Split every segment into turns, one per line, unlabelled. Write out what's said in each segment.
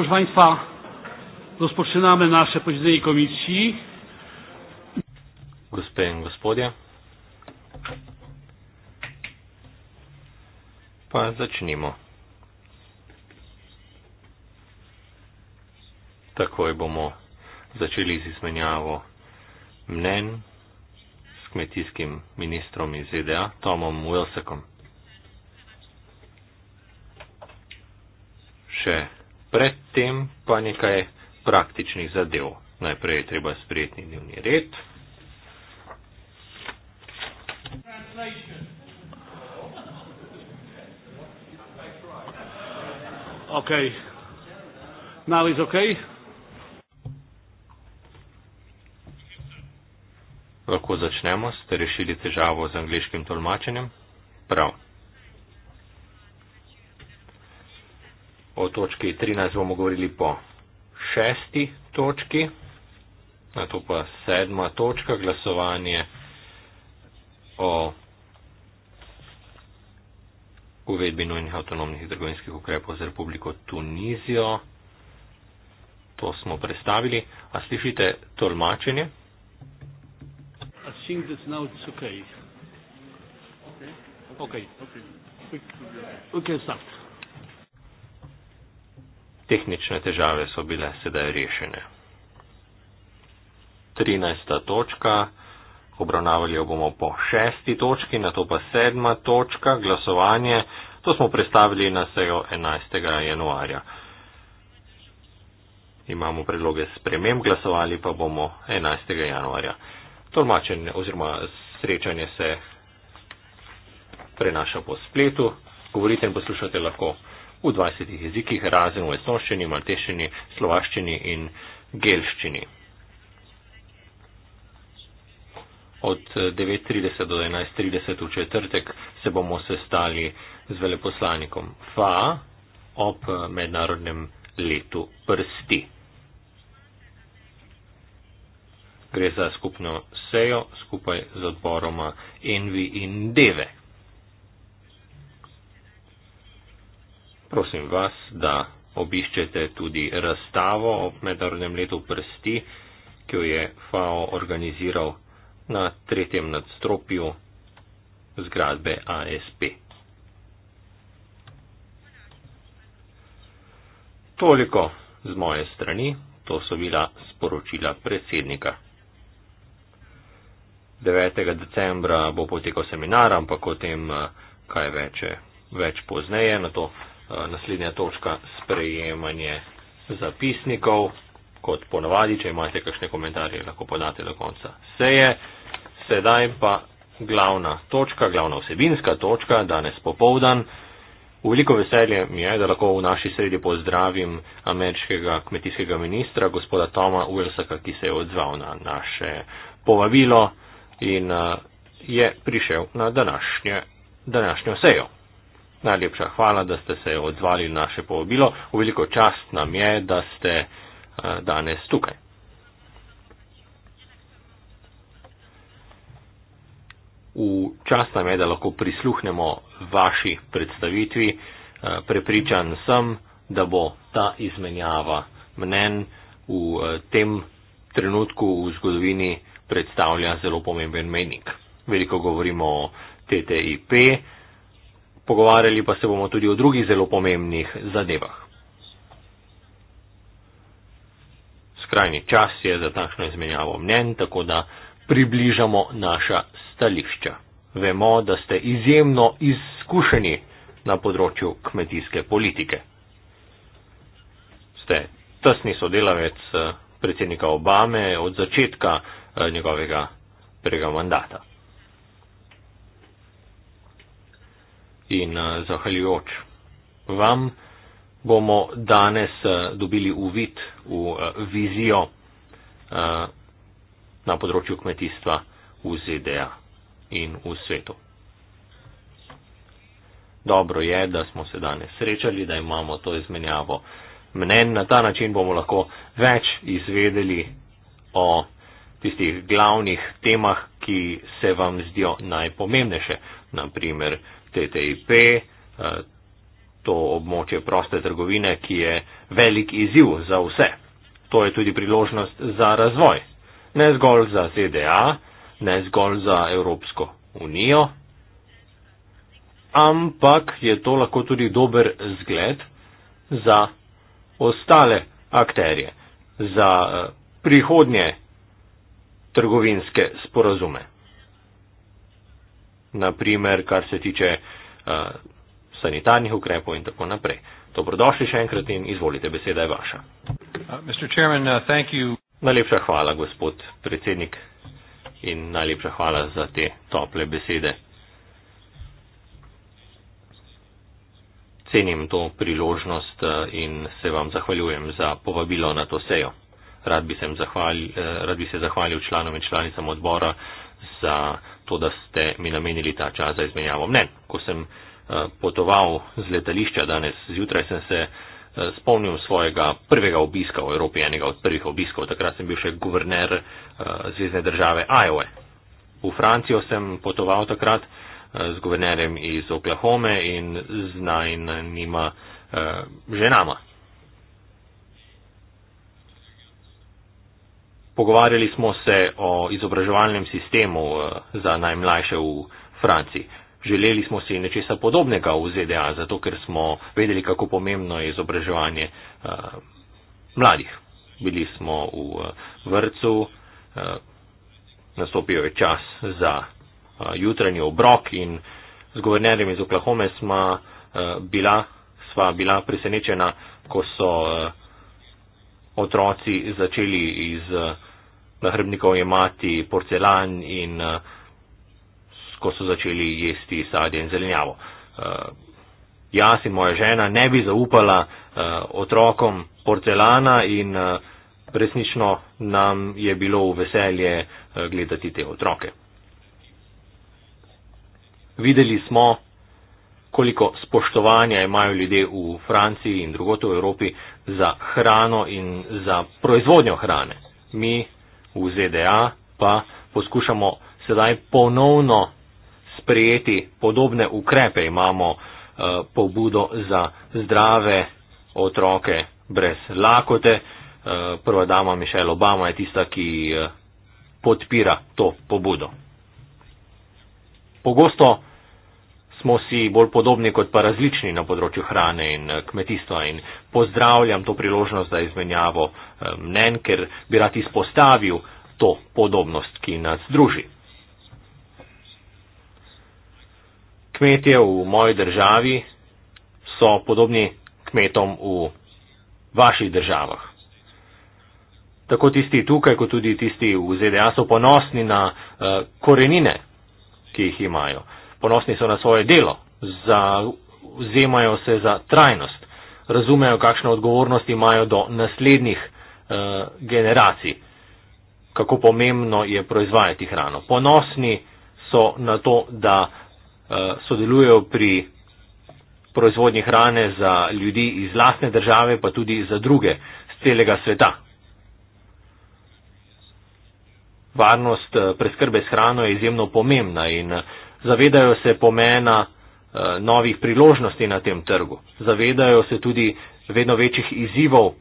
Proszę Państwa, rozpoczynamy nasze posiedzenie komisji.
Gospodin, gospodzie. Pa zacznijmy. Takoj bomo začeli z izmenjavo mnen s kmetijskim ministrom iz ZDA, Tomom Wilsekom. Še predtem pa nekaj praktičnih zadev. Najprej je treba sprejeti dnevni red.
Okay. Now is okay.
Lahko začnemo, ste rešili težavo z angliškim tolmačenjem? Prav. o točki 13 bomo govorili po šesti točki, na to pa sedma točka, glasovanje o uvedbi nujnih avtonomnih trgovinskih ukrepov za Republiko Tunizijo. To smo predstavili. A slišite tolmačenje?
Okay. Okay. Okay. Okay,
tehnične težave so bile sedaj rešene. 13. točka. Obravnavali jo bomo po šesti točki, na to pa sedma točka, glasovanje. To smo predstavili na sejo 11. januarja. Imamo predloge spremem, glasovali pa bomo 11. januarja. Tolmačenje oziroma srečanje se prenaša po spletu. Govorite in poslušate lahko v 20 jezikih, razen v estonščini, malteščini, slovaščini in gelščini. Od 9.30 do 11.30 v četrtek se bomo sestali z veleposlanikom FA ob mednarodnem letu prsti. Gre za skupno sejo skupaj z odboroma Envi in Deve. prosim vas, da obiščete tudi razstavo ob mednarodnem letu prsti, ki jo je FAO organiziral na tretjem nadstropju zgradbe ASP. Toliko z moje strani, to so bila sporočila predsednika. 9. decembra bo potekal seminar, ampak o tem eh, kaj več, več pozneje na to. Eh, naslednja točka sprejemanje zapisnikov. Kot ponovadi, če imate kakšne komentarje, lahko podate do konca seje. Sedaj pa glavna točka, glavna osebinska točka danes popovdan. Veliko veselje mi je, da lahko v naši sredi pozdravim ameriškega kmetijskega ministra, gospoda Toma Wilsaka, ki se je odzval na naše povabilo in eh, je prišel na današnje, današnjo sejo. Najlepša hvala, da ste se odzvali na naše povabilo. V veliko čast nam je, da ste eh, danes tukaj. V čast nam je, da lahko prisluhnemo vaši predstavitvi. Eh, prepričan sem, da bo ta izmenjava mnen v eh, tem trenutku v zgodovini predstavlja zelo pomemben menik. Veliko govorimo o TTIP pogovarjali pa se bomo tudi o drugih zelo pomembnih zadevah. Skrajni čas je za takšno izmenjavo mnen, tako da približamo naša stališča. Vemo, da ste izjemno izkušeni na področju kmetijske politike. Ste tesni sodelavec eh, predsednika Obame od začetka eh, njegovega prvega mandata. in eh, zahvaljujoč vam bomo danes eh, dobili uvid v eh, vizijo na področju kmetijstva v ZDA in v svetu. Dobro je, da smo se danes srečali, da imamo to izmenjavo mnen. Na ta način bomo lahko več izvedeli o tistih glavnih temah, ki se vam zdijo najpomembnejše, naprimer TTIP, eh, to območje proste trgovine, ki je velik izziv za vse. To je tudi priložnost za razvoj. Ne zgolj za ZDA, ne zgolj za Evropsko unijo, ampak je to lahko tudi dober zgled za ostale akterje, za eh, prihodnje trgovinske sporazume naprimer kar se tiče uh, sanitarnih ukrepov in tako naprej. Dobrodošli še enkrat in izvolite, beseda je vaša. Uh, Chairman, uh, najlepša hvala, gospod predsednik, in najlepša hvala za te tople besede. Cenim to priložnost eh, in se vam zahvaljujem za povabilo na to sejo. Rad bi, zahvalj, eh, rad bi se zahvalil članom in članicam odbora za to, da ste mi namenili ta čas za izmenjavo mnen. Ko sem eh, potoval z letališča danes zjutraj, sem se eh, spomnil svojega prvega obiska v Evropi, enega od prvih obiskov. Takrat sem bil še guverner eh, Zvezdne države Iowa. V Francijo sem potoval takrat z guvernerjem iz Oklahome in z najnima ženama, pogovarjali smo se o izobraževalnem sistemu eh, za najmlajše v Franciji. Želeli smo si nečesa podobnega v ZDA, zato ker smo vedeli, kako pomembno je izobraževanje uh, mladih. Bili smo v eh, vrcu, uh, nastopil je čas za uh, jutranji obrok in z guvernerjem iz Oklahome sva uh, bila, bila presenečena, ko so uh, otroci začeli iz. Uh, hrbnikov je mati porcelan in uh, ko so začeli jesti sadje in zelenjavo. Uh, jaz in moja žena ne bi zaupala uh, otrokom porcelana in uh, resnično nam je bilo v veselje uh, gledati te otroke. Videli smo, koliko spoštovanja imajo ljudje v Franciji in drugot v Evropi za hrano in za proizvodnjo hrane. Mi v ZDA, pa poskušamo sedaj ponovno sprejeti podobne ukrepe. Imamo eh, pobudo za zdrave otroke brez lakote. Eh, prva dama Mišela Obama je tista, ki eh, podpira to pobudo. Pogosto smo si bolj podobni kot pa različni na področju hrane in eh, kmetijstva in pozdravljam to priložnost za izmenjavo eh, mnen, ker bi rad izpostavil to podobnost, ki nas druži. Kmetje v moji državi so podobni kmetom v vaših državah. Tako tisti tukaj, kot tudi tisti v ZDA so ponosni na uh, korenine, ki jih imajo. Uh, ponosni so na svoje delo, zauzemajo se za trajnost, razumejo, kakšno odgovornost imajo do naslednjih uh, generacij, kako pomembno je proizvajati hrano. Ponosni so na to, da uh, eh, sodelujo pri proizvodnji hrane za ljudi iz lastne države, pa tudi za druge z celega sveta. Varnost eh, preskrbe s hrano je izjemno pomembna in Zavedajo se pomena eh, novih priložnosti na tem trgu. Zavedajo se tudi vedno večjih izzivov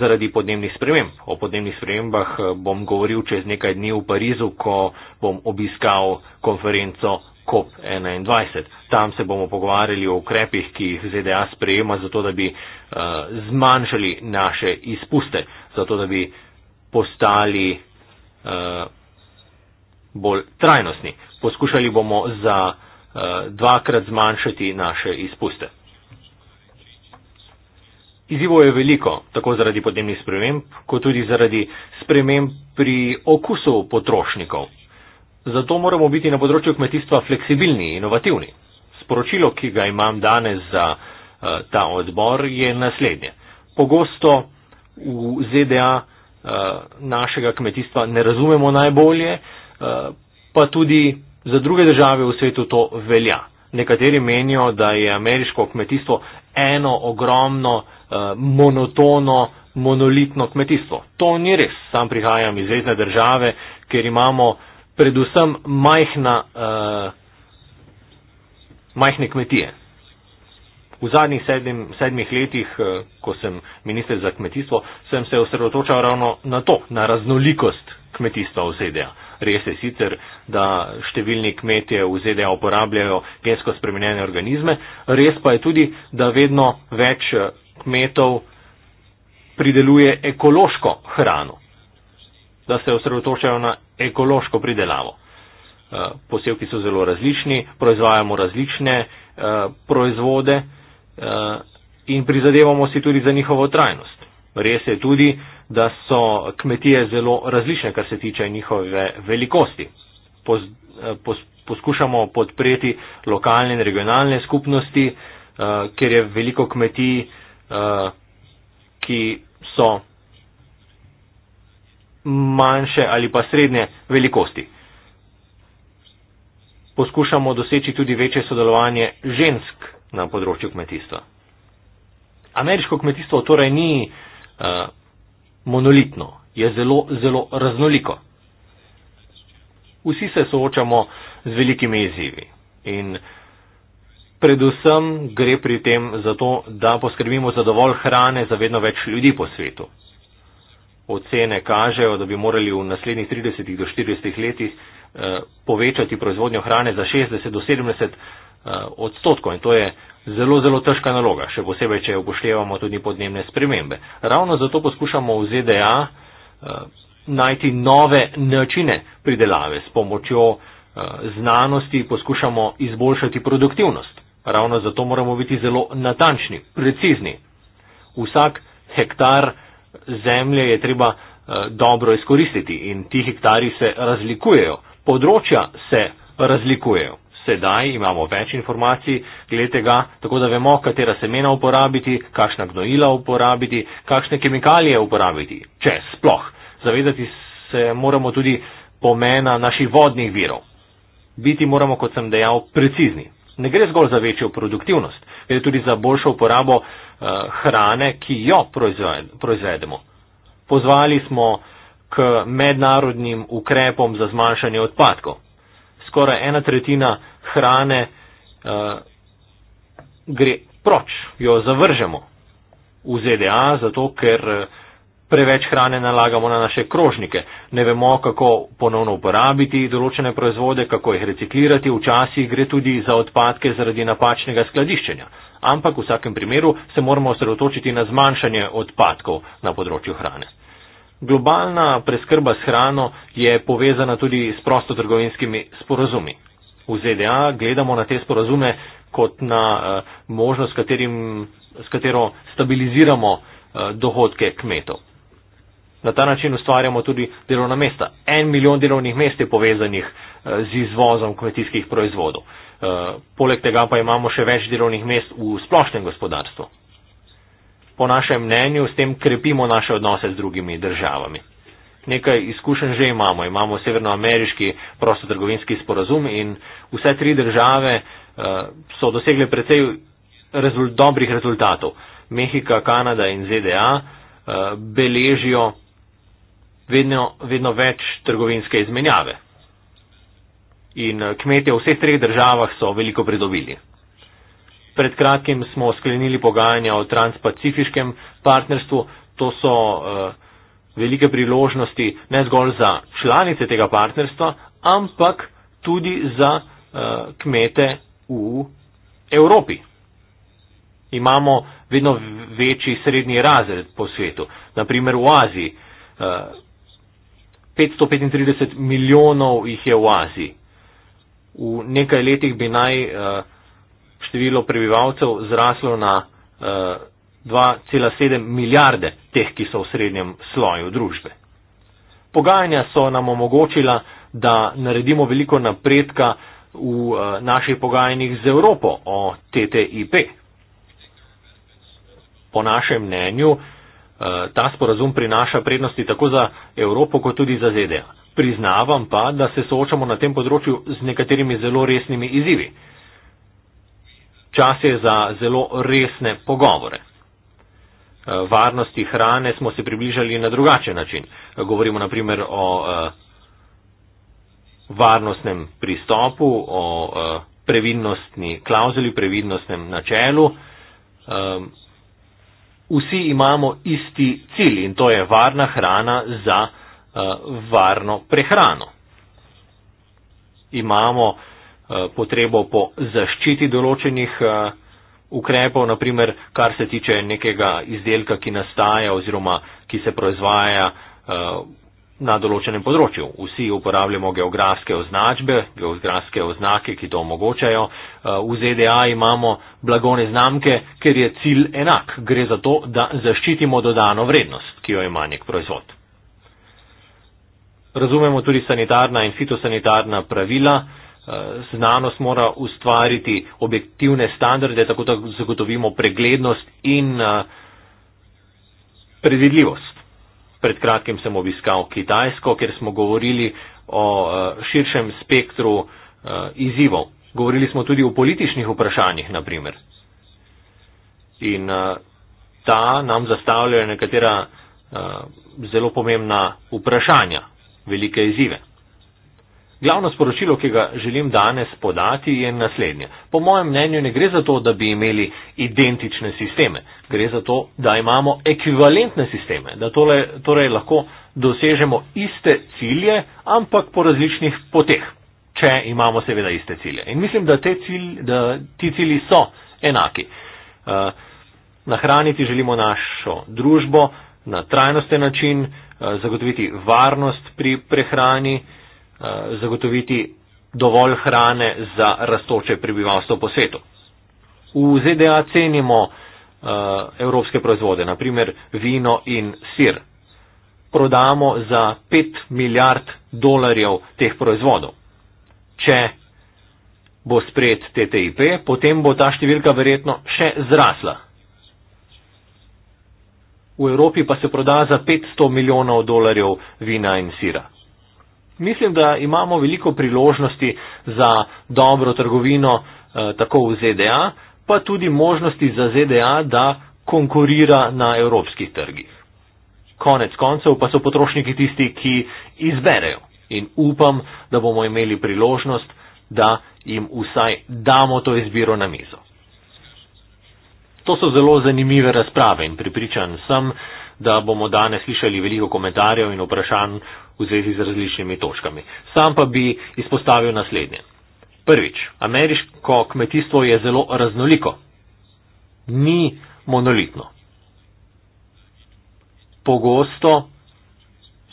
zaradi podnebnih sprememb. O podnebnih spremembah eh, bom govoril čez nekaj dni v Parizu, ko bom obiskal konferenco COP21. Tam se bomo pogovarjali o ukrepih, ki jih ZDA sprejema, zato da bi eh, zmanjšali naše izpuste, zato da bi postali bolj trajnostni poskušali bomo za uh, dvakrat zmanjšati naše izpuste. Izivo je veliko, tako zaradi podnebnih sprememb, kot tudi zaradi sprememb pri okusu potrošnikov. Zato moramo biti na področju kmetijstva fleksibilni, inovativni. Sporočilo, ki ga imam danes za uh, ta odbor, je naslednje. Pogosto v ZDA uh, eh, našega kmetijstva ne razumemo najbolje, uh, pa tudi Za druge države v svetu to velja. Nekateri menijo, da je ameriško kmetijstvo eno ogromno eh, monotono, monolitno kmetijstvo. To ni res. Sam prihajam iz ene države, kjer imamo predvsem majhna, eh, majhne kmetije. V zadnjih sedm, sedmih letih, eh, ko sem minister za kmetijstvo, sem se osredotočal ravno na to, na raznolikost kmetijstva v ZDA. Res je sicer, da številni kmetje v ZDA uporabljajo gensko spremenjene organizme, res pa je tudi, da vedno več kmetov prideluje ekološko hrano, da se osredotočajo na ekološko pridelavo. Eh, posevki so zelo različni, proizvajamo različne eh, proizvode eh, in prizadevamo si tudi za njihovo trajnost. Res je tudi, da so kmetije zelo različne, kar se tiče njihove velikosti. Poz, eh, pos, poskušamo podpreti lokalne in regionalne skupnosti, uh, eh, ker je veliko kmetij, uh, ki so manjše ali pa srednje velikosti. Poskušamo doseči tudi večje sodelovanje žensk na področju kmetijstva. Ameriško kmetijstvo torej ni uh, monolitno, je zelo, zelo raznoliko. Vsi se soočamo z velikimi izzivi in predvsem gre pri tem za to, da poskrbimo za dovolj hrane za vedno več ljudi po svetu. Ocene kažejo, da bi morali v naslednjih 30 do 40 letih eh, povečati proizvodnjo hrane za 60 do 70 odstotkov Eh, odstotkov in to je zelo, zelo težka naloga, še posebej, če upoštevamo tudi podnebne spremembe. Ravno zato poskušamo v ZDA eh, najti nove načine pridelave s pomočjo eh, znanosti, poskušamo izboljšati produktivnost. Ravno zato moramo biti zelo natančni, precizni. Vsak hektar zemlje je treba dobro izkoristiti in ti hektari se razlikujejo, področja se razlikujejo. Sedaj imamo več informacij glede tega, tako da vemo, katera semena uporabiti, kakšna gnojila uporabiti, kakšne kemikalije uporabiti, če sploh. Zavedati se moramo tudi pomena naših vodnih virov. Biti moramo, kot sem dejal, precizni. Ne gre zgolj za večjo produktivnost, gre tudi za boljšo uporabo uh, hrane, ki jo proizvedemo. Pozvali smo k mednarodnim ukrepom za zmanjšanje odpadkov. Skoraj ena tretjina hrane uh, gre proč, jo zavržemo v ZDA, zato ker eh, preveč hrane nalagamo na naše krožnike. Ne vemo, kako ponovno uporabiti določene proizvode, kako jih reciklirati, včasih gre tudi za odpadke zaradi napačnega skladiščenja. Ampak v vsakem primeru se moramo osredotočiti na zmanjšanje odpadkov na področju hrane. Globalna preskrba s hrano je povezana tudi s prostotrgovinskimi sporozumi v ZDA, gledamo na te sporazume kot na uh, možnost, katerim, s katero stabiliziramo uh, dohodke kmetov. Na ta način ustvarjamo tudi delovna mesta. En milijon delovnih mest je povezanih eh, z izvozom kmetijskih proizvodov. Poleg tega pa imamo še več delovnih mest v splošnem gospodarstvu. Po našem mnenju s tem krepimo naše odnose z drugimi državami nekaj izkušenj že imamo. Imamo severnoameriški prostotrgovinski sporazum in vse tri države uh, so dosegle precej rezul dobrih rezultatov. Mehika, Kanada in ZDA uh, eh, beležijo vedno, vedno več trgovinske izmenjave. In eh, kmetje v vseh treh državah so veliko pridobili. Pred kratkim smo sklenili pogajanja o transpacifiškem partnerstvu. To so uh, velike priložnosti ne zgolj za članice tega partnerstva, ampak tudi za uh, kmete v Evropi. Imamo vedno večji srednji razred po svetu. Naprimer v Aziji. Uh, eh, 535 milijonov jih je v Aziji. V nekaj letih bi naj uh, število prebivalcev zraslo na uh, 2,7 milijarde teh, ki so v srednjem sloju družbe. Pogajanja so nam omogočila, da naredimo veliko napredka v eh, naših pogajanjih z Evropo o TTIP. Po našem mnenju eh, ta sporazum prinaša prednosti tako za Evropo, kot tudi za ZDA. Priznavam pa, da se soočamo na tem področju z nekaterimi zelo resnimi izzivi. Čas je za zelo resne pogovore. Eh, varnosti hrane smo se približali na drugačen način. Eh, govorimo naprimer o eh, varnostnem pristopu, o previdnostni klauzuli, previdnostnem načelu. Vsi imamo isti cilj in to je varna hrana za varno prehrano. Imamo potrebo po zaščiti določenih ukrepov, naprimer, kar se tiče nekega izdelka, ki nastaja oziroma ki se proizvaja eh, na določenem področju. Vsi uporabljamo geografske označbe, geografske oznake, ki to omogočajo. Eh, v ZDA imamo blagone znamke, ker je cilj enak. Gre za to, da zaščitimo dodano vrednost, ki jo ima nek proizvod. Razumemo tudi sanitarna in fitosanitarna pravila znanost mora ustvariti objektivne standarde, tako da zagotovimo preglednost in predvidljivost. Pred kratkim sem obiskal Kitajsko, ker smo govorili o širšem spektru izzivov. Govorili smo tudi o političnih vprašanjih, naprimer. In ta nam zastavlja nekatera zelo pomembna vprašanja, velike izzive. Glavno sporočilo, ki ga želim danes podati, je naslednje. Po mojem mnenju ne gre za to, da bi imeli identične sisteme. Gre za to, da imamo ekvivalentne sisteme, da tole, torej lahko dosežemo iste cilje, ampak po različnih poteh, če imamo seveda iste cilje. In mislim, da, cilj, da ti cilji so enaki. Eh, nahraniti želimo našo družbo na trajnosten način, eh, zagotoviti varnost pri prehrani. Eh, zagotoviti dovolj hrane za raztoče prebivalstvo po svetu. V ZDA cenimo uh, evropske proizvode, naprimer vino in sir. Prodamo za 5 milijard dolarjev teh proizvodov. Če bo spred TTIP, potem bo ta številka verjetno še zrasla. V Evropi pa se proda za 500 milijonov dolarjev vina in sira mislim, da imamo veliko priložnosti za dobro trgovino eh, tako v ZDA, pa tudi možnosti za ZDA, da konkurira na evropskih trgih. Konec koncev pa so potrošniki tisti, ki izberejo in upam, da bomo imeli priložnost, da jim vsaj damo to izbiro na mizo. To so zelo zanimive razprave in pripričan sem, da bomo danes slišali veliko komentarjev in vprašanj v zvezi z različnimi točkami. Sam pa bi izpostavil naslednje. Prvič, ameriško kmetijstvo je zelo raznoliko, ni monolitno. Pogosto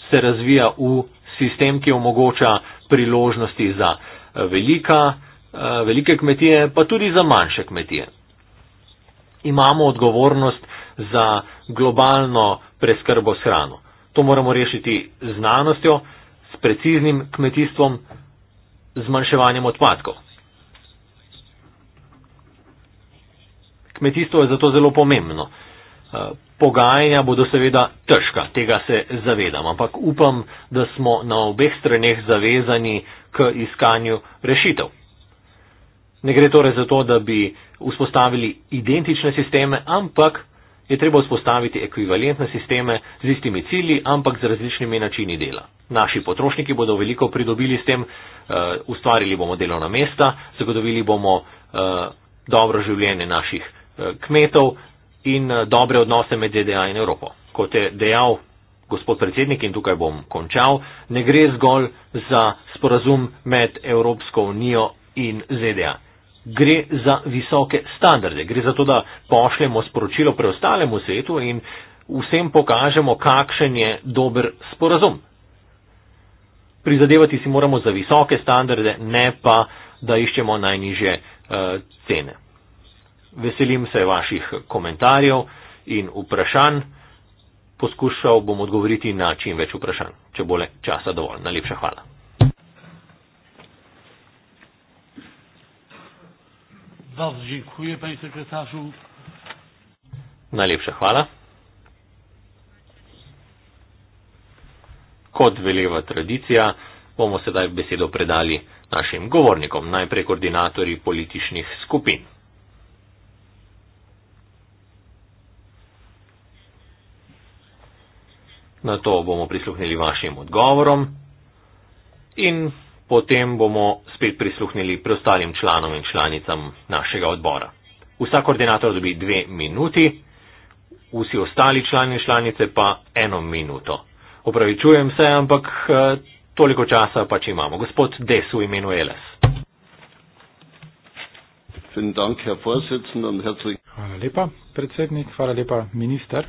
se razvija v sistem, ki omogoča priložnosti za eh, velika, eh, velike kmetije, pa tudi za manjše kmetije. Imamo odgovornost za globalno preskrbo s hrano. To moramo rešiti z znanostjo, s preciznim kmetijstvom, zmanjševanjem odpadkov. Kmetijstvo je zato zelo pomembno. Eh, pogajanja bodo seveda težka, tega se zavedam, ampak upam, da smo na obeh straneh zavezani k iskanju rešitev. Ne gre torej za to, da bi vzpostavili identične sisteme, ampak je treba vzpostaviti ekvivalentne sisteme z istimi cilji, ampak z različnimi načini dela. Naši potrošniki bodo veliko pridobili s tem, uh, ustvarili bomo delovna mesta, zagotovili bomo uh, dobro življenje naših uh, kmetov in uh, dobre odnose med ZDA in Evropo. Kot je dejal gospod predsednik in tukaj bom končal, ne gre zgolj za sporazum med Evropsko unijo in ZDA gre za visoke standarde, gre za to, da pošljemo sporočilo preostalemu svetu in vsem pokažemo, kakšen je dober sporazum. Prizadevati si moramo za visoke standarde, ne pa, da iščemo najniže uh, eh, cene. Veselim se vaših komentarjev in vprašanj. Poskušal bom odgovoriti na čim več vprašanj, če bo le časa dovolj. Najlepša hvala.
Bardzo dziękuję panie sekretarzu.
Najlepsza chwała. Kot veleva tradicija, bomo sedaj besedo predali našim govornikom, najprej koordinatorji političnih skupin. Na to bomo prisluhnili vašim odgovorom in potem bomo spet prisluhnili preostalim članom in članicam našega odbora. Vsak koordinator dobi dve minuti, vsi ostali člani in članice pa eno minuto. Opravičujem se, ampak eh, toliko časa pač imamo. Gospod Desu Emanueles.
Hvala lepa, predsednik, hvala lepa, minister,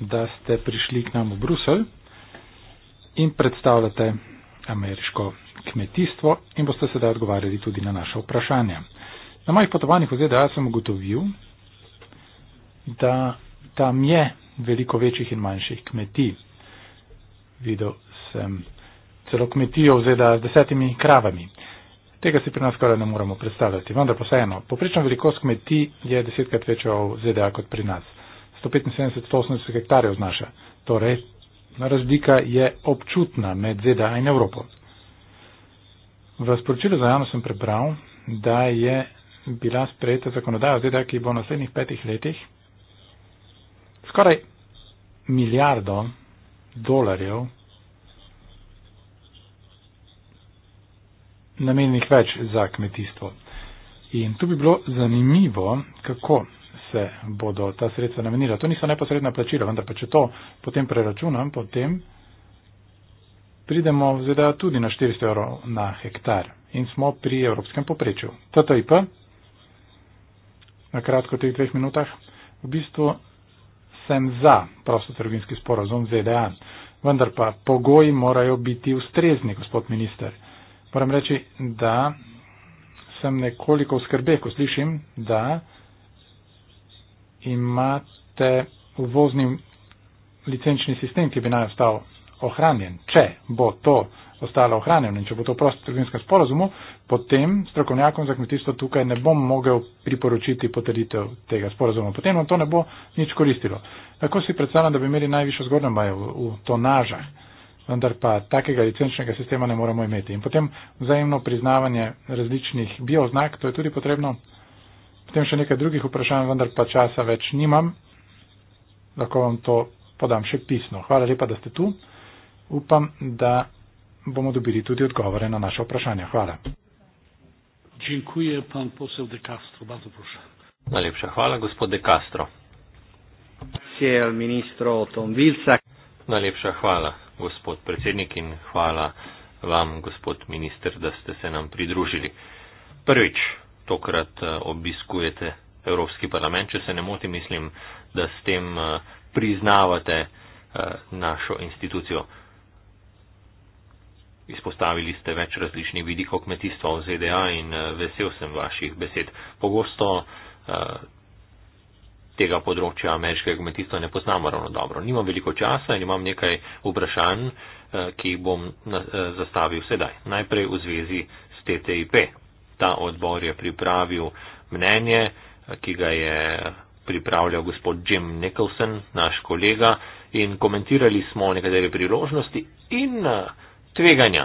da ste prišli k nam v Bruselj in predstavljate ameriško kmetijstvo in boste sedaj odgovarjali tudi na naše vprašanje. Na mojih potovanjih v ZDA sem ugotovil, da tam je veliko večjih in manjših kmetij. Videl sem celo kmetijo v ZDA z desetimi kravami. Tega si pri nas skoraj ne moremo predstavljati, vendar pa vseeno. Poprečna velikost kmetij je desetkrat večja v ZDA kot pri nas. 175-180 hektarjev znaša. Torej, razlika je občutna med ZDA in Evropo. V sporočilu za javnost sem prebral, da je bila sprejeta zakonodaja, zdaj, ki bo v naslednjih petih letih skoraj milijardo dolarjev namenjenih več za kmetijstvo. In tu bi bilo zanimivo, kako se bodo ta sredstva namenila. To niso neposredna plačila, vendar pa če to potem preračunam, potem pridemo zveda tudi na 400 evrov na hektar in smo pri evropskem poprečju. TTIP, na kratko teh dveh minutah, v bistvu sem za prostotrgovinski sporozum ZDA, vendar pa pogoji morajo biti ustrezni, gospod minister. Moram reči, da sem nekoliko v skrbe, ko slišim, da imate uvozni licenčni sistem, ki bi naj ostal ohranjen. Če bo to ostalo ohranjeno in če bo to prosto trgovinsko sporozumu, potem strokovnjakom za kmetijstvo tukaj ne bom mogel priporočiti potrditev tega sporozuma. Potem vam to ne bo nič koristilo. Lahko si predstavljam, da bi imeli najvišjo zgornjo majo v, v tonažah, vendar pa takega licenčnega sistema ne moramo imeti. In potem vzajemno priznavanje različnih bioznak, to je tudi potrebno. Potem še nekaj drugih vprašanj, vendar pa časa več nimam. Lahko vam to podam še pisno. Hvala lepa, da ste tu upam, da bomo dobili tudi odgovore na naše vprašanja. Hvala.
Najlepša hvala, gospod De Castro. Najlepša hvala, gospod predsednik, in hvala vam, gospod minister, da ste se nam pridružili. Prvič tokrat eh, obiskujete Evropski parlament, če se ne motim, mislim, da s tem eh, priznavate eh, našo institucijo. Izpostavili ste več različnih vidikov kmetijstva v ZDA in eh, vesel sem vaših besed. Pogosto eh, tega področja ameriškega kmetijstva ne poznam ravno dobro. Nimam veliko časa in imam nekaj vprašanj, eh, ki jih bom zastavil sedaj. Najprej v zvezi s TTIP. Ta odbor je pripravil mnenje, ki ga je pripravljal gospod Jim Nicholson, naš kolega, in komentirali smo nekatere priložnosti in uh, tveganja,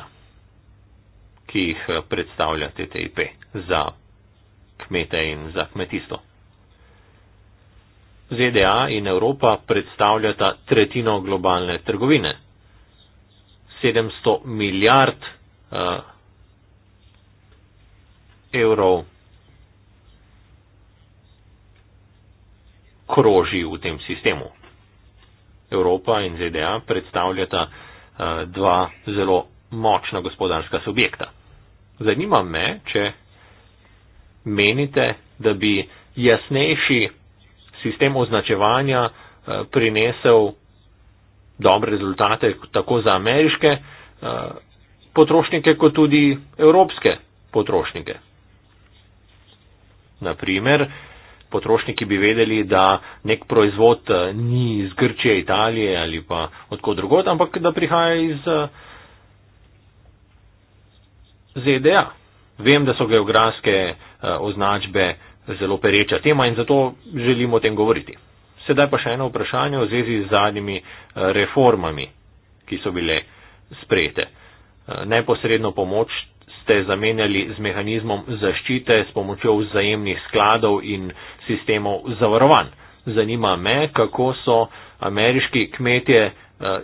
ki jih eh, predstavlja TTIP za kmete in za kmetijstvo. ZDA e in Evropa predstavljata tretjino globalne trgovine. 700 milijard uh, evrov kroži v tem sistemu. Evropa in ZDA e predstavljata tretjino globalne trgovine. Eh, dva zelo močna gospodarska subjekta. Zanima me, če menite, da bi jasnejši sistem označevanja eh, prinesel dobre rezultate tako za ameriške eh, potrošnike, kot tudi evropske potrošnike. Naprimer, potrošniki bi vedeli, da nek proizvod eh, ni iz Grčije, Italije ali pa odkot drugot, ampak da prihaja iz eh, ZDA. E Vem, da so geografske eh, označbe zelo pereča tema in zato želimo o tem govoriti. Sedaj pa še eno vprašanje v zvezi z zadnjimi reformami, ki so bile sprejete. Neposredno pomoč ste zamenjali z mehanizmom zaščite s pomočjo vzajemnih skladov in sistemov zavarovanj. Zanima me, kako so ameriški kmetje eh,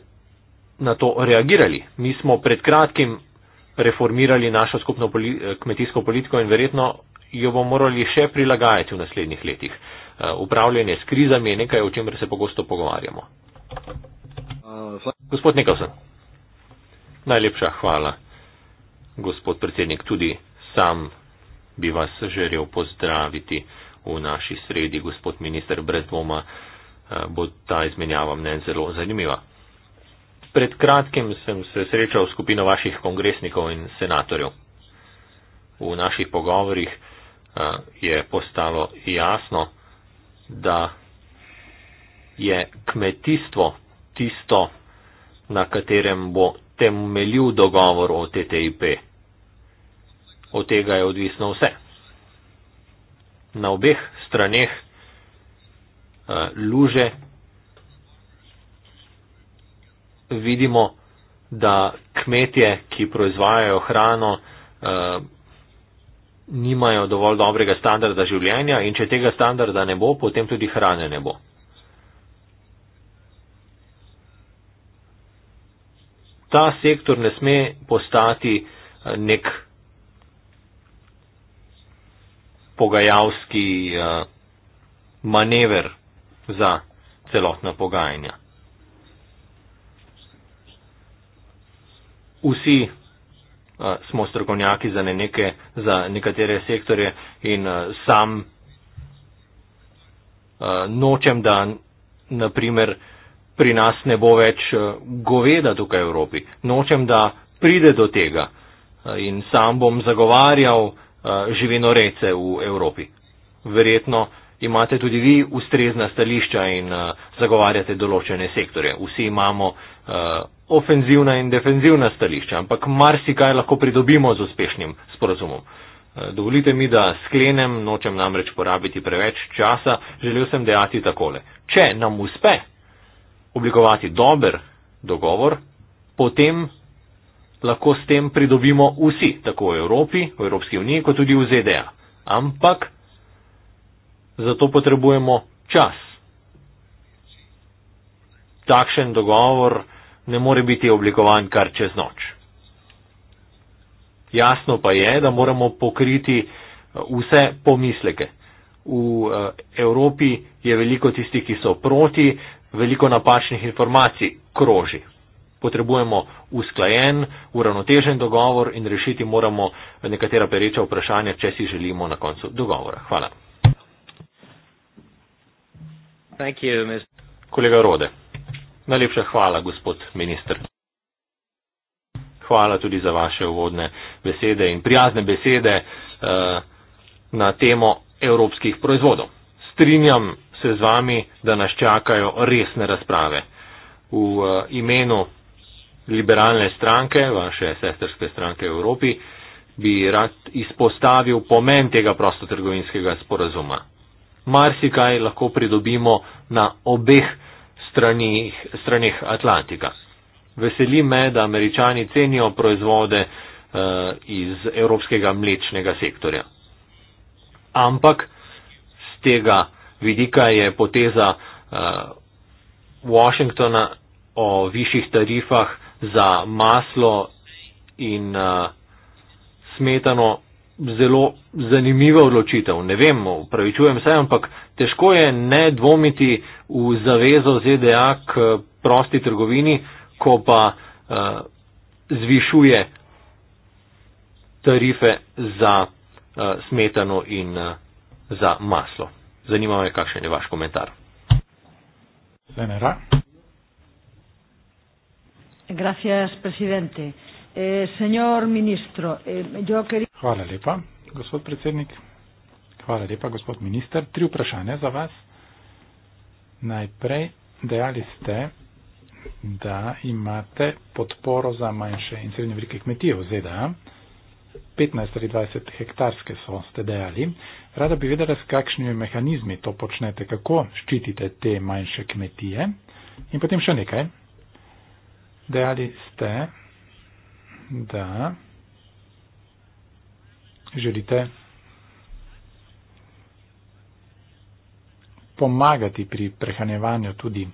na to reagirali. Mi smo pred kratkim reformirali našo skupno poli eh, kmetijsko politiko in verjetno jo bomo morali še prilagajati v naslednjih letih. Eh, upravljanje s krizami je nekaj, o čemer se pogosto pogovarjamo. Gospod Nikolson, najlepša hvala gospod predsednik, tudi sam bi vas želel pozdraviti v naši sredi, gospod minister, brez dvoma eh, bo ta izmenjava mnen zelo zanimiva. Pred kratkim sem se srečal s skupino vaših kongresnikov in senatorjev. V naših pogovorjih eh, je postalo jasno, da je kmetijstvo tisto, na katerem bo temeljil dogovor o TTIP od tega je odvisno vse. Na obeh straneh eh, luže vidimo, da kmetje, ki proizvajajo hrano, eh, nimajo dovolj dobrega standarda življenja in če tega standarda ne bo, potem tudi hrane ne bo. Ta sektor ne sme postati eh, nek pogajalski uh, manever za celotna pogajanja. Vsi uh, smo strokovnjaki za, ne neke, za nekatere sektorje in uh, sam uh, nočem, da naprimer pri nas ne bo več uh, goveda tukaj v Evropi. Nočem, da pride do tega. Uh, in sam bom zagovarjal uh, Eh, živinorejce v Evropi. Verjetno imate tudi vi ustrezna stališča in eh, zagovarjate določene sektore. Vsi imamo eh, ofenzivna in defenzivna stališča, ampak marsikaj lahko pridobimo z uspešnim sporozumom. Dovolite mi, da sklenem, nočem namreč porabiti preveč časa, želel sem dejati takole. Če nam uspe oblikovati dober dogovor, potem lahko s tem pridobimo vsi, tako v Evropi, v Evropski uniji, kot tudi v ZDA. Ampak zato potrebujemo čas. Takšen dogovor ne more biti oblikovan kar čez noč. Jasno pa je, da moramo pokriti uh, vse pomisleke. V uh, Evropi je veliko tistih, ki so proti, veliko napačnih informacij kroži potrebujemo usklajen, uravnotežen dogovor in rešiti moramo nekatera pereča vprašanja, če si želimo na koncu dogovora. Hvala. You, Kolega Rode, najlepša hvala, gospod minister. Hvala tudi za vaše uvodne besede in prijazne besede uh, na temo evropskih proizvodov. Strinjam se z vami, da nas čakajo resne razprave. V uh, imenu liberalne stranke, vaše sesterske stranke v Evropi, bi rad izpostavil pomen tega prostotrgovinskega sporazuma. Marsikaj lahko pridobimo na obeh stranih, stranih Atlantika. Veseli me, da američani cenijo proizvode uh, iz evropskega mlečnega sektorja. Ampak z tega vidika je poteza uh, Washingtona o višjih tarifah za maslo in uh, smetano zelo zanimiva odločitev. Ne vem, upravičujem se, ampak težko je ne dvomiti v zavezo ZDA k uh, prosti trgovini, ko pa uh, zvišuje tarife za uh, smetano in uh, za maslo. Zanima me, kakšen je vaš komentar.
Senera.
Gracias, presidente. Eh, señor ministro, eh, yo quería...
Hvala lepa, gospod predsednik. Hvala lepa, gospod minister. Tri vprašanja za vas. Najprej dejali ste, da imate podporo za manjše in srednje velike kmetije v ZDA. 15 ali 20 hektarske so ste dejali. Rada bi vedela, s kakšnimi mehanizmi to počnete, kako ščitite te manjše kmetije. In potem še nekaj dejali ste, da želite pomagati pri prehranjevanju tudi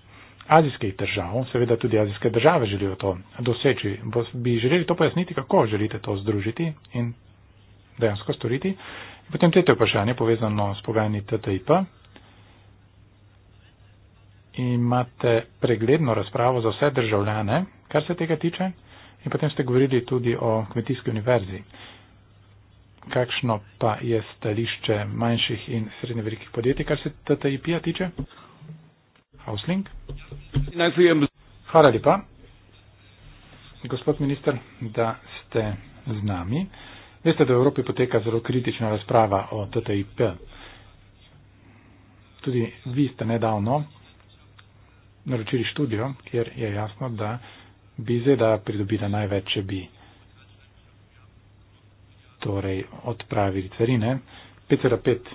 azijskih držav, seveda tudi azijske države želijo to doseči. Bi želeli to pojasniti, kako želite to združiti in dejansko storiti. Potem tretje vprašanje povezano s pogajanji TTIP. Imate pregledno razpravo za vse državljane kar se tega tiče. In potem ste govorili tudi o kmetijski univerzi. Kakšno pa je stališče manjših in srednje velikih podjetij, kar se TTIP-a tiče? Hausling? Hvala lepa. Gospod minister, da ste z nami. Veste, da v Evropi poteka zelo kritična razprava o TTIP. Tudi vi ste nedavno naročili študijo, kjer je jasno, da bi zeda pridobila največ, če bi torej odpravili carine. 5,5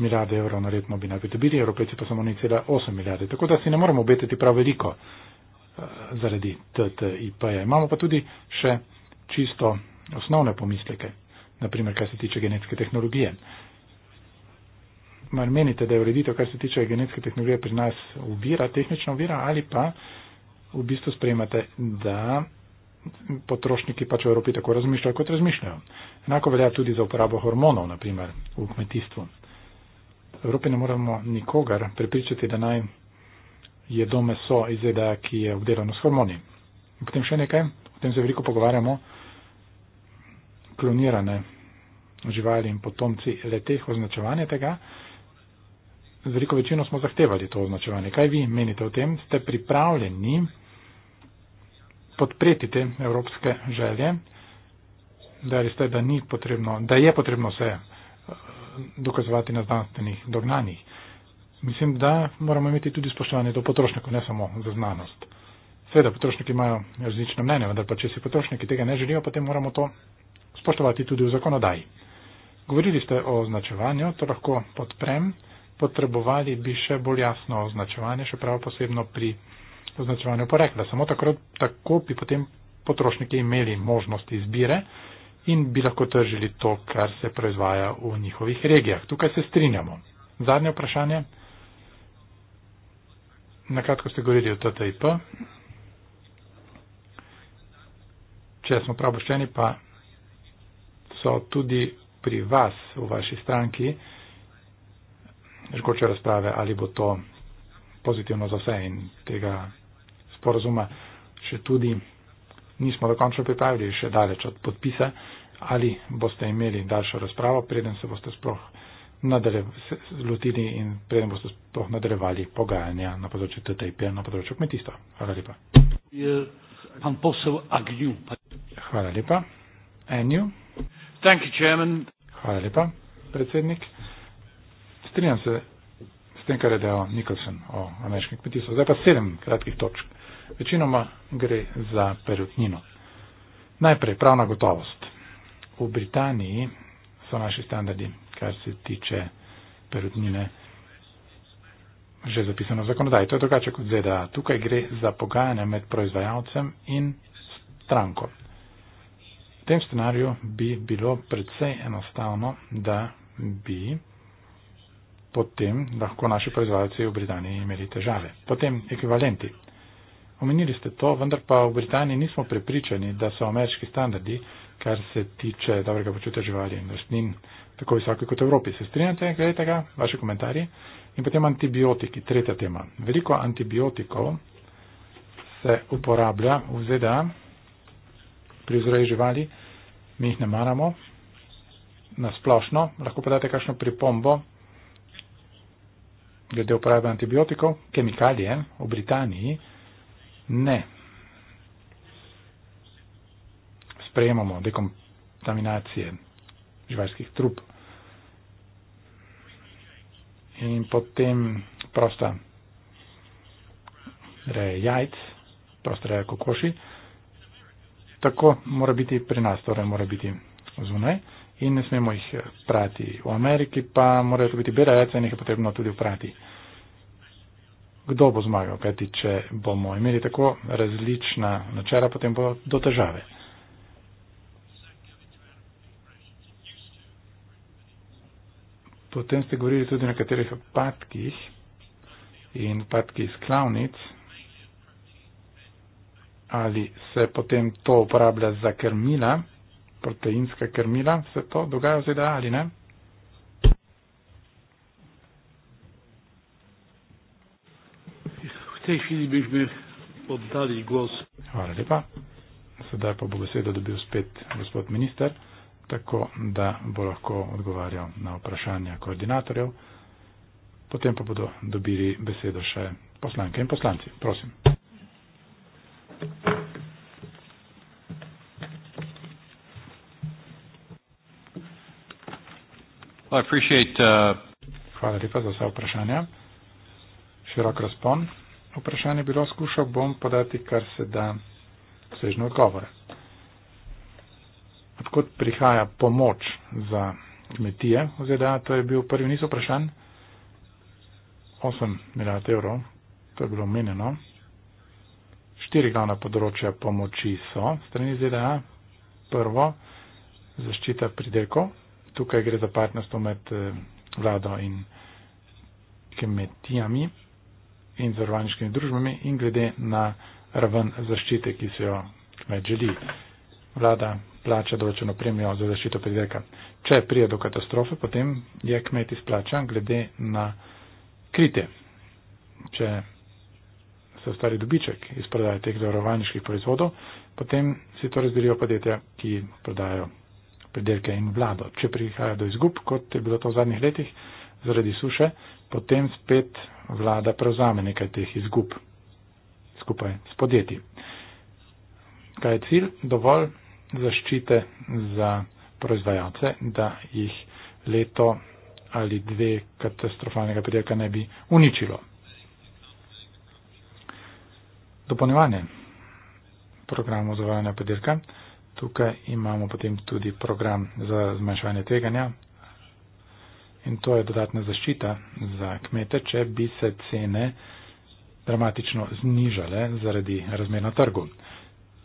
milijarde evrov na letno bi naj pridobili, evropejci pa samo 0,8 milijarde. Tako da si ne moramo obetiti prav veliko eh, zaradi TTIP-ja. Imamo pa tudi še čisto osnovne pomisleke, naprimer, kar se tiče genetske tehnologije. Mar menite, da je ureditev, kar se tiče genetske tehnologije, pri nas uvira, tehnična uvira ali pa v bistvu sprejmate, da potrošniki pač v Evropi tako razmišljajo, kot razmišljajo. Enako velja tudi za uporabo hormonov, naprimer v kmetijstvu. V Evropi ne moramo nikogar prepričati, da naj jedo meso iz jeda, ki je obdelano s hormoni. In potem še nekaj, o tem se veliko pogovarjamo, klonirane živali in potomci leteh označevanje tega. Z veliko večino smo zahtevali to označevanje. Kaj vi menite o tem? Ste pripravljeni podpreti te evropske želje, dejali ste, da, potrebno, da je potrebno vse eh, dokazovati na znanstvenih dognanjih. Mislim, da moramo imeti tudi spoštovanje do potrošnikov, ne samo za znanost. Seveda, potrošniki imajo različno mnenje, vendar pa če si potrošniki tega ne želijo, potem moramo to spoštovati tudi v zakonodaji. Govorili ste o označevanju, to lahko podprem. Potrebovali bi še bolj jasno označevanje, še prav posebno pri označevanju porekla. Samo takrat, tako bi potem potrošniki imeli možnost izbire in bi lahko tržili to, kar se proizvaja v njihovih regijah. Tukaj se strinjamo. Zadnje vprašanje. Nakratko ste govorili o TTIP. Če smo praboščeni, pa so tudi pri vas, v vaši stranki, žgoče razprave, ali bo to pozitivno za vse in tega sporozuma še tudi nismo dokončno pripravili, še daleč od podpisa, ali boste imeli daljšo razpravo, preden se boste sploh lotili in preden boste sploh nadaljevali pogajanja na področju TTIP, na področju kmetijstva. Hvala lepa. Hvala lepa. Enju. Hvala lepa, predsednik. Strinjam se s tem, kar je dejal Nicholson o ameriškem kmetijstvu. Zdaj pa sedem kratkih točk. Večinoma gre za perutnino. Najprej pravna gotovost. V Britaniji so naši standardi, kar se tiče perutnine, že zapisano v zakonodaji. To je drugače kot ZDA. Tukaj gre za pogajanje med proizvajalcem in stranko. V tem scenariju bi bilo predvsej enostavno, da bi potem lahko naši proizvajalci v Britaniji imeli težave. Potem ekvivalenti. Omenili ste to, vendar pa v Britaniji nismo prepričani, da so ameriški standardi, kar se tiče dobrega počutja živali in vrstnin, tako visoki kot v Evropi. Se strinjate glede tega? Vaše komentarje? In potem antibiotiki, tretja tema. Veliko antibiotikov se uporablja v ZDA pri vzreji živali, mi jih ne maramo na splošno. Lahko pa date kakšno pripombo glede uporabe antibiotikov, kemikalije v Britaniji. Ne. Sprejemamo dekontaminacije živalskih trup in potem prosta reja jajc, prosta reja kokoši. Tako mora biti pri nas, torej mora biti zunaj in ne smemo jih prati v Ameriki, pa morajo to biti bela jajca in jih je potrebno tudi uprati kdo bo zmagal, kajti če bomo imeli tako različna načela, potem bo do težave. Potem ste govorili tudi o nekaterih opadkih in opadkih iz klavnic. Ali se potem to uporablja za krmila, proteinska krmila, se to dogaja v ZDA ali ne?
tej hvili bi mi oddali glas.
Hvala lepa. Sedaj pa bo besedo dobil spet gospod minister, tako da bo lahko odgovarjal na vprašanja koordinatorjev. Potem pa bodo dobili besedo še poslanke in poslanci. Prosim. Uh, Hvala lepa za vse vprašanja. Širok razpon vprašanje bilo, skušal bom podati kar se da vsežno odgovore. Odkot prihaja pomoč za kmetije v ZDA, to je bil prvi niz vprašanj. 8 milijard evrov, to je bilo omenjeno. Štiri glavna področja pomoči so strani ZDA. Prvo, zaščita pridelkov. Tukaj gre za partnerstvo med eh, vlado in kmetijami in zavarovanjškimi družbami in glede na raven zaščite, ki se jo kmet želi. Vlada plača določeno premijo za zaščito pridelka. Če prije do katastrofe, potem je kmet izplačan glede na krite. Če se ustvari dobiček iz prodaje teh zavarovanjških proizvodov, potem si to razdelijo podjetja, ki prodajo pridelke in vlado. Če prihaja do izgub, kot je bilo to v zadnjih letih, zaradi suše, potem spet vlada prevzame nekaj teh izgub skupaj s podjetji. Kaj je cilj? Dovolj zaščite za proizvajalce, da jih leto ali dve katastrofalnega pridelka ne bi uničilo. Dopolnjevanje programu zavajanja pridelka. Tukaj imamo potem tudi program za zmanjšanje tveganja, in to je dodatna zaščita za kmete, če bi se cene dramatično znižale zaradi razmer na trgu.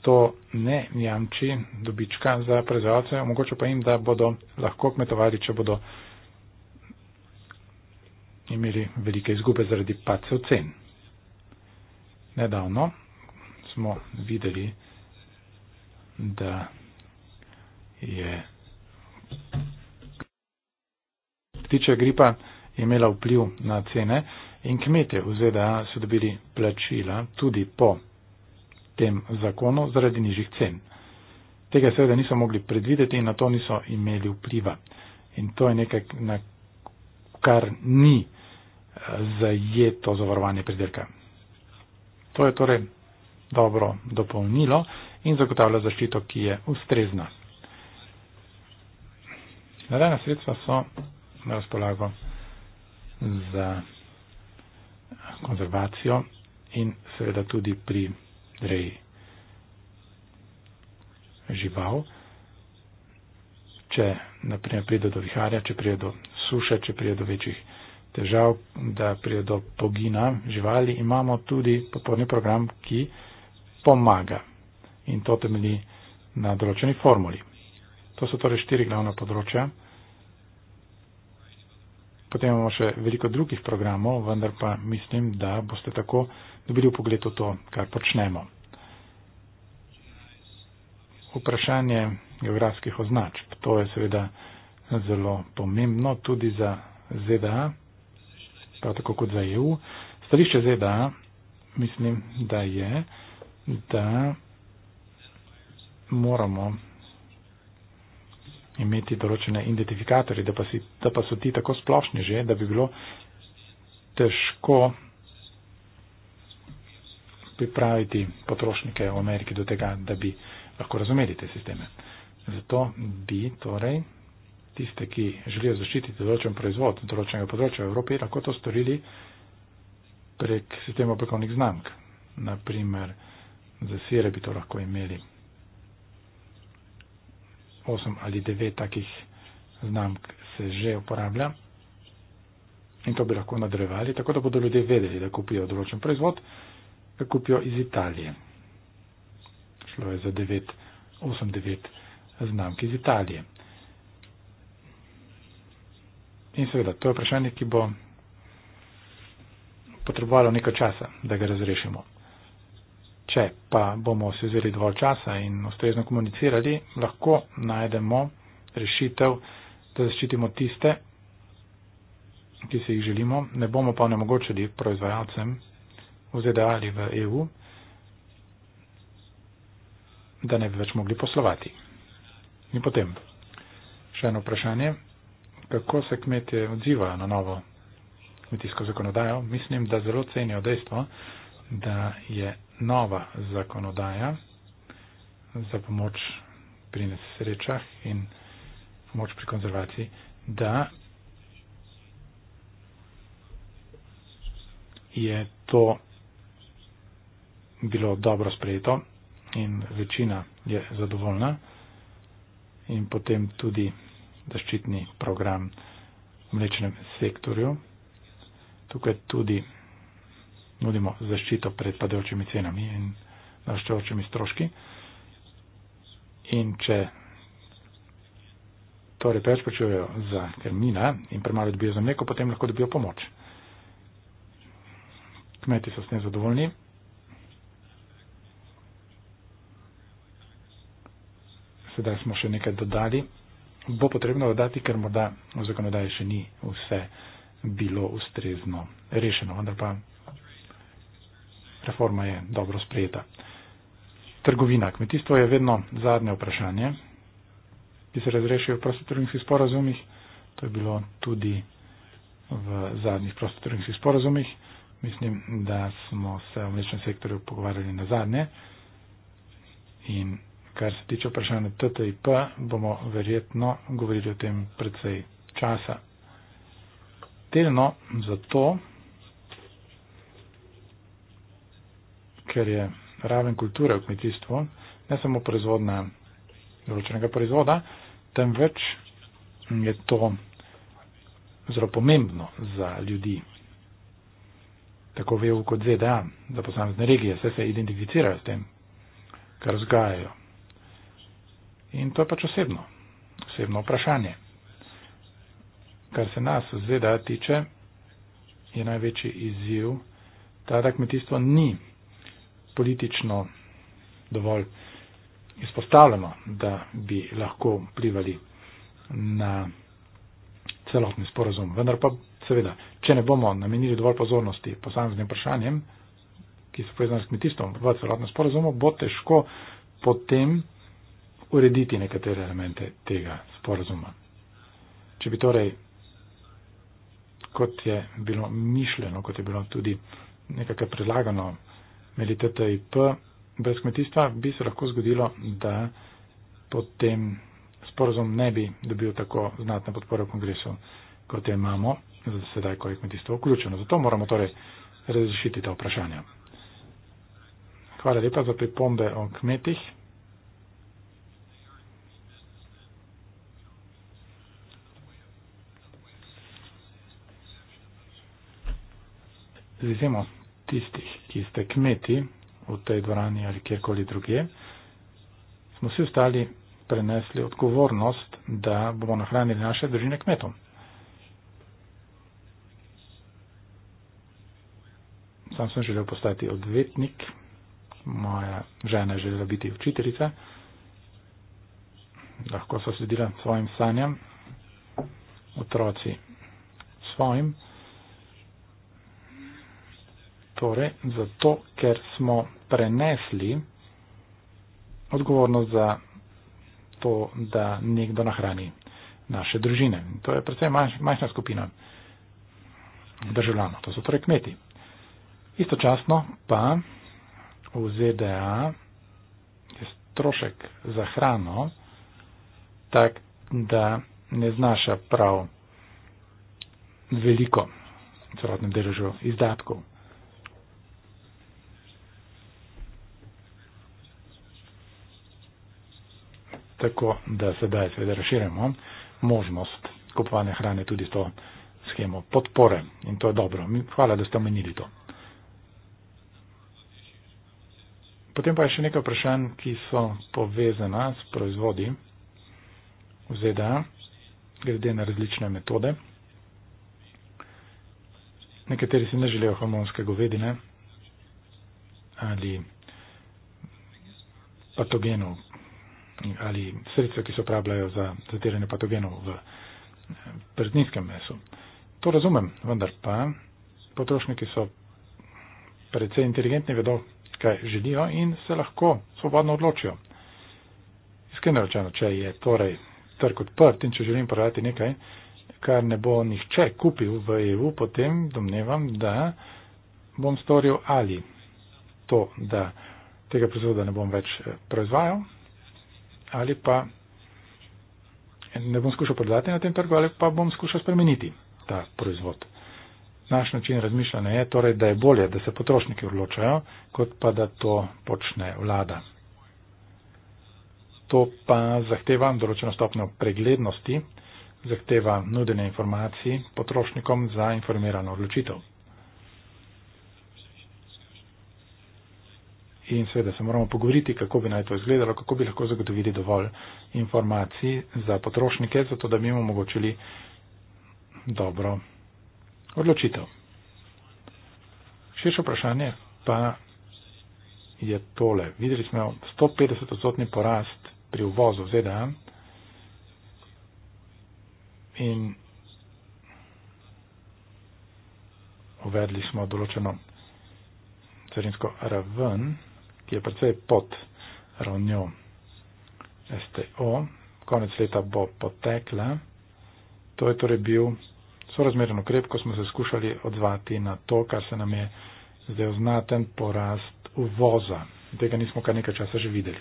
To ne jamči dobička za proizvajalce, omogoča pa jim, da bodo lahko kmetovali, če bodo imeli velike izgube zaradi pacev cen. Nedavno smo videli, da je ptičja gripa imela vpliv na cene in kmete v ZDA so dobili plačila tudi po tem zakonu zaradi nižjih cen. Tega seveda niso mogli predvideti in na to niso imeli vpliva. In to je nekaj, na kar ni eh, zajeto zavarovanje pridelka. To je torej dobro dopolnilo in zagotavlja zaščito, ki je ustrezna. Naravna sredstva so na razpolago za konzervacijo in seveda tudi pri reji žival. Če naprimer pride do viharja, če pride do suše, če pride do večjih težav, da pride do pogina živali, imamo tudi podporni program, ki pomaga in to temelji na določeni formuli. To so torej štiri glavna področja. Potem imamo še veliko drugih programov, vendar pa mislim, da boste tako dobili pogled v to, kar počnemo. Vprašanje geografskih označb. To je seveda zelo pomembno tudi za ZDA, prav tako kot za EU. Stališče ZDA mislim, da je, da moramo imeti določene identifikatorje, da, da pa so ti tako splošni že, da bi bilo težko pripraviti potrošnike v Ameriki do tega, da bi lahko razumeli te sisteme. Zato bi torej tiste, ki želijo zaščititi določen proizvod določenega področja v Evropi, lahko to storili prek sistema oblikovnih znamk. Naprimer, za sire bi to lahko imeli osem ali devet takih znamk se že uporablja. In to bi lahko nadrevali, tako da bodo ljudje vedeli, da kupijo določen proizvod, ga kupijo iz Italije. Šlo je za 9, 8, 9 znamk iz Italije. In seveda, to je vprašanje, ki bo potrebovalo nekaj časa, da ga razrešimo. Če pa bomo si vzeli dovolj časa in ustrezno komunicirali, lahko najdemo rešitev, da zaščitimo tiste, ki se jih želimo. Ne bomo pa onemogočili proizvajalcem v ZDA ali v EU, da ne bi več mogli poslovati. In potem še eno vprašanje. Kako se kmetje odzivajo na novo kmetijsko zakonodajo? Mislim, da zelo cenijo dejstvo, da je nova zakonodaja za pomoč pri nesrečah in pomoč pri konzervaciji, da je to bilo dobro sprejeto in večina je zadovoljna in potem tudi zaščitni program v mlečnem sektorju. Tukaj tudi nudimo zaščito pred padajočimi cenami in naraščajočimi stroški. In če torej preveč počujejo za krmina in premalo dobijo za mleko, potem lahko dobijo pomoč. Kmeti so s tem zadovoljni. Sedaj smo še nekaj dodali. Bo potrebno dodati, ker morda v zakonodaji še ni vse bilo ustrezno rešeno, vendar pa reforma je dobro sprejeta. Trgovina. Kmetijstvo je vedno zadnje vprašanje, ki se razrešijo v prostotrgovinskih sporazumih. To je bilo tudi v zadnjih prostotrgovinskih sporazumih. Mislim, da smo se v mlečnem sektorju pogovarjali na zadnje. In kar se tiče vprašanja TTIP, bomo verjetno govorili o tem predvsej časa. Telno zato. ker je raven kulture v kmetijstvu ne samo proizvodna določenega proizvoda, temveč je to zelo pomembno za ljudi. Tako v EU kot ZDA, za posamezne regije, vse se identificirajo s tem, kar vzgajajo. In to je pač osebno, osebno vprašanje. Kar se nas v ZDA tiče, je največji izziv ta, da kmetijstvo ni politično dovolj izpostavljamo, da bi lahko vplivali na celotni sporozum. Vendar pa seveda, če ne bomo namenili dovolj pozornosti posameznim vprašanjem, ki so povezani s kmetijstvom v celotnem sporozumu, bo težko potem urediti nekatere elemente tega sporozuma. Če bi torej, kot je bilo mišljeno, kot je bilo tudi nekako predlagano, imeli TTIP, brez kmetijstva bi se lahko zgodilo, da potem sporozum ne bi dobil tako znatne podpore v kongresu, kot jo imamo, za sedaj, ko je kmetijstvo vključeno. Zato moramo torej razrešiti ta vprašanja. Hvala lepa za pripombe o kmetih. Dizemos tistih, ki ste kmeti v tej dvorani ali kjerkoli druge, smo vsi ostali prenesli odgovornost, da bomo nahranili naše družine kmetom. Sam sem želel postati odvetnik, moja žena je želela biti učiteljica, lahko so sledila svojim sanjam, otroci svojim. Torej, zato, ker smo prenesli odgovornost za to, da nekdo nahrani naše družine. To je predvsem manj, manjša skupina državljanov, to so torej kmeti. Istočasno pa v ZDA je strošek za hrano tak, da ne znaša prav veliko celotnem deležu izdatkov. tako da sedaj seveda raširjamo možnost kupovane hrane tudi to schemo podpore in to je dobro. Hvala, da ste omenili to. Potem pa je še nekaj vprašanj, ki so povezana s proizvodi v ZDA, glede na različne metode. Nekateri si ne želijo hormonske govedine ali patogenov, ali sredstva, ki se uporabljajo za zatiranje patogenov v eh, perzninskem mesu. To razumem, vendar pa potrošniki so predvsej inteligentni, vedo, kaj želijo in se lahko svobodno odločijo. Iskreno rečeno, če je torej trg odprt in če želim prodati nekaj, kar ne bo nihče kupil v EU, potem domnevam, da bom storil ali to, da tega proizvoda ne bom več eh, proizvajal, ali pa ne bom skušal prodati na tem trgu, ali pa bom skušal spremeniti ta proizvod. Naš način razmišljanja je torej, da je bolje, da se potrošniki odločajo, kot pa da to počne vlada. To pa zahteva določeno stopno preglednosti, zahteva nudene informacije potrošnikom za informirano odločitev. in seveda se moramo pogovoriti, kako bi naj to izgledalo, kako bi lahko zagotovili dovolj informacij za potrošnike, zato da bi jim omogočili dobro odločitev. Širše vprašanje pa je tole. Videli smo 150-odstotni porast pri uvozu v ZDA in uvedli smo določeno carinsko raven ki je predvsej pod ravnjo STO, konec leta bo potekla. To je torej bil sorazmeren ukrep, ko smo se skušali odzvati na to, kar se nam je zdaj oznaten porast uvoza. Tega nismo kar nekaj časa že videli.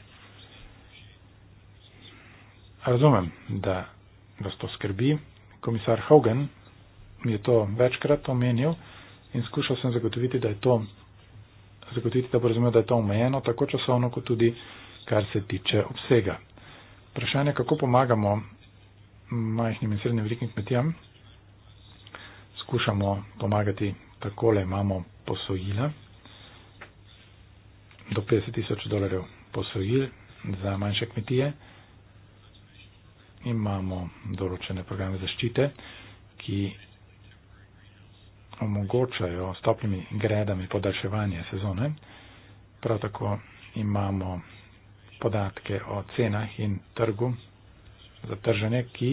Razumem, da vas to skrbi. Komisar Hogan mi je to večkrat omenil in skušal sem zagotoviti, da je to zagotoviti, da bo razumel, da je to omejeno, tako časovno, kot tudi kar se tiče obsega. Vprašanje, kako pomagamo majhnim in srednjim velikim kmetijam, skušamo pomagati takole, imamo posojila do 50 tisoč dolarjev posojil za manjše kmetije. Imamo določene programe zaščite, ki omogočajo s toplimi gredami podaljševanje sezone. Prav tako imamo podatke o cenah in trgu za trženje, ki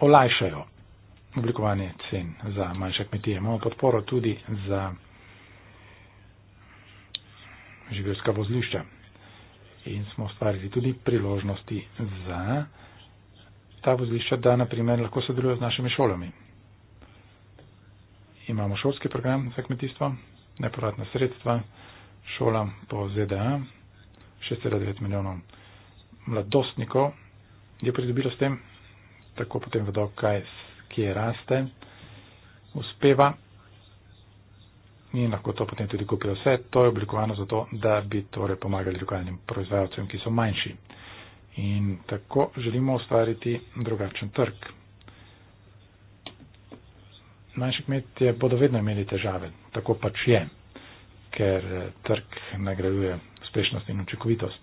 olajšajo oblikovanje cen za manjše kmetije. Imamo podporo tudi za živelska vozlišča in smo ustvarili tudi priložnosti za ta vozlišča, da naprimer lahko sodelujo z našimi šolami imamo šolski program za kmetijstvo, nepovratna sredstva, šola po ZDA, 6,9 milijonov mladostnikov je pridobilo s tem, tako potem vedo, kaj, kje raste, uspeva in lahko to potem tudi kupijo vse. To je oblikovano zato, da bi torej pomagali lokalnim proizvajalcem, ki so manjši. In tako želimo ustvariti drugačen trg manjši kmetje bodo vedno imeli težave, tako pač je, ker eh, trg nagrajuje uspešnost in učinkovitost.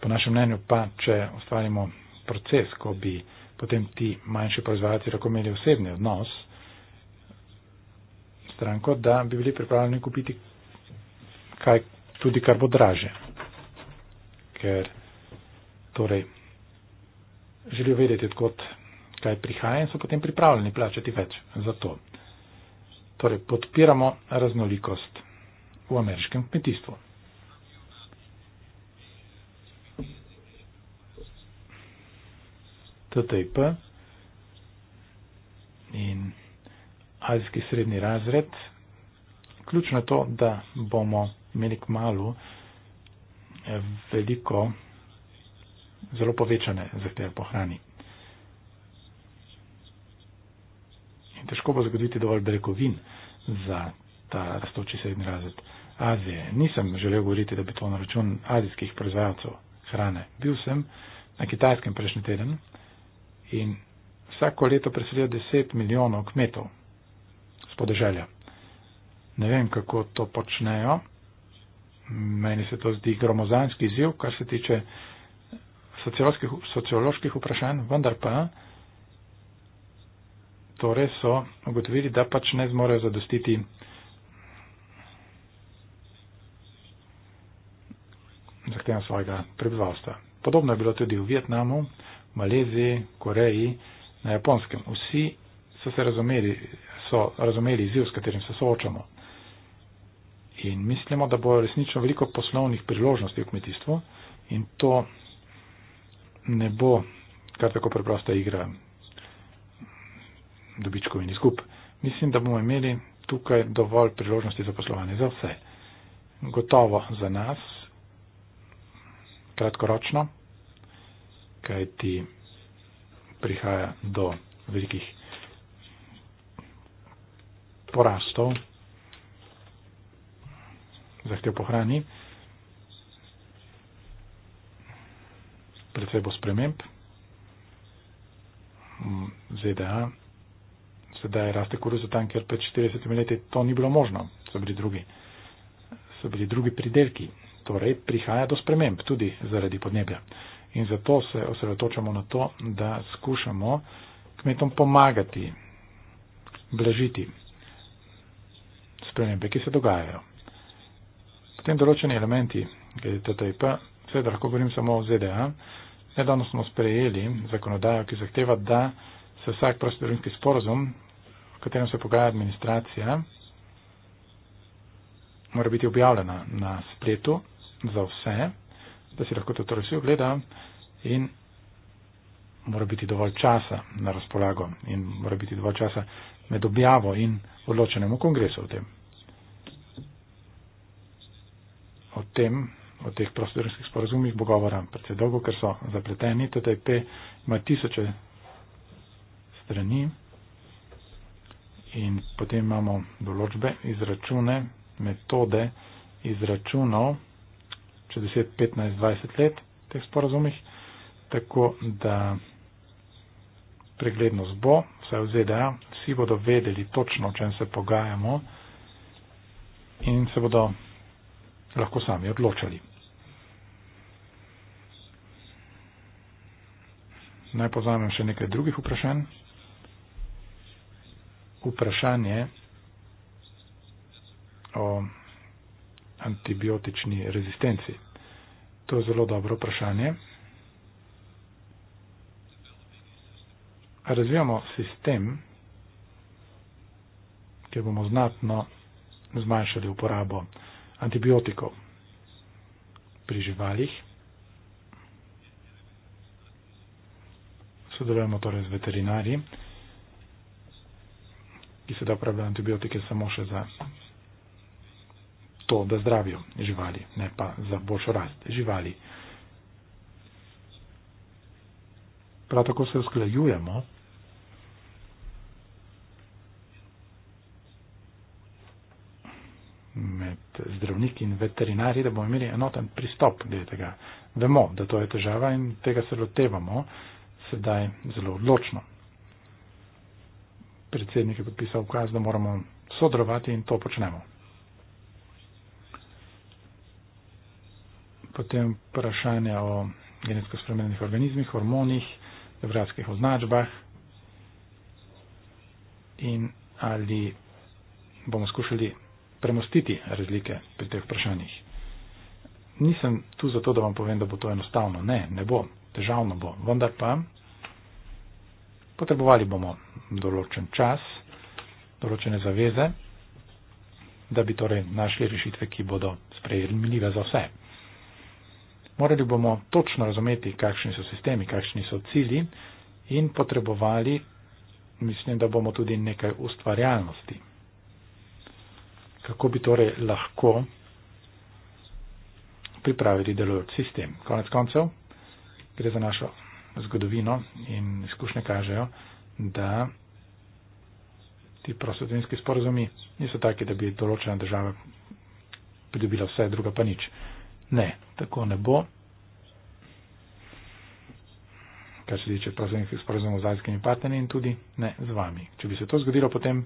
Po našem mnenju pa, če ustvarimo proces, ko bi potem ti manjši proizvajalci lahko imeli osebni odnos stranko, da bi bili pripravljeni kupiti kaj tudi, kar bo draže. Ker torej želijo vedeti, odkot kaj prihaja in so potem pripravljeni plačati več za to. Torej, podpiramo raznolikost v ameriškem kmetijstvu. TTIP in azijski srednji razred. Ključno je to, da bomo imeli k malu veliko, zelo povečane zahteve po hrani. in težko bo zagotoviti dovolj brekovin za ta raztoči srednji razred Azije. Nisem želel govoriti, da bi to na račun azijskih proizvajalcev hrane. Bil sem na kitajskem prejšnji teden in vsako leto preselijo 10 milijonov kmetov z podeželja. Ne vem, kako to počnejo. Meni se to zdi gromozanski izziv, kar se tiče socioloških, socioloških vprašanj, vendar pa torej so ugotovili, da pač ne zmorejo zadostiti zahtevam svojega prebivalstva. Podobno je bilo tudi v Vietnamu, Maleziji, Koreji, na Japonskem. Vsi so se razumeli, so razumeli izziv, s katerim se soočamo. In mislimo, da bo resnično veliko poslovnih priložnosti v kmetijstvu in to ne bo kar tako preprosta igra dobičkov in izgub. Mislim, da bomo imeli tukaj dovolj priložnosti za poslovanje za vse. Gotovo za nas, kratkoročno, kaj ti prihaja do velikih porastov, zahtev po hrani, predvsej bo sprememb, ZDA e sedaj raste koruza tam, ker pred 40 leti to ni bilo možno, so bili drugi, so bili drugi pridelki. Torej prihaja do sprememb tudi zaradi podnebja. In zato se osredotočamo na to, da skušamo kmetom pomagati, blažiti spremembe, ki se dogajajo. Potem določeni elementi, glede TTIP, vse da lahko govorim samo o ZDA, nedavno smo sprejeli zakonodajo, ki zahteva, da se vsak prostorinski sporozum katerem se pogaja administracija, mora biti objavljena na spletu za vse, da si lahko to torej vsi ogleda in mora biti dovolj časa na razpolago in mora biti dovolj časa med objavo in odločenem v kongresu o tem. O tem, o teh prostorskih sporazumih bo govora predvsej dolgo, ker so zapleteni. TTP ima tisoče strani in potem imamo določbe, izračune, metode izračunov čez 10, 15, 20 let v teh sporazumih, tako da preglednost bo, vsaj v ZDA, vsi bodo vedeli točno, o čem se pogajamo in se bodo lahko sami odločali. Naj pozamem še nekaj drugih vprašanj vprašanje o antibiotični rezistenci. To je zelo dobro vprašanje. Razvijamo sistem, kjer bomo znatno zmanjšali uporabo antibiotikov pri živalih. Sodelujemo torej z veterinarji ki se da uporabljajo antibiotike samo še za to, da zdravijo živali, ne pa za boljšo rast živali. Prav tako se usklajujemo med zdravniki in veterinari, da bomo imeli enoten pristop glede tega. Vemo, da to je težava in tega se lotevamo sedaj zelo odločno predsednik je podpisal ukaz, da moramo sodelovati in to počnemo. Potem vprašanje o genetsko spremenjenih organizmih, hormonih, evropskih označbah in ali bomo skušali premostiti razlike pri teh vprašanjih. Nisem tu zato, da vam povem, da bo to enostavno. Ne, ne bo. Težavno bo. Vendar pa Potrebovali bomo določen čas, določene zaveze, da bi torej našli rešitve, ki bodo sprejemljive za vse. Morali bomo točno razumeti, kakšni so sistemi, kakšni so cili in potrebovali, mislim, da bomo tudi nekaj ustvarjalnosti. Kako bi torej lahko pripravili delujoč sistem. Konec koncev, gre za našo zgodovino in izkušnje kažejo, da ti prostodinski sporozumi niso taki, da bi določena država pridobila vse, druga pa nič. Ne, tako ne bo. Kar se tiče prostodinskih sporozumov z azijskimi partnerji in tudi ne z vami. Če bi se to zgodilo, potem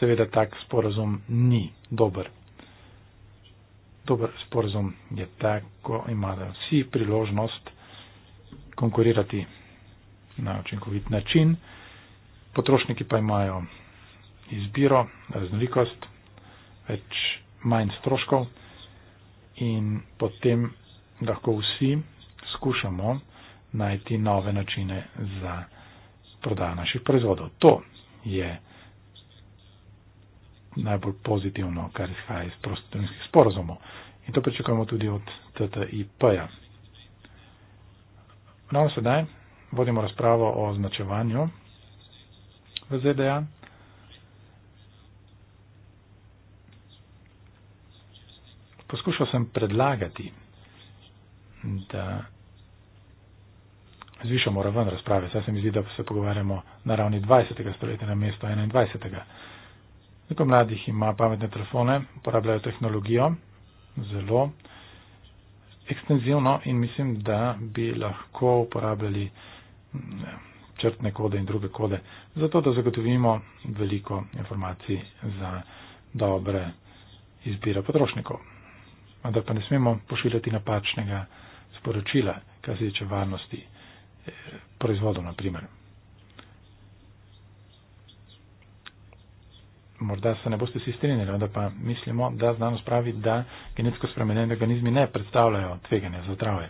seveda tak sporozum ni dober. Dober sporozum je tako, ima da vsi priložnost, konkurirati na učinkovit način. Potrošniki pa imajo izbiro, raznolikost, več manj stroškov in potem lahko vsi skušamo najti nove načine za prodajo naših proizvodov. To je najbolj pozitivno, kar izhaja iz prostorskih sporozumov. In to pričakujemo tudi od TTIP-ja. No, sedaj vodimo razpravo o označevanju v ZDA. Poskušal sem predlagati, da zvišamo raven razprave. Saj se mi zdi, da se pogovarjamo na ravni 20. stoletja na mesto 21. Veliko mladih ima pametne telefone, uporabljajo tehnologijo, zelo ekstenzivno in mislim, da bi lahko uporabljali črtne kode in druge kode, zato da zagotovimo veliko informacij za dobre izbire potrošnikov. Da pa ne smemo pošiljati napačnega sporočila, kar se tiče varnosti eh, proizvodov, na primer. morda se ne boste si strinjali, vendar pa mislimo, da znanost pravi, da genetsko spremenjeni organizmi ne predstavljajo tveganja za zdravje.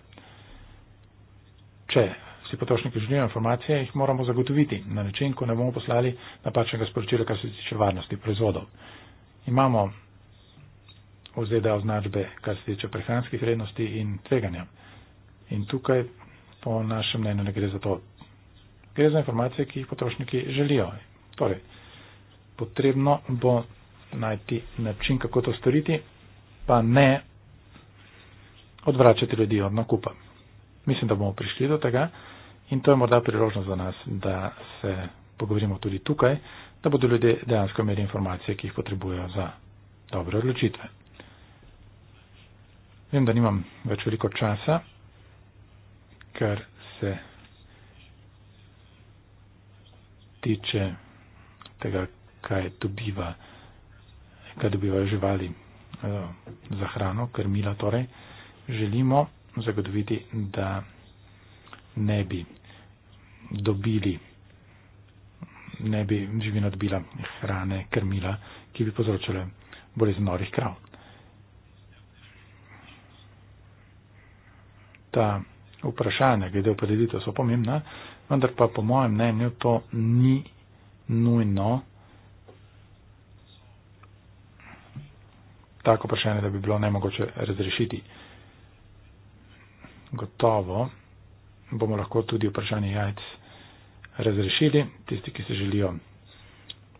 Če si potrošniki želijo informacije, jih moramo zagotoviti na način, ko ne bomo poslali napačnega sporočila, kar se tiče varnosti proizvodov. Imamo ozeda označbe, kar se tiče prehranskih vrednosti in tveganja. In tukaj po našem mnenju ne gre za to. Gre za informacije, ki jih potrošniki želijo. Torej, potrebno bo najti način, kako to storiti, pa ne odvračati ljudi od nakupa. Mislim, da bomo prišli do tega in to je morda priložnost za nas, da se pogovorimo tudi tukaj, da bodo ljudje dejansko imeli informacije, ki jih potrebujejo za dobre odločitve. Vem, da nimam več veliko časa, ker se tiče tega, kaj dobiva, kaj dobivajo živali eh, za hrano, krmila torej, želimo zagotoviti, da ne bi dobili, ne bi živina dobila hrane, krmila, ki bi povzročale bolezen norih krav. Ta vprašanja glede opredelitev so pomembna, vendar pa po mojem mnenju to ni nujno. tako vprašanje, da bi bilo nemogoče razrešiti. Gotovo bomo lahko tudi vprašanje jajc razrešili. Tisti, ki se želijo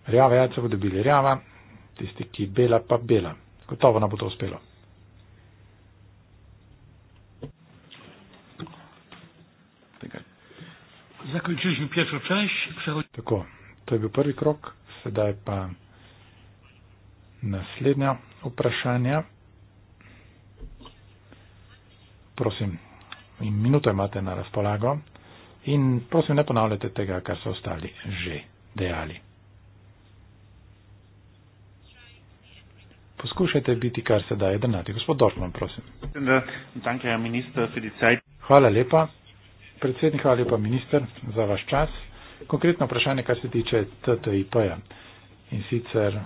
rjave jajce, bodo dobili rjava, tisti, ki bela, pa bela. Gotovo nam bo to uspelo. Zakončili smo pet vprašanj. Tako, to je bil prvi krok, sedaj pa. Naslednja vprašanja. Prosim, in minuto imate na razpolago. In prosim, ne ponavljate tega, kar so ostali že dejali. Poskušajte biti, kar se da jedrnati. Gospod Dorfman, prosim. Hvala lepa. Predsednik, hvala lepa, minister, za vaš čas. Konkretno vprašanje, kar se tiče TTIP-ja. In sicer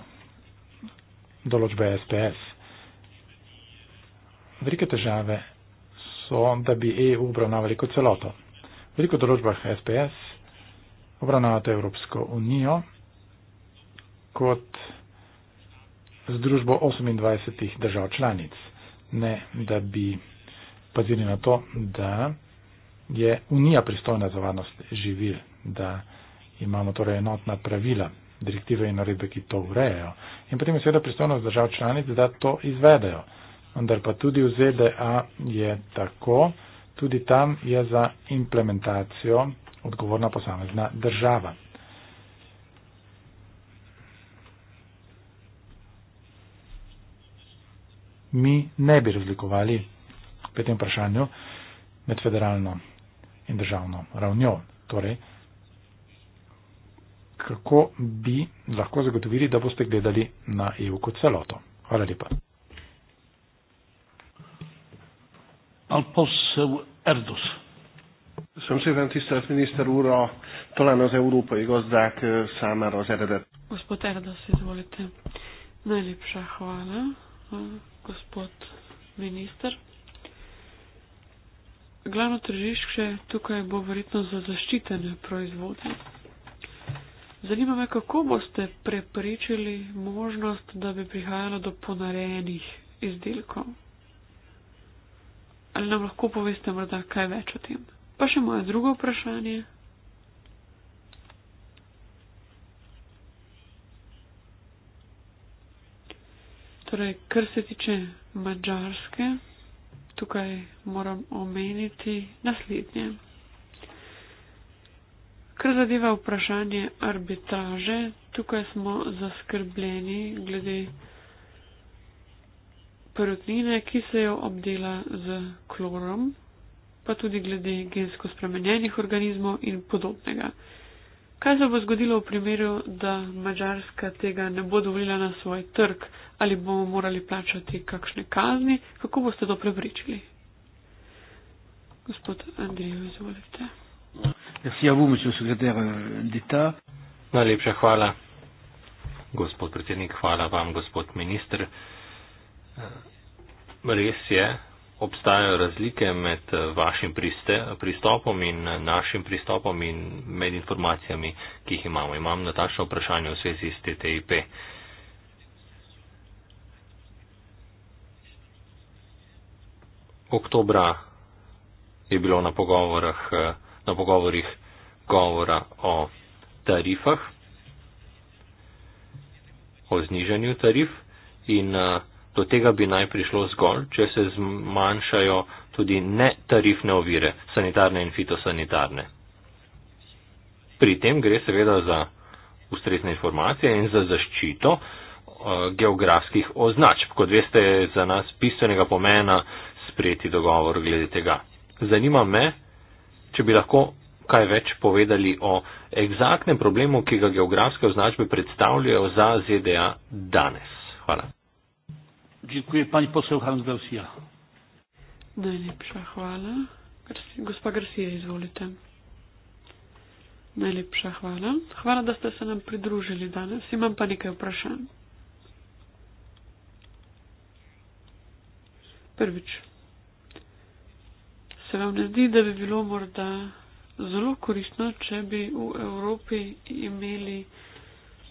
določbe SPS. Velike težave so, da bi EU obravnavali kot celoto. Veliko določbah SPS obravnavate Evropsko unijo kot združbo 28 držav članic. Ne, da bi pazili na to, da je Unija pristojna za varnost živil, da imamo torej enotna pravila direktive in naredbe, ki to urejajo. In potem je seveda pristojnost držav članic, da to izvedejo. Vendar pa tudi v ZDA je tako, tudi tam je za implementacijo odgovorna posamezna država. Mi ne bi razlikovali pri tem vprašanju med federalno in državno ravnjo. Torej, kako bi lahko zagotovili, da boste gledali na EU kot celoto. Hvala lepa.
Sem se vem, tisti minister Uro, tolano za Evropo in gozdak
sama razredet. Gospod Erdos, izvolite. Najlepša hvala, gospod minister. Glavno tržišče tukaj bo verjetno za zaščitene proizvode. Zanima me, kako boste preprečili možnost, da bi prihajalo do ponarejenih izdelkov. Ali nam lahko poveste morda kaj več o tem? Pa še moje drugo vprašanje. Torej, kar se tiče Mačarske, tukaj moram omeniti naslednje. Kar zadeva vprašanje arbitraže, tukaj smo zaskrbljeni glede prvotnine, ki se jo obdela z klorom, pa tudi glede gensko spremenjenih organizmov in podobnega. Kaj se bo zgodilo v primeru, da Mačarska tega ne bo dovolila na svoj trg, ali bomo morali plačati kakšne kazni, kako boste to prepričali? Gospod Andrijev, izvolite.
Merci à vous, monsieur le secrétaire euh, d'État.
Najlepša hvala, gospod predsednik, hvala vam, gospod ministr. Res je, obstajajo razlike med eh, vašim pristopom in eh, našim pristopom in med informacijami, ki jih imamo. Imam natačno vprašanje v svezi s TTIP. Oktobra je bilo na pogovorah. Eh, na pogovorih govora o tarifah, o znižanju tarif in eh, do tega bi naj prišlo zgolj, če se zmanjšajo tudi netarifne ovire, sanitarne in fitosanitarne. Pri tem gre seveda za ustrezne informacije in za zaščito eh, geografskih označb. Kot veste, je za nas bistvenega pomena sprejeti dogovor glede tega. Zanima me, če bi lahko kaj več povedali o egzaktnem problemu, ki ga geografske označbe predstavljajo za ZDA danes. Hvala. Dziękuję pani poseł Hans Garcia.
Najlepsza chwała. Gospa Garcia, izvolite. Najlepsza chwała. Chwała, że się nam przydrużyli danes. Mam pani kaj proszę. Pierwszy. Se vam ne zdi, da bi bilo morda zelo koristno, če bi v Evropi imeli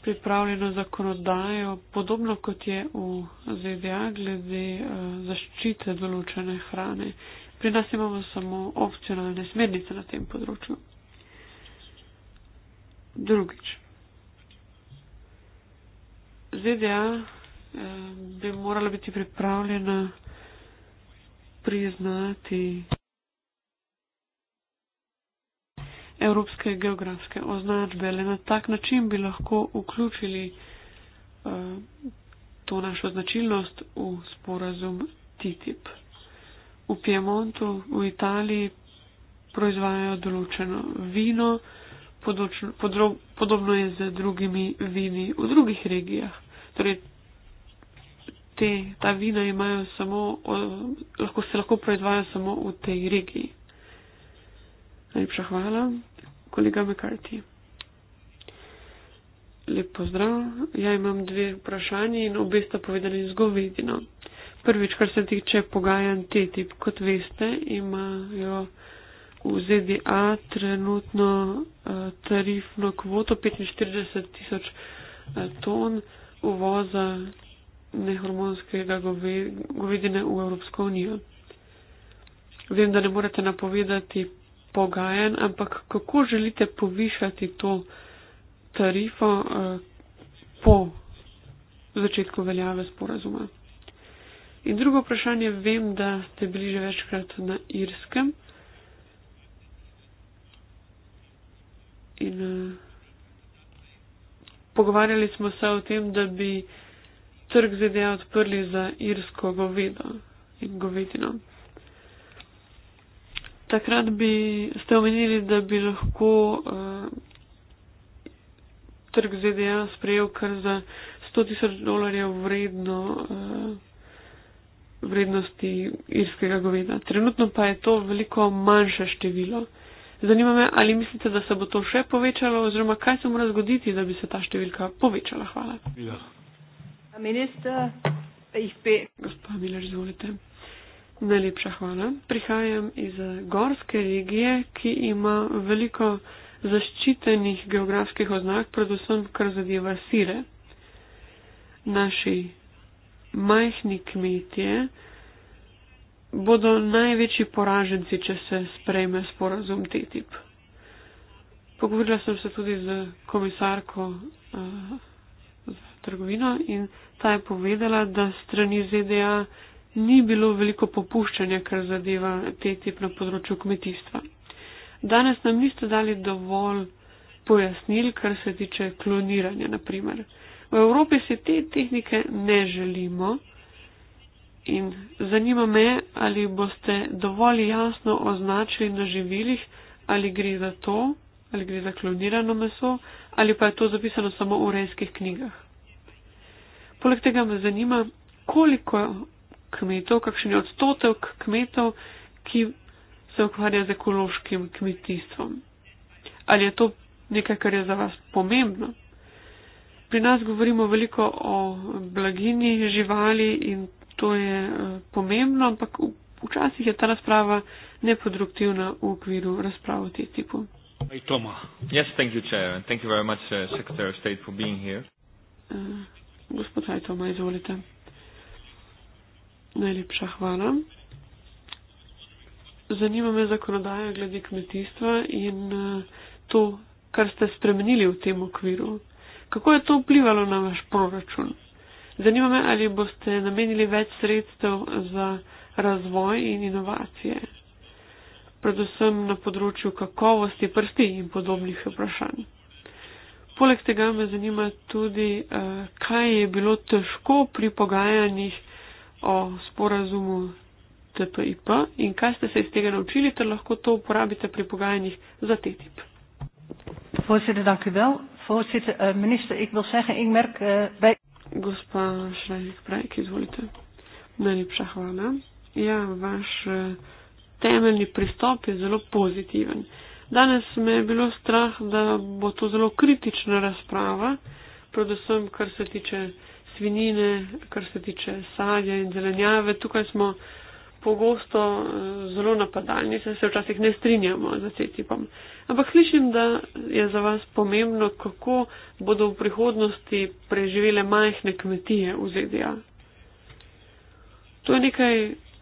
pripravljeno zakonodajo, podobno kot je v ZDA, glede eh, zaščite določene hrane? Pri nas imamo samo opcionalne smernice na tem področju. Drugič. ZDA eh, bi morala biti pripravljena priznati evropske geografske označbe. Le na tak način bi lahko vključili uh, to našo značilnost v sporazum TTIP. V Piemontu, v Italiji, proizvajajo določeno vino, podočno, podrob, podobno je z drugimi vini v drugih regijah. Torej, te, ta vina imajo samo, o, lahko, se lahko proizvajajo samo v tej regiji. Najlepša hvala, kolega Mekarti. Lep pozdrav. Ja imam dve vprašanje in obe sta povedali zgovedino. Prvič, kar se tiče pogajanj TTIP, kot veste, imajo v ZDA trenutno eh, tarifno kvoto 45 tisoč eh, ton uvoza nehormonskega govedine v Evropsko unijo. Vem, da ne morete napovedati pogajanj, ampak kako želite povišati to tarifo uh, po začetku veljave sporazuma? In drugo vprašanje, vem, da ste bili že večkrat na Irskem. In, uh, pogovarjali smo se o tem, da bi trg ZDA odprli za irsko govedo in govedino takrat bi ste omenili, da bi lahko uh, trg ZDA sprejel kar za 100 tisoč dolarjev vredno, uh, vrednosti irskega goveda. Trenutno pa je to veliko manjše število. Zanima me, ali mislite, da se bo to še povečalo oziroma kaj se mora zgoditi, da bi se ta številka povečala. Hvala. Ja. Minister, IFP. Gospod Miller, izvolite. Najlepša hvala. Prihajam iz gorske regije, ki ima veliko zaščitenih geografskih oznak, predvsem kar zadeva sire. Naši majhni kmetje bodo največji poraženci, če se sprejme sporazum TTIP. Pogovorila sem se tudi z komisarko uh, za trgovino in ta je povedala, da strani ZDA ni bilo veliko popuščanja, kar zadeva te tip na področju kmetijstva. Danes nam niste dali dovolj pojasnil, kar se tiče kloniranja, naprimer. V Evropi se te tehnike ne želimo in zanima me, ali boste dovolj jasno označili na živilih, ali gre za to, ali gre za klonirano meso, ali pa je to zapisano samo v rejskih knjigah. Poleg tega me zanima, koliko kmetov, kakšen je odstotek kmetov, ki se ukvarja z ekološkim kmetijstvom. Ali je to nekaj, kar je za vas pomembno? Pri nas govorimo veliko o blagini živali in to je eh, pomembno, ampak včasih je ta razprava neproduktivna v okviru razprav o tem tipu.
Yes, much, uh,
eh, gospod Hajtoma, izvolite. Najlepša hvala. Zanima me zakonodaja glede kmetijstva in eh, to, kar ste spremenili v tem okviru. Kako je to vplivalo na vaš proračun? Zanima me, ali boste namenili več sredstev za razvoj in inovacije, predvsem na področju kakovosti prsti in podobnih vprašanj. Poleg tega me zanima tudi, eh, kaj je bilo težko pri pogajanjih o sporazumu TPIP in kaj ste se iz tega naučili, ter lahko to uporabite pri pogajanjih za TTIP. Voorzitter, dank u wel. Voorzitter, uh, minister, ik wil zeggen, ik merk uh, bij. Gospa Schleich-Breik, izvolite. Najlepša hvala. Ja, vaš uh, temeljni pristop je zelo pozitiven. Danes me je bilo strah, da bo to zelo kritična razprava, predvsem kar se tiče uh, svinine, kar se tiče sadja in zelenjave. Tukaj smo pogosto eh, zelo napadalni, saj se včasih ne strinjamo z CETIP-om. Ampak slišim, da je za vas pomembno, kako bodo v prihodnosti preživele majhne kmetije v ZDA. To je nekaj,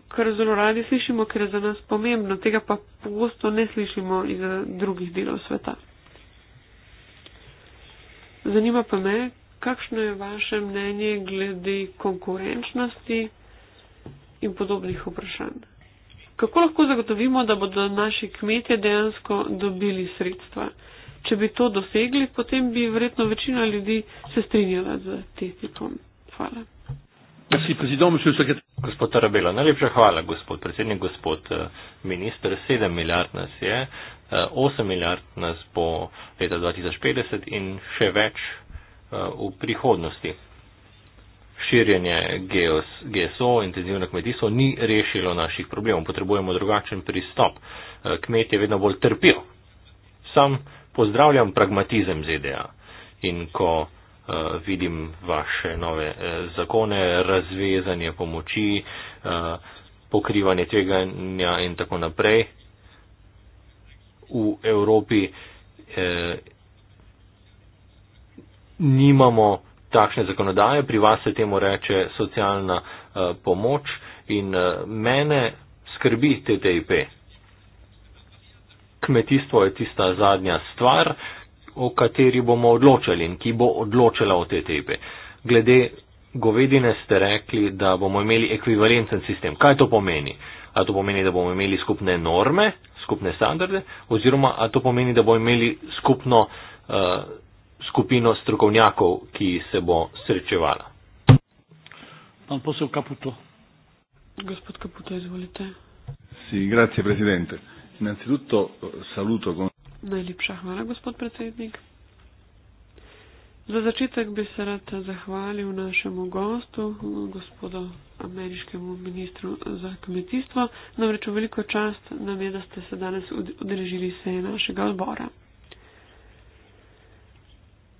kar zelo radi slišimo, ker je za nas pomembno, tega pa pogosto ne slišimo iz drugih delov sveta. Zanima pa me, kakšno je vaše mnenje glede konkurenčnosti in podobnih vprašanj? Kako lahko zagotovimo, da bodo naši kmetje dejansko dobili sredstva? Če bi to dosegli, potem bi verjetno večina ljudi se strinjala z TTIP-om. Hvala.
Gospod Tarabela, najlepša hvala, gospod predsednik, gospod eh, minister. 7 milijard nas je, 8 eh, milijard nas bo leta 2050 in še več Eh, v prihodnosti. Širjenje GSO, intenzivno kmetijstvo, ni rešilo naših problemov. Potrebujemo drugačen pristop. Eh, kmetje vedno bolj trpijo. Sam pozdravljam pragmatizem ZDA in ko eh, vidim vaše nove zakone, razvezanje pomoči, pokrivanje tveganja in tako naprej. V Evropi nimamo takšne zakonodaje, pri vas se temu reče socialna uh, pomoč in uh, mene skrbi TTIP. Kmetijstvo je tista zadnja stvar, o kateri bomo odločali in ki bo odločala o TTIP. Glede govedine ste rekli, da bomo imeli ekvivalenten sistem. Kaj to pomeni? A to pomeni, da bomo imeli skupne norme, skupne standarde, oziroma a to pomeni, da bomo imeli skupno uh, skupino strokovnjakov, ki se bo srečevala.
Pan posel Kaputo.
Gospod Kaputo, izvolite.
Si, grazie, presidente. Innanzitutto eh, saluto con...
Najlepša hvala, gospod predsednik. Za začetek bi se rad zahvalil našemu gostu, gospodu ameriškemu ministru za kmetijstvo. Namreč v veliko čast nam je, da ste se danes udeležili seje našega odbora.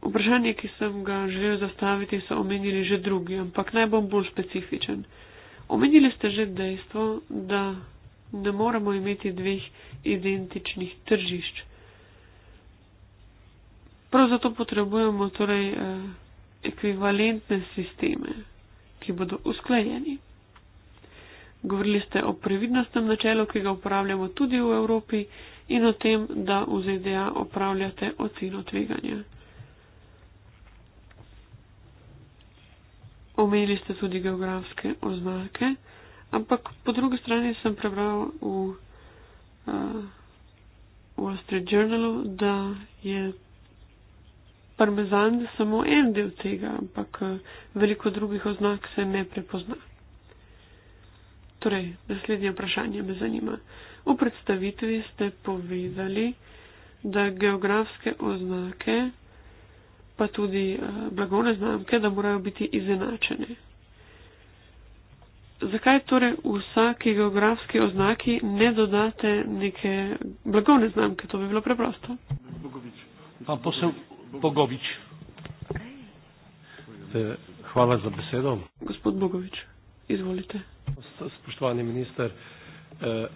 Vprašanje, ki sem ga želel zastaviti, so omenili že drugi, ampak naj bom bolj specifičen. Omenili ste že dejstvo, da ne moramo imeti dveh identičnih tržišč. Prav zato potrebujemo torej eh, ekvivalentne sisteme, ki bodo usklajeni. Govorili ste o previdnostnem načelu, ki ga uporabljamo tudi v Evropi in o tem, da v ZDA opravljate oceno tveganja. omenili ste tudi geografske oznake, ampak po drugi strani sem prebral v uh, Wall Street Journalu, da je parmezan samo en del tega, ampak eh, veliko drugih oznak se ne prepozna. Torej, naslednje vprašanje me zanima. V predstavitvi ste povedali, da geografske oznake pa tudi eh, blagovne znamke, da morajo biti izenačene. Zakaj torej vsaki geografski oznaki ne dodate neke blagovne znamke? To bi bilo preprosto.
Bogovič. Pa posel Bogovič.
E, hvala za besedo. Gospod Bogovič, izvolite. Spoštovani minister,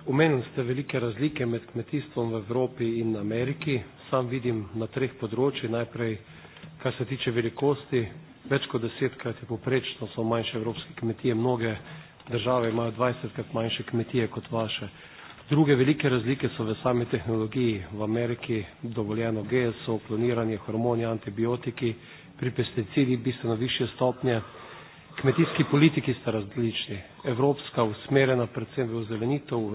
umenili e, ste velike razlike med kmetijstvom v Evropi in Ameriki. Sam vidim na treh področjih najprej kar se tiče velikosti, več kot desetkrat je poprečno so manjše evropske kmetije, mnoge države imajo dvajsetkrat manjše kmetije kot vaše. Druge velike razlike so v sami tehnologiji, v Ameriki dovoljeno GSO, kloniranje, hormoni, antibiotiki, pri pesticidih bistveno više stopnje. Kmetijski politiki sta različni, evropska usmerjena predvsem v ozelenitev, eh,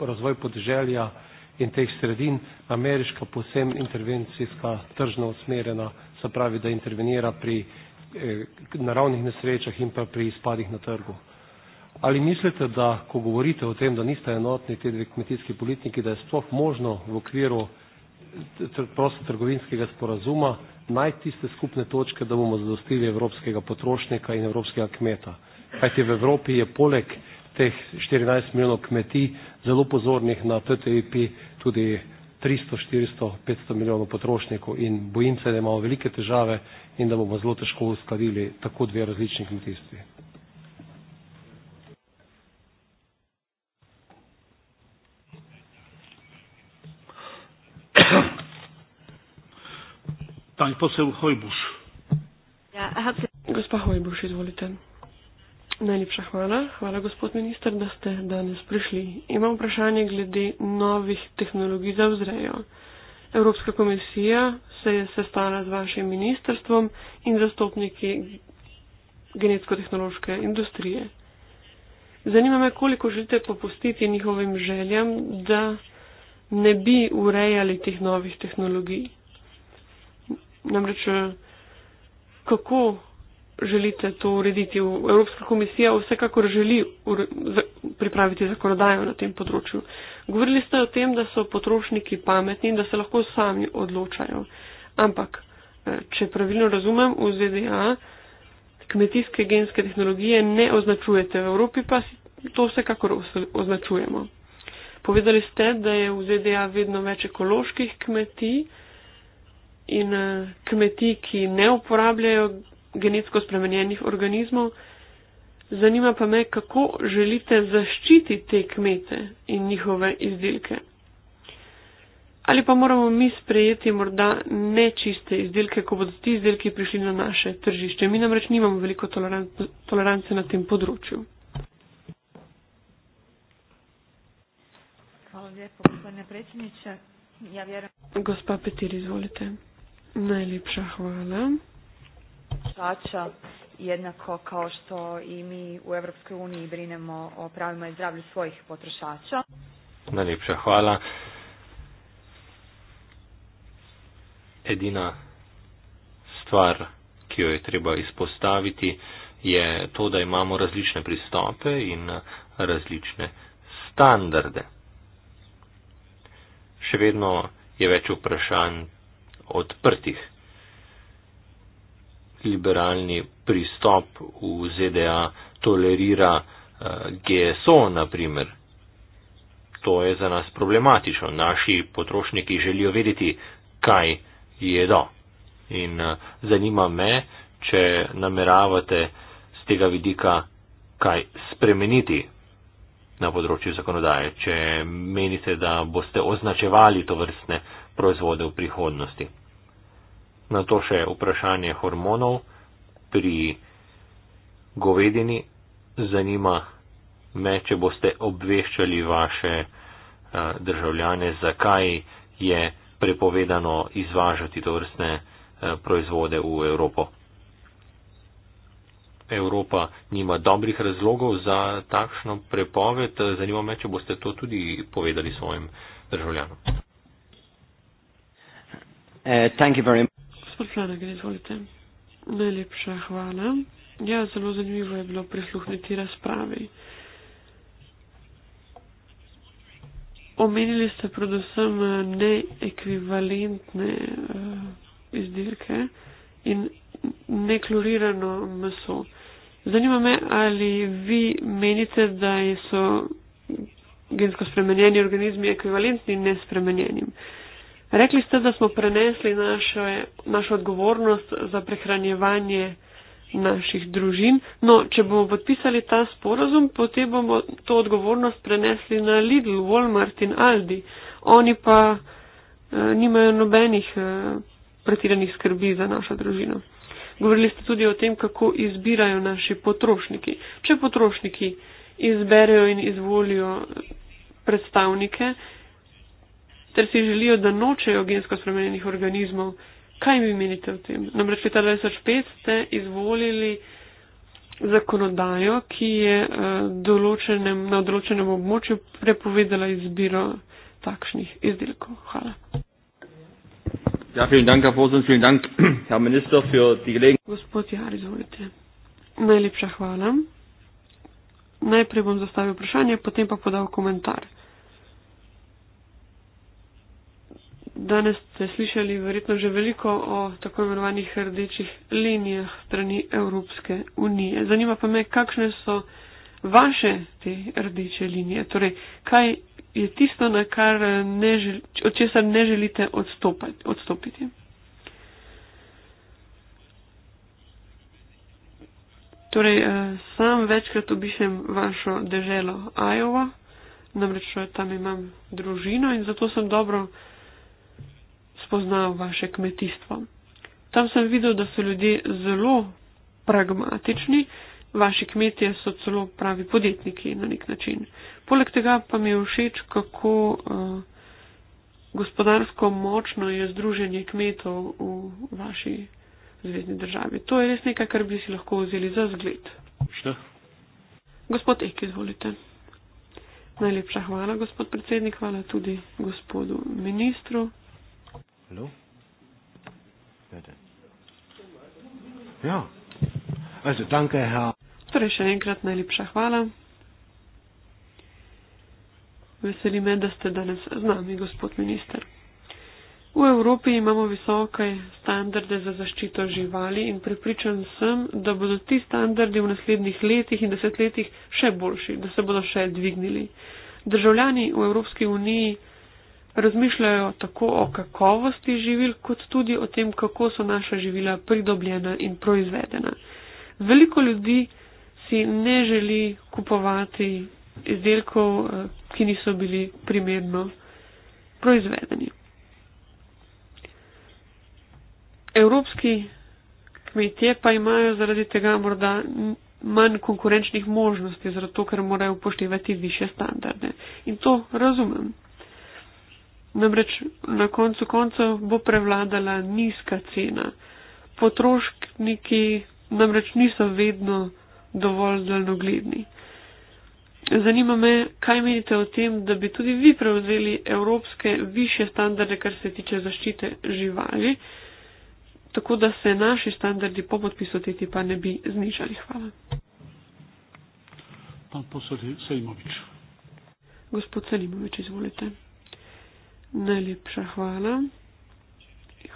razvoj podeželja in teh sredin, ameriška posebno intervencijska tržno usmerjena se pravi, da intervenira pri eh, naravnih nesrečah in pa pri izpadih na trgu. Ali mislite, da ko govorite o tem, da niste enotni te dve kmetijski politiki, da je sploh možno v okviru eh, prostotrgovinskega sporazuma najti tiste skupne točke, da bomo zadostili evropskega potrošnika in evropskega kmeta? Kajti v Evropi je poleg teh 14 milijonov kmetij zelo pozornih na TTIP tudi 300, 400, 500 milijonov potrošnikov in bojim se, da imamo velike težave in da bomo zelo težko uskladili tako dve različni kmetijstvi.
Pani posel Hojbuš.
Ja, gospa Hojbuš, izvolite. Najlepša hvala. Hvala, gospod minister, da ste danes prišli. Imam vprašanje glede novih tehnologij za vzrejo. Evropska komisija se je sestala z vašim ministrstvom in zastopniki genetsko-tehnološke industrije. Zanima me, koliko želite popustiti njihovim željam, da ne bi urejali teh novih tehnologij. Namreč, kako želite to urediti. Evropska komisija vsekakor želi pripraviti zakonodajo na tem področju. Govorili ste o tem, da so potrošniki pametni in da se lahko sami odločajo. Ampak, eh, če pravilno razumem, v ZDA kmetijske genske tehnologije ne označujete, v Evropi pa to vsekakor označujemo. Povedali ste, da je v ZDA vedno več ekoloških kmetij in eh, kmetij, ki ne uporabljajo genetsko spremenjenih organizmov. Zanima pa me, kako želite zaščititi te kmete in njihove izdelke. Ali pa moramo mi sprejeti morda nečiste izdelke, ko bodo ti izdelki prišli na naše tržišče. Mi namreč nimamo veliko toleran tolerance na tem področju.
Hvala lepo, gospodine predsedniče. Ja,
Gospa Petir, izvolite. Najlepša hvala
potrošača jednako kao što i mi u Evropskoj uniji brinemo o pravima i zdravlju svojih potrošača.
Najljepša hvala. Edina stvar, ki jo je treba izpostaviti, je to, da imamo različne pristope in različne standarde. Še vedno je več vprašanj odprtih liberalni pristop v ZDA tolerira eh, GSO, naprimer. To je za nas problematično. Naši potrošniki želijo vedeti, kaj jedo. In eh, zanima me, če nameravate z tega vidika kaj spremeniti na področju zakonodaje, če menite, da boste označevali to vrstne proizvode v prihodnosti. Na to še vprašanje hormonov pri govedini zanima me, če boste obveščali vaše eh, državljane, zakaj je prepovedano izvažati to vrstne eh, proizvode v Evropo. Evropa nima dobrih razlogov za takšno prepoved. Zanima me, če boste to tudi povedali svojim državljanom.
Uh,
Svetlana gre, izvolite. Najlepša hvala. Ja, zelo zanimivo je bilo prisluhniti razpravi. Omenili ste predvsem eh, neekvivalentne uh, izdelke in neklorirano meso. Zanima me, ali vi menite, da so gensko spremenjeni organizmi ekvivalentni nespremenjenim. Uh, Rekli ste, da smo prenesli našo, našo odgovornost za prehranjevanje naših družin. No, če bomo podpisali ta sporazum, potem bomo to odgovornost prenesli na Lidl, Walmart in Aldi. Oni pa eh, nimajo nobenih eh, pretiranih skrbi za našo družino. Govorili ste tudi o tem, kako izbirajo naši potrošniki. Če potrošniki izberejo in izvolijo predstavnike, ter si želijo, da nočejo gensko spremenjenih organizmov. Kaj mi menite o tem? Namreč leta 2005 ste izvolili zakonodajo, ki je eh, določenem, na določenem območju prepovedala izbiro takšnih izdelkov. Hvala.
Ja, dank, dank, minister,
Gospod Jar, izvolite. Najlepša hvala. Najprej bom zastavil vprašanje, potem pa podal komentar. Danes ste slišali verjetno že veliko o tako imenovanih rdečih linijah strani Evropske unije. Zanima pa me, kakšne so vaše te rdeče linije. Torej, kaj je tisto, ne želi, od česar ne želite odstopati, odstopiti? Torej, eh, sam večkrat obišem vašo deželo Iowa, namreč eh, tam imam družino in zato sem dobro spoznal vaše kmetijstvo. Tam sem videl, da so ljudje zelo pragmatični, vaši kmetije so celo pravi podjetniki na nek način. Poleg tega pa mi je všeč, kako uh, gospodarsko močno je združenje kmetov v vaši zvezdni državi. To je res nekaj, kar bi si lahko vzeli za zgled. Šta? Gospod Ek, izvolite. Najlepša hvala, gospod predsednik, hvala tudi gospodu ministru.
Hallo? Bitte.
Ja, ja. Also danke, Herr. Torej, še enkrat najlepša hvala. Veseli me, da ste danes z nami, gospod minister. V Evropi imamo visoke standarde za zaščito živali in prepričan sem, da bodo ti standardi v naslednjih letih in desetletjih še boljši, da se bodo še dvignili. Državljani v Evropski uniji razmišljajo tako o kakovosti živil, kot tudi o tem, kako so naša živila pridobljena in proizvedena. Veliko ljudi si ne želi kupovati izdelkov, eh, ki niso bili primerno proizvedeni. Evropski kmetje pa imajo zaradi tega morda manj konkurenčnih možnosti, zato ker morajo upoštevati više standarde. In to razumem. Namreč na koncu koncev bo prevladala nizka cena. Potrošniki namreč niso vedno dovolj daljnogledni. Zanima me, kaj menite o tem, da bi tudi vi prevzeli evropske više standarde, kar se tiče zaščite živali, tako da se naši standardi po podpisu teti pa ne bi znižali. Hvala.
Pan poslednji Sejmovič.
Gospod Sejmovič, izvolite. Najlepša hvala.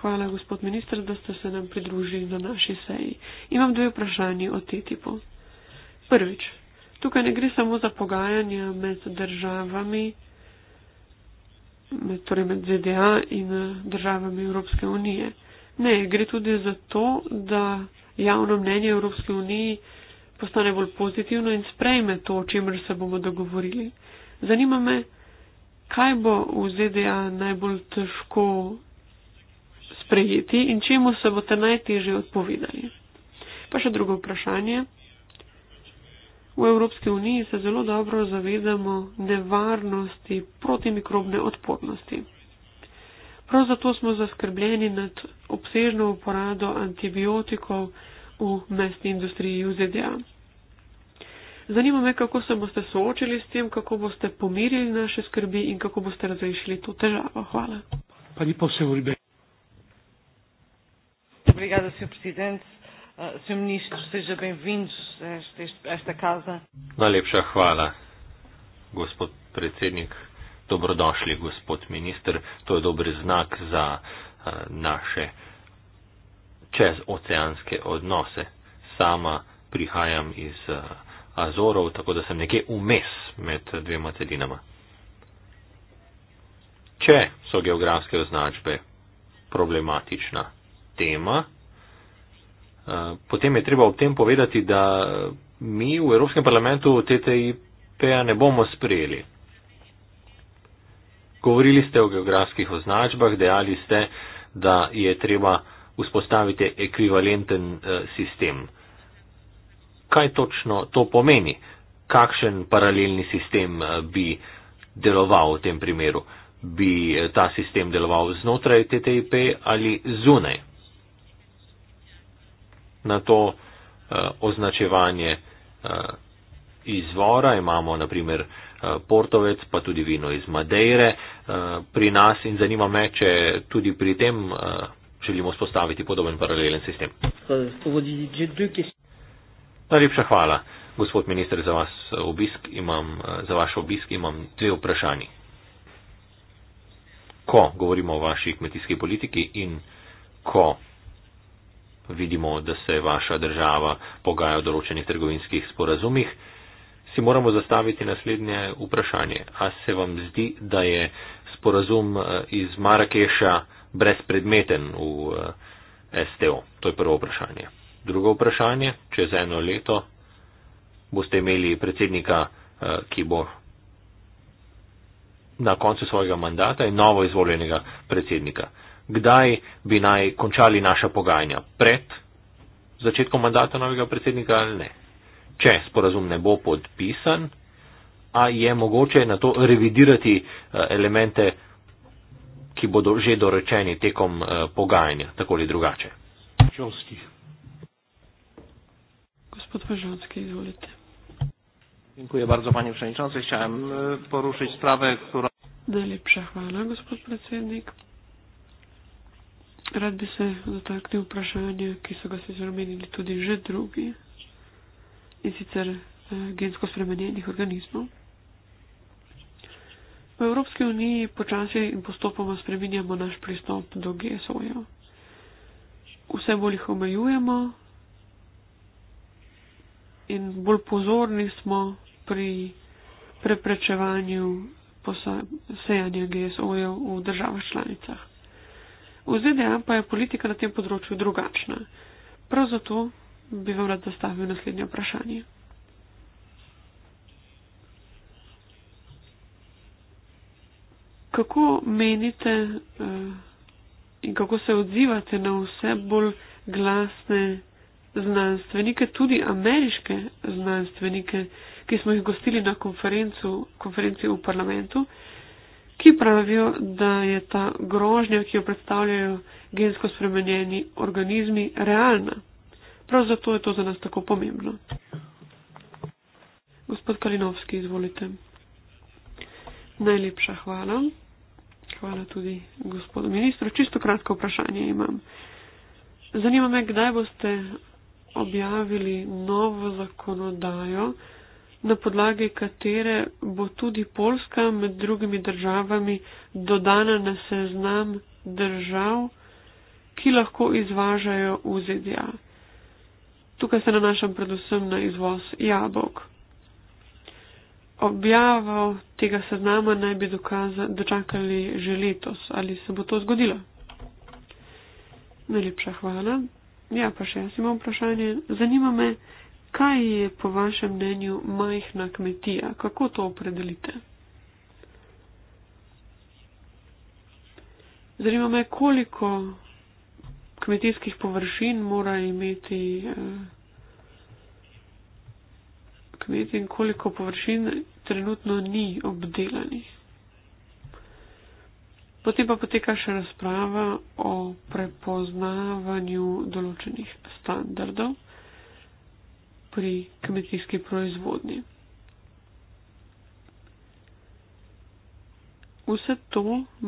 Hvala, gospod ministr, da ste se nam pridružili na naši seji. Imam dve vprašanji o TTIP-u. Prvič, tukaj ne gre samo za pogajanja med državami, med, torej med ZDA in eh, državami Evropske unije. Ne, gre tudi za to, da javno mnenje Evropske unije postane bolj pozitivno in sprejme to, o čemer se bomo dogovorili. Zanima me, kaj bo v ZDA najbolj težko sprejeti in čemu se boste najtežje odpovedali. Pa še drugo vprašanje. V Evropski uniji se zelo dobro zavedamo nevarnosti protimikrobne odpornosti. Prav zato smo zaskrbljeni nad obsežno uporado antibiotikov v mestni industriji v ZDA. Zanima me, kako se boste soočili s tem, kako boste pomirili naše skrbi in kako boste razrešili to težavo. Hvala.
Obrigada, Sr. Presidente. Ah, Sr. Ministro, seja bem-vindo a esta, esta casa.
Najlepša hvala, gospod predsednik. Dobrodošli, gospod minister. To je dober znak za uh, naše čezoceanske odnose. Sama prihajam iz. Uh, Azorov, tako da sem nekje vmes med dvema celinama. Če so geografske označbe problematična tema, eh, potem je treba ob tem povedati, da mi v Evropskem parlamentu TTIP-a ne bomo sprejeli. Govorili ste o geografskih označbah, dejali ste, da je treba vzpostaviti ekvivalenten eh, sistem kaj točno to pomeni, kakšen paralelni sistem eh, bi deloval v tem primeru. Bi eh, ta sistem deloval znotraj TTIP ali zunaj? Na to eh, označevanje eh, izvora imamo naprimer eh, portovec, pa tudi vino iz Madeire eh, pri nas in zanima me, če tudi pri tem eh, želimo spostaviti podoben paralelen sistem. Uh, Najlepša hvala, gospod minister, za, eh, obisk imam, eh, za vaš obisk imam dve vprašanji. Ko govorimo o vaši kmetijski politiki in ko vidimo, da se vaša država pogaja o določenih trgovinskih sporazumih, si moramo zastaviti naslednje vprašanje. A se vam zdi, da je sporazum eh, iz Marakeša brezpredmeten v STO? To je prvo vprašanje. Drugo vprašanje, čez eno leto boste imeli predsednika, eh, ki bo na koncu svojega mandata in novo izvoljenega predsednika. Kdaj bi naj končali naša pogajanja? Pred začetkom mandata novega predsednika ali ne? Če sporazum ne bo podpisan, a je mogoče na to revidirati eh, elemente, ki bodo že dorečeni tekom eh, pogajanja, tako ali drugače.
Čovskih
gospod Wyrzucki, izvolite. Dziękuję
bardzo panie przewodniczący. Chciałem e, poruszyć sprawę, która...
Najlepsza chwała, gospod przewodnik. Rady się dotknął proszenia, które są się zmienili tudi że drugi. I sicer e, gensko spremenjenih organizmov. V Evropski uniji počasi in postopoma spreminjamo naš pristop do GSO-jev. Vse bolj jih omejujemo, in bolj pozorni smo pri preprečevanju sejanja GSO-jev v državah članicah. V ZDA pa je politika na tem področju drugačna. Prav zato bi vam rad zastavil naslednje vprašanje. Kako menite eh, in kako se odzivate na vse bolj glasne znanstvenike, tudi ameriške znanstvenike, ki smo jih gostili na konferenci v parlamentu, ki pravijo, da je ta grožnja, ki jo predstavljajo gensko spremenjeni organizmi, realna. Prav zato je to za nas tako pomembno. Gospod Kalinovski, izvolite. Najlepša hvala. Hvala tudi gospodu ministru. Čisto kratko vprašanje imam. Zanima me, kdaj boste objavili novo zakonodajo, na podlagi katere bo tudi Poljska med drugimi državami dodana na seznam držav, ki lahko izvažajo v ZDA. Tukaj se nanašam predvsem na izvoz jabolk. Objavo tega seznama naj bi dokaza, dočakali že letos. Ali se bo to zgodilo? Najlepša hvala. Ja, pa še jaz imam vprašanje. Zanima me, kaj je po vašem mnenju majhna kmetija? Kako to opredelite? Zanima me, koliko kmetijskih površin mora imeti eh, kmet in koliko površin trenutno ni obdelanih. Potem pa poteka še razprava o prepoznavanju določenih standardov pri kmetijski proizvodnji. Vse to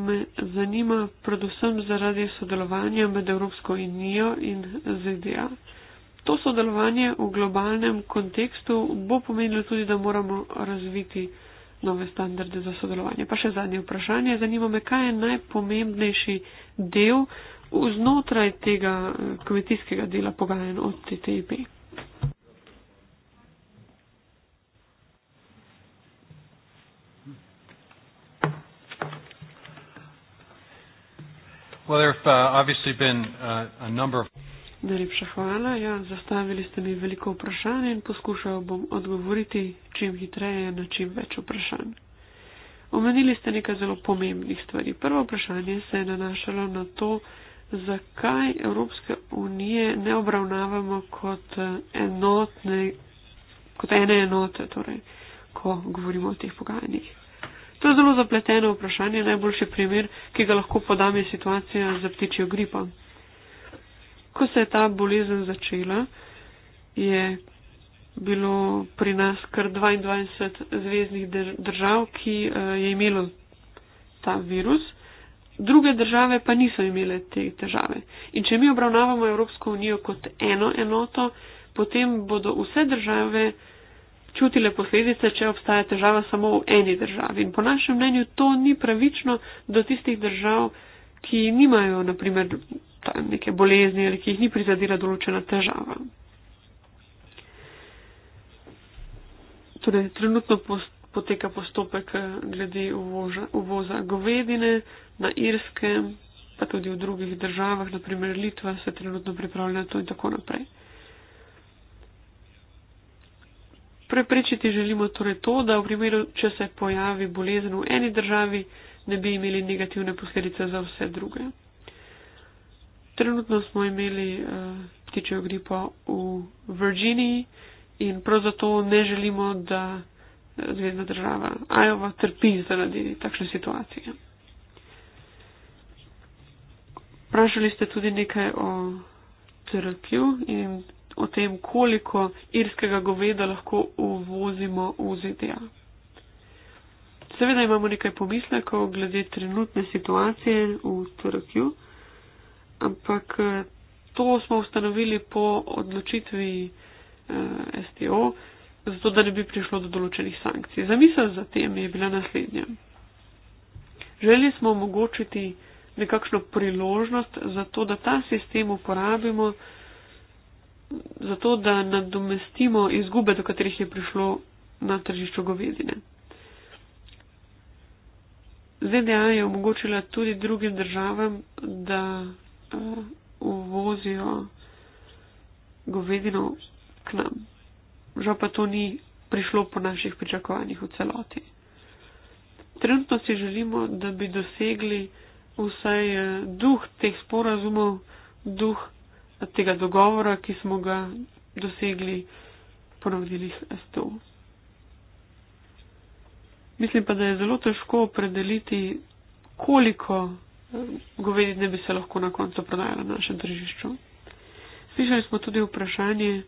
me zanima predvsem zaradi sodelovanja med Evropsko unijo in ZDA. To sodelovanje v globalnem kontekstu bo pomenilo tudi, da moramo razviti nove standarde za sodelovanje. Pa še zadnje vprašanje. Zanima me, kaj je najpomembnejši del znotraj tega eh, kmetijskega dela pogajen od TTIP?
Well, there have uh, obviously been uh, a number of
Najlepša hvala. Ja, zastavili ste mi veliko vprašanj in poskušal bom odgovoriti čim hitreje na čim več vprašanj. Omenili ste nekaj zelo pomembnih stvari. Prvo vprašanje se je nanašalo na to, zakaj Evropske unije ne obravnavamo kot, eh, enotne, kot ene enote, torej, ko govorimo o teh pogajanjih. To je zelo zapleteno vprašanje. Najboljši primer, ki ga lahko podam, je situacija z ptičjo gripo ko se je ta bolezen začela, je bilo pri nas kar 22 zvezdnih držav, ki eh, je imelo ta virus. Druge države pa niso imele te težave. In če mi obravnavamo Evropsko unijo kot eno enoto, potem bodo vse države čutile posledice, če obstaja težava samo v eni državi. In po našem mnenju to ni pravično do tistih držav, ki nimajo, naprimer, neke bolezni ali ki jih ni prizadela določena težava. Torej, trenutno poteka postopek eh, glede uvoža, uvoza govedine na Irskem, pa tudi v drugih državah, naprimer Litva se trenutno pripravlja na to in tako naprej. Preprečiti želimo torej to, da v primeru, če se pojavi bolezen v eni državi, ne bi imeli negativne posledice za vse druge. Trenutno smo imeli uh, ptičjo gripo v Virginiji in prav zato ne želimo, da eh, zvezdna država Iowa trpi zaradi takšne situacije. Vprašali ste tudi nekaj o trpju in o tem, koliko irskega goveda lahko uvozimo v ZDA. Seveda imamo nekaj pomislekov glede trenutne situacije v trpju ampak eh, to smo ustanovili po odločitvi eh, STO, zato da ne bi prišlo do določenih sankcij. Zamisel za tem je bila naslednja. Želeli smo omogočiti nekakšno priložnost za to, da ta sistem uporabimo, zato da nadomestimo izgube, do katerih je prišlo na tržišču govedine. ZDA je omogočila tudi drugim državam, da uh, uvozijo govedino k nam. Žal pa to ni prišlo po naših pričakovanjih v celoti. Trenutno si želimo, da bi dosegli vsaj eh, duh teh sporazumov, duh tega dogovora, ki smo ga dosegli po navodilih STO. Mislim pa, da je zelo težko opredeliti, koliko govedine bi se lahko na koncu prodajala na našem tržišču. Slišali smo tudi vprašanje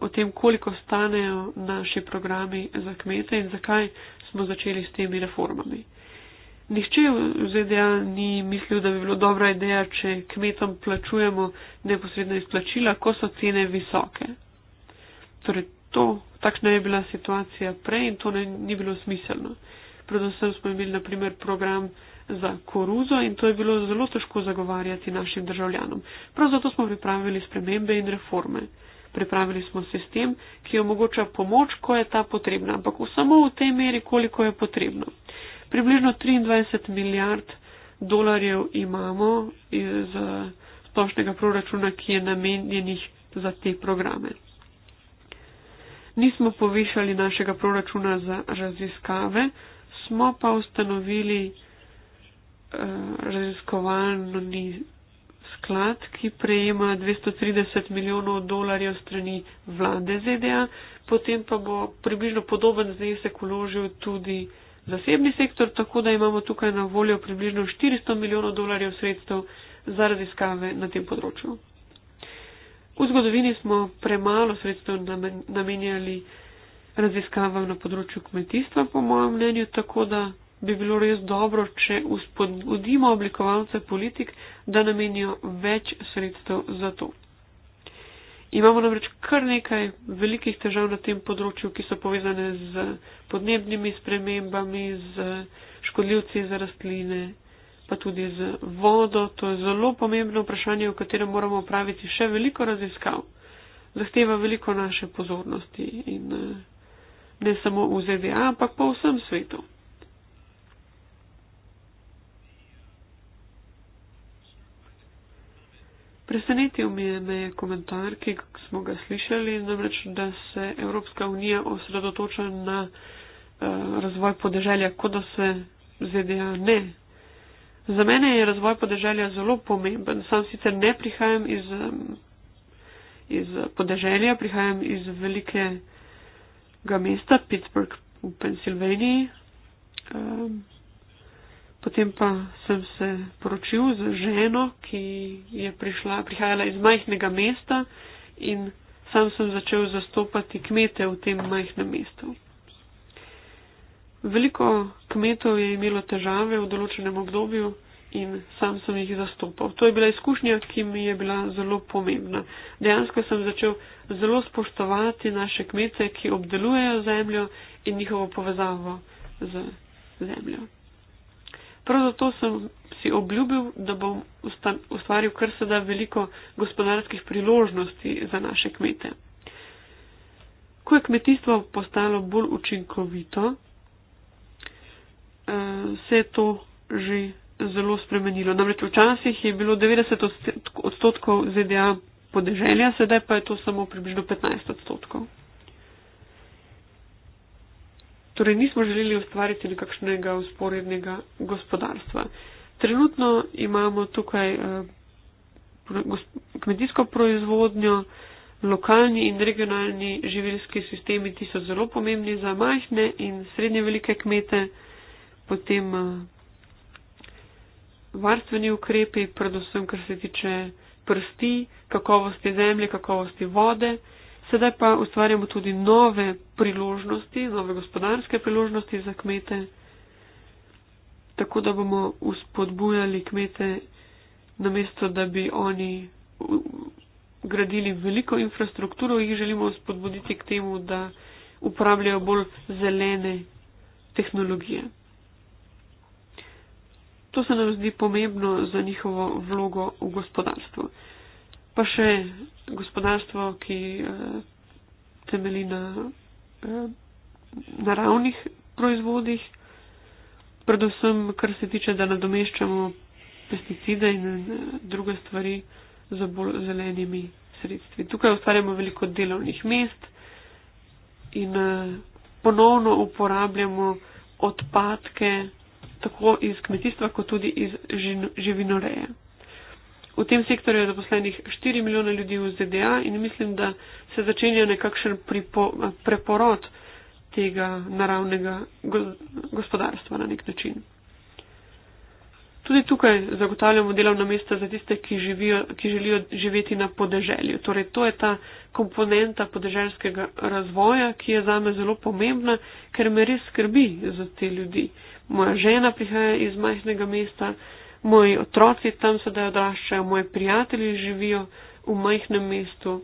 o tem, koliko stanejo naši programi za kmete in zakaj smo začeli s temi reformami. Nihče v ZDA ni mislil, da bi bilo dobra ideja, če kmetom plačujemo neposredna izplačila, ko so cene visoke. Torej, to, takšna je bila situacija prej in to ne, ni bilo smiselno. Predvsem smo imeli, na primer, program za koruzo in to je bilo zelo težko zagovarjati našim državljanom. Prav zato smo pripravili spremembe in reforme. Pripravili smo sistem, ki omogoča pomoč, ko je ta potrebna, ampak samo v tej meri, koliko je potrebno. Približno 23 milijard dolarjev imamo iz eh, splošnega proračuna, ki je namenjenih za te programe. Nismo povišali našega proračuna za raziskave, smo pa ustanovili raziskovalni sklad, ki prejema 230 milijonov dolarjev strani vlade ZDA, potem pa bo približno podoben znesek uložil tudi zasebni sektor, tako da imamo tukaj na voljo približno 400 milijonov dolarjev sredstev za raziskave na tem področju. V zgodovini smo premalo sredstev namenjali raziskavam na področju kmetijstva, po mojem mnenju, tako da bi bilo res dobro, če uspodbudimo oblikovalce politik, da namenijo več sredstev za to. Imamo namreč kar nekaj velikih težav na tem področju, ki so povezane z podnebnimi spremembami, z škodljivci za rastline, pa tudi z vodo. To je zelo pomembno vprašanje, o katerem moramo praviti še veliko raziskav. Zahteva veliko naše pozornosti in eh, ne samo v ZDA, ampak po vsem svetu. Presenetil me je komentar, ki smo ga slišali, namreč, da se Evropska unija osredotoča na uh, razvoj podeželja, kot da se ZDA ne. Za mene je razvoj podeželja zelo pomemben. Sam sicer ne prihajam iz, eh, iz podeželja, prihajam iz velikega mesta Pittsburgh v Pensilvaniji. Um, eh, Potem pa sem se poročil z ženo, ki je prišla, prihajala iz majhnega mesta in sam sem začel zastopati kmete v tem majhnem mestu. Veliko kmetov je imelo težave v določenem obdobju in sam sem jih zastopal. To je bila izkušnja, ki mi je bila zelo pomembna. Dejansko sem začel zelo spoštovati naše kmete, ki obdelujejo zemljo in njihovo povezavo z zemljo. Prav zato sem si obljubil, da bom ustvaril kar se da veliko gospodarskih priložnosti za naše kmete. Ko je kmetijstvo postalo bolj učinkovito, eh, se je to že zelo spremenilo. Namreč včasih je bilo 90 odstotkov ZDA podeželja, sedaj pa je to samo približno 15 odstotkov. Torej nismo želeli ustvariti nekakšnega usporednega gospodarstva. Trenutno imamo tukaj eh, kmetijsko proizvodnjo, lokalni in regionalni živilski sistemi, ti so zelo pomembni za majhne in srednje velike kmete, potem eh, varstveni ukrepi, predvsem kar se tiče prsti, kakovosti zemlje, kakovosti vode. Eh, Sedaj pa ustvarjamo tudi nove priložnosti, nove gospodarske priložnosti za kmete, tako da bomo uspodbujali kmete, namesto da bi oni gradili veliko infrastrukturo, jih želimo uspodbuditi k temu, da uporabljajo bolj zelene tehnologije. To se nam zdi pomembno za njihovo vlogo v gospodarstvu pa še gospodarstvo, ki eh, temeli na eh, naravnih proizvodih, predvsem kar se tiče, da nadomeščamo pesticide in eh, druge stvari z bolj zelenimi sredstvi. Tukaj ustvarjamo veliko delovnih mest in eh, ponovno uporabljamo odpadke tako iz kmetijstva, kot tudi iz živinoreje. V tem sektorju je zaposlenih 4 milijone ljudi v ZDA in mislim, da se začenja nekakšen pripo, preporod tega naravnega gospodarstva na nek način. Tudi tukaj zagotavljamo delovna mesta za tiste, ki, živijo, ki želijo živeti na podeželju. Torej, to je ta komponenta podeželskega razvoja, ki je zame zelo pomembna, ker me res skrbi za te ljudi. Moja žena prihaja iz majhnega mesta, moji otroci tam sedaj odraščajo, moji prijatelji živijo v majhnem mestu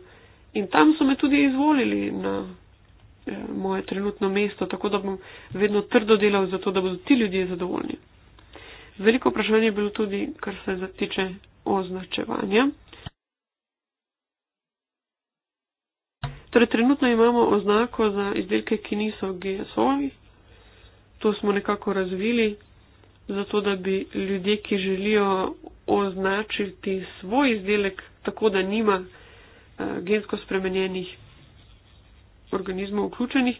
in tam so me tudi izvolili na eh, moje trenutno mesto, tako da bom vedno trdo delal za to, da bodo ti ljudje zadovoljni. Veliko vprašanje je bilo tudi, kar se zatiče označevanja. Torej, trenutno imamo oznako za izdelke, ki niso GSO-vi. To smo nekako razvili, zato da bi ljudje, ki želijo označiti svoj izdelek tako, da nima eh, gensko spremenjenih organizmov vključenih,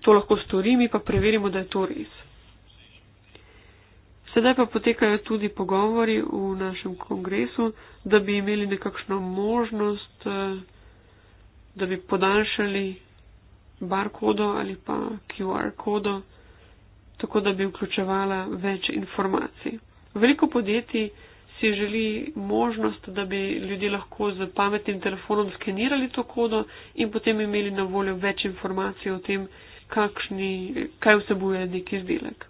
to lahko stori, mi pa preverimo, da je to res. Sedaj pa potekajo tudi pogovori v našem kongresu, da bi imeli nekakšno možnost, eh, da bi podaljšali barkodo ali pa QR kodo tako da bi vključevala več informacij. Veliko podjetij si želi možnost, da bi ljudje lahko z pametnim telefonom skenirali to kodo in potem imeli na voljo več informacij o tem, kakšni, kaj vsebuje nek izdelek.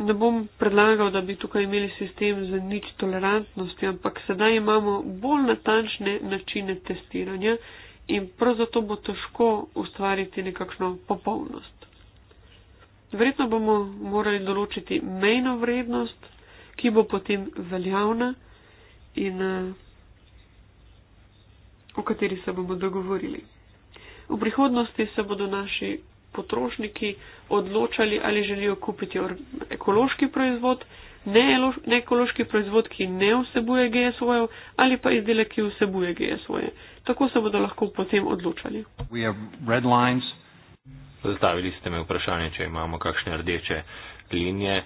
Ne bom predlagal, da bi tukaj imeli sistem z nič tolerantnosti, ampak sedaj imamo bolj natančne načine testiranja, in prav zato bo težko ustvariti nekakšno popolnost. Verjetno bomo morali določiti mejno vrednost, ki bo potem veljavna in eh, o kateri se bomo dogovorili. V prihodnosti se bodo naši potrošniki odločali, ali želijo kupiti ekološki proizvod neekološki proizvod, ki ne vsebuje GSO-jev ali pa izdelek, ki vsebuje GSO-je. Tako se bodo lahko potem odločali.
Zastavili ste me vprašanje, če imamo kakšne rdeče linije.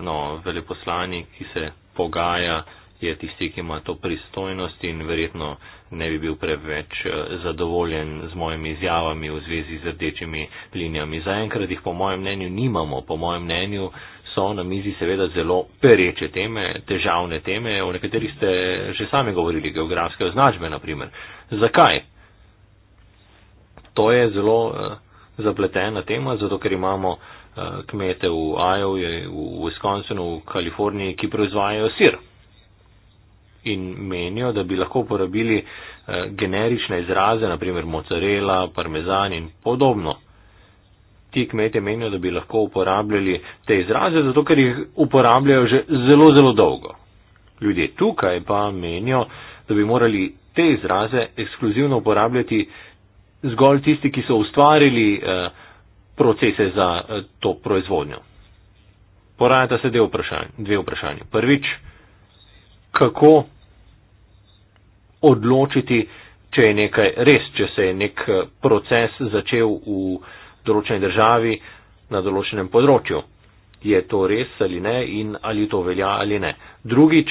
No, veleposlanik, ki se pogaja, je tisti, ki ima to pristojnost in verjetno ne bi bil preveč eh, zadovoljen z mojimi izjavami v zvezi z rdečimi linijami. Zaenkrat jih po mojem mnenju nimamo. Po mojem mnenju so na mizi seveda zelo pereče teme, težavne teme, o nekaterih ste že sami govorili, geografske označbe naprimer. Zakaj? To je zelo uh, zapletena tema, zato ker imamo uh, kmete v Iowa, v Wisconsinu, v Kaliforniji, ki proizvajajo sir in menijo, da bi lahko uporabili uh, generične izraze, naprimer mozzarella, parmezan in podobno ti kmete menijo, da bi lahko uporabljali te izraze, zato ker jih uporabljajo že zelo, zelo dolgo. Ljudje tukaj pa menijo, da bi morali te izraze ekskluzivno uporabljati zgolj tisti, ki so ustvarili eh, procese za eh, to proizvodnjo. Porajata se vprašanj, dve vprašanje. Prvič, kako odločiti, če je nekaj res, če se je nek eh, proces začel v določeni državi na določenem področju. Je to res ali ne in ali to velja ali ne. Drugič,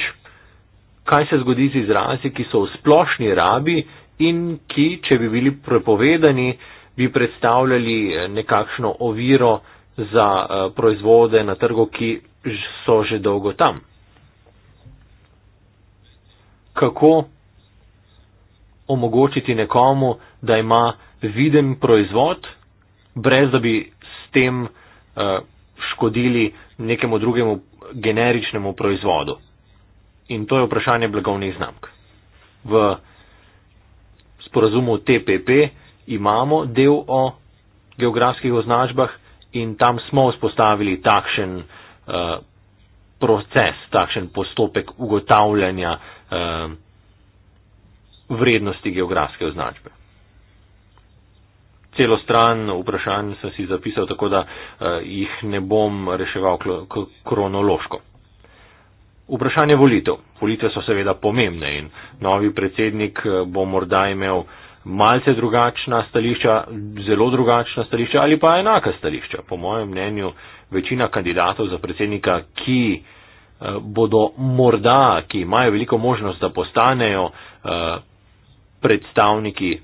kaj se zgodi z izrazi, ki so v splošni rabi in ki, če bi bili prepovedani, bi predstavljali eh, nekakšno oviro za eh, proizvode na trgu, ki so že dolgo tam. Kako omogočiti nekomu, da ima viden proizvod, brez da bi s tem eh, škodili nekemu drugemu generičnemu proizvodu. In to je vprašanje blagovnih znamk. V sporazumu TPP imamo del o geografskih označbah in tam smo vzpostavili takšen uh, proces, takšen postopek ugotavljanja uh, vrednosti geografske označbe celo stran vprašanj sem si zapisal, tako da eh, jih ne bom reševal kronološko. Vprašanje volitev. Volitve so seveda pomembne in novi predsednik eh, bo morda imel malce drugačna stališča, zelo drugačna stališča ali pa enaka stališča. Po mojem mnenju večina kandidatov za predsednika, ki eh, bodo morda, ki imajo veliko možnost, da postanejo predstavniki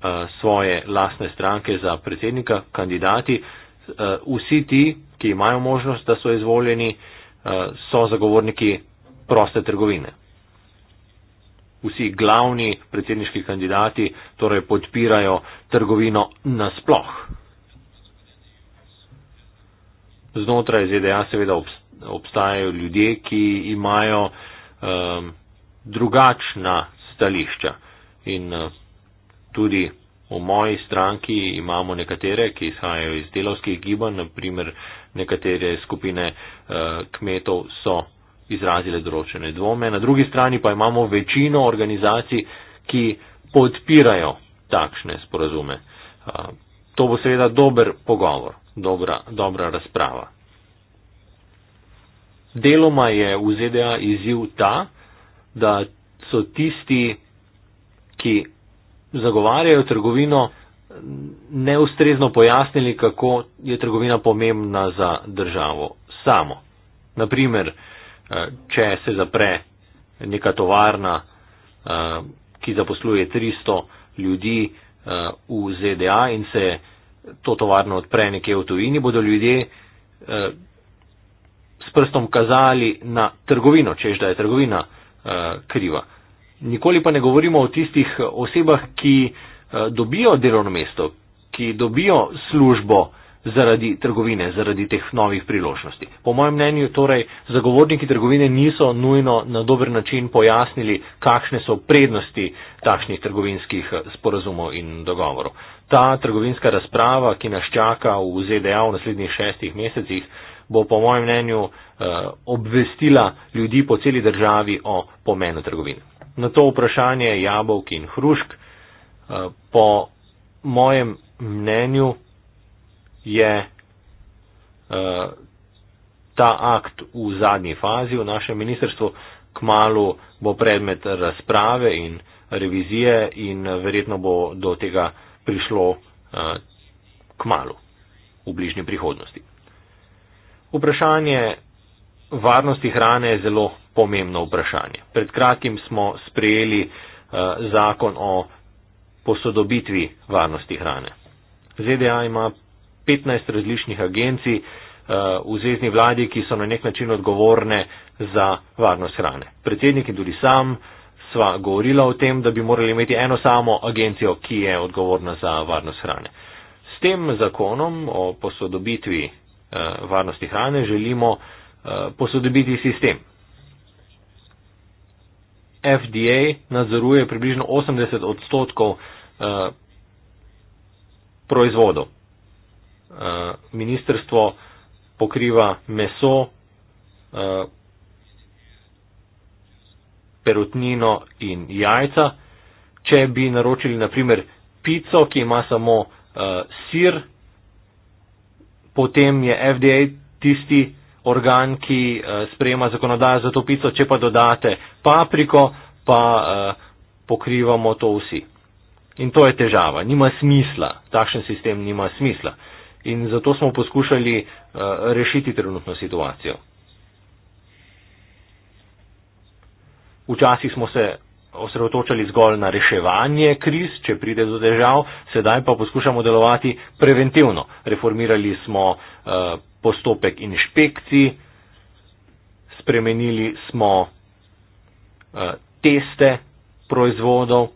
Eh, svoje lastne stranke za predsednika, kandidati, eh, vsi ti, ki imajo možnost, da so izvoljeni, eh, so zagovorniki proste trgovine. Vsi glavni predsedniški kandidati torej podpirajo trgovino nasploh. Znotraj ZDA seveda obstajajo ljudje, ki imajo um, drugačna stališča in uh, tudi v moji stranki imamo nekatere, ki izhajajo iz delovskih gibanj, naprimer nekatere skupine eh, kmetov so izrazile določene dvome. Na drugi strani pa imamo večino organizacij, ki podpirajo takšne sporazume. Eh, to bo seveda dober pogovor, dobra, dobra razprava. Deloma je v ZDA izziv ta, da so tisti, ki zagovarjajo trgovino, neustrezno pojasnili, kako je trgovina pomembna za državo samo. Naprimer, eh, če se zapre neka tovarna, eh, ki zaposluje 300 ljudi eh, v ZDA in se to tovarno odpre nekje v tujini, bodo ljudje s prstom kazali na trgovino, čež da je trgovina kriva. Nikoli pa ne govorimo o tistih osebah, ki eh, dobijo delovno mesto, ki dobijo službo zaradi trgovine, zaradi teh novih priložnosti. Po mojem mnenju, torej, zagovorniki trgovine niso nujno na dober način pojasnili, kakšne so prednosti takšnih trgovinskih eh, sporazumov in dogovorov. Ta trgovinska razprava, ki nas čaka v ZDA v naslednjih šestih mesecih, bo po mojem mnenju eh, obvestila ljudi po celi državi o pomenu trgovine na to vprašanje jabolk in hrušk. Eh, po mojem mnenju je eh, ta akt v zadnji fazi v našem ministrstvu, k malu bo predmet razprave in revizije in eh, verjetno bo do tega prišlo k malu v bližnji prihodnosti. Vprašanje varnosti hrane je zelo pomembno vprašanje. Pred kratkim smo sprejeli eh, zakon o posodobitvi varnosti hrane. ZDA ima 15 različnih agencij eh, v zvezdni vladi, ki so na nek način odgovorne za varnost hrane. Predsednik in tudi sam sva govorila o tem, da bi morali imeti eno samo agencijo, ki je odgovorna za varnost hrane. S tem zakonom o posodobitvi eh, varnosti hrane želimo posodobiti sistem, FDA nadzoruje približno 80 odstotkov uh, proizvodov. Uh, ministrstvo pokriva meso, uh, perutnino in jajca. Če bi naročili naprimer pico, ki ima samo uh, sir, potem je FDA tisti, organ, ki eh, sprejema zakonodajo za to pico, če pa dodate papriko, pa eh, pokrivamo to vsi. In to je težava. Nima smisla. Takšen sistem nima smisla. In zato smo poskušali eh, rešiti trenutno situacijo. Včasih smo se osredotočali zgolj na reševanje kriz, če pride do težav, sedaj pa poskušamo delovati preventivno. Reformirali smo uh, postopek inšpekcij, spremenili smo uh, teste proizvodov,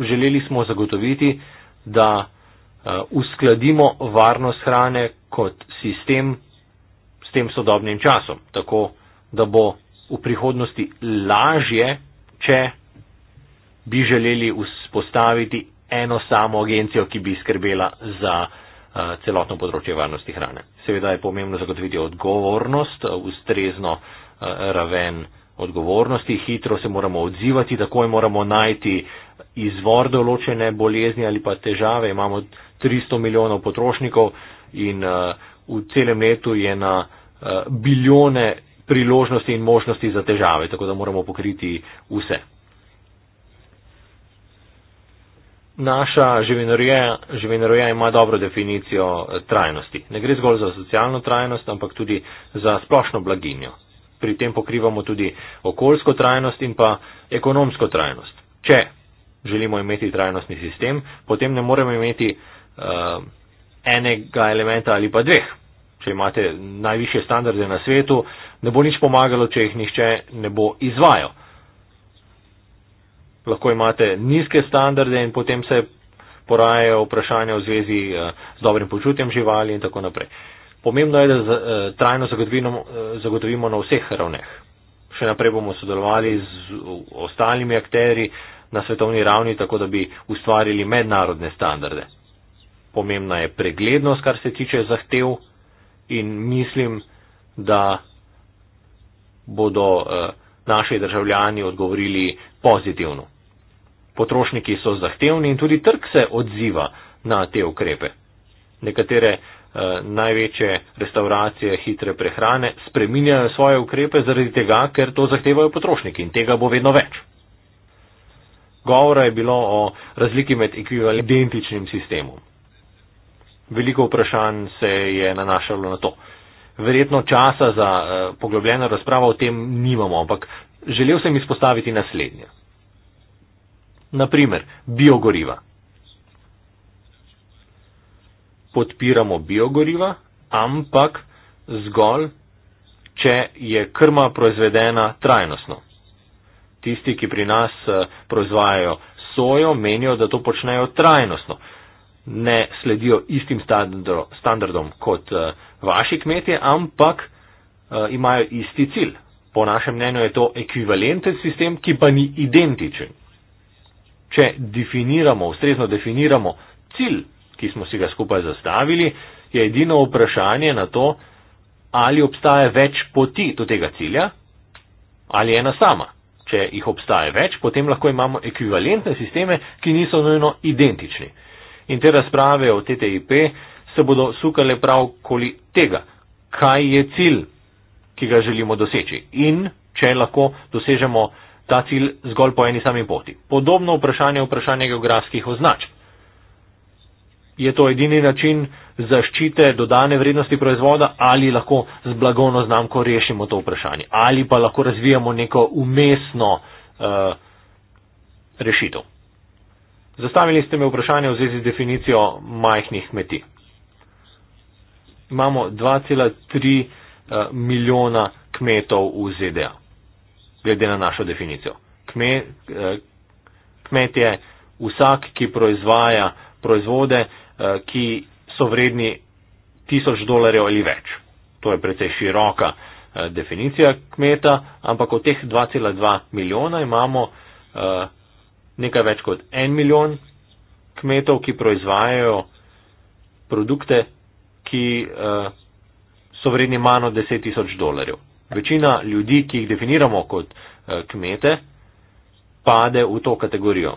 želeli smo zagotoviti, da uh, uskladimo varnost hrane kot sistem s tem sodobnim časom, tako da bo v prihodnosti lažje če bi želeli vzpostaviti eno samo agencijo, ki bi skrbela za eh, celotno področje varnosti hrane. Seveda je pomembno zagotoviti odgovornost, eh, ustrezno eh, raven odgovornosti, hitro se moramo odzivati, takoj moramo najti izvor določene bolezni ali pa težave. Imamo 300 milijonov potrošnikov in v celem letu je na bilijone priložnosti in možnosti za težave, tako da moramo pokriti vse. Naša živinoreja ima dobro definicijo trajnosti. Ne gre zgolj za socialno trajnost, ampak tudi za splošno blaginjo. Pri tem pokrivamo tudi okoljsko trajnost in pa ekonomsko trajnost. Če želimo imeti trajnostni sistem, potem ne moremo imeti uh, enega elementa ali pa dveh če imate najviše standarde na svetu, ne bo nič pomagalo, če jih nihče ne bo izvajal. Lahko imate nizke standarde in potem se porajajo vprašanja v zvezi eh, z dobrim počutjem živali in tako naprej. Pomembno je, da eh, trajno zagotovimo, eh, zagotovimo na vseh ravneh. Še naprej bomo sodelovali z ostalimi akteri na svetovni ravni, tako da bi ustvarili mednarodne standarde. Pomembna je preglednost, kar se tiče zahtev in mislim, da bodo eh, naši državljani odgovorili pozitivno. Potrošniki so zahtevni in tudi trg se odziva na te ukrepe. Nekatere eh, največje restauracije hitre prehrane spreminjajo svoje ukrepe zaradi tega, ker to zahtevajo potrošniki in tega bo vedno več. Govora je bilo o razliki med ekvivalentnim sistemom. Veliko vprašanj se je nanašalo na to. Verjetno časa za eh, poglobljeno razpravo o tem nimamo, ampak želel sem izpostaviti naslednje. Naprimer, biogoriva. Podpiramo biogoriva, ampak zgolj, če je krma proizvedena trajnostno. Tisti, ki pri nas eh, proizvajajo sojo, menijo, da to počnejo trajnostno ne sledijo istim standardom, standardom kot uh, vaši kmetje, ampak uh, imajo isti cilj. Po našem mnenju je to ekvivalenten sistem, ki pa ni identičen. Če definiramo, ustrezno definiramo cilj, ki smo si ga skupaj zastavili, je edino vprašanje na to, ali obstaja več poti do tega cilja ali ena sama. Če jih obstaja več, potem lahko imamo ekvivalentne sisteme, ki niso nujno identični. In te razprave o TTIP se bodo sukale prav koli tega, kaj je cilj, ki ga želimo doseči in če lahko dosežemo ta cilj zgolj po eni sami poti. Podobno vprašanje je vprašanje geografskih označb. Je to edini način zaščite dodane vrednosti proizvoda ali lahko z blagovno znamko rešimo to vprašanje ali pa lahko razvijamo neko umestno uh, rešitev? Zastavili ste me vprašanje v zvezi z definicijo majhnih kmetij. Imamo 2,3 eh, milijona kmetov v ZDA, glede na našo definicijo. Eh, Kmet je vsak, ki proizvaja proizvode, eh, ki so vredni 1000 dolarjev ali več. To je precej široka definicija kmeta, ampak od teh 2,2 milijona imamo nekaj več kot en milijon kmetov, ki proizvajajo produkte, ki uh, so vredni manj od 10 tisoč dolarjev. Večina ljudi, ki jih definiramo kot uh, kmete, pade v to kategorijo.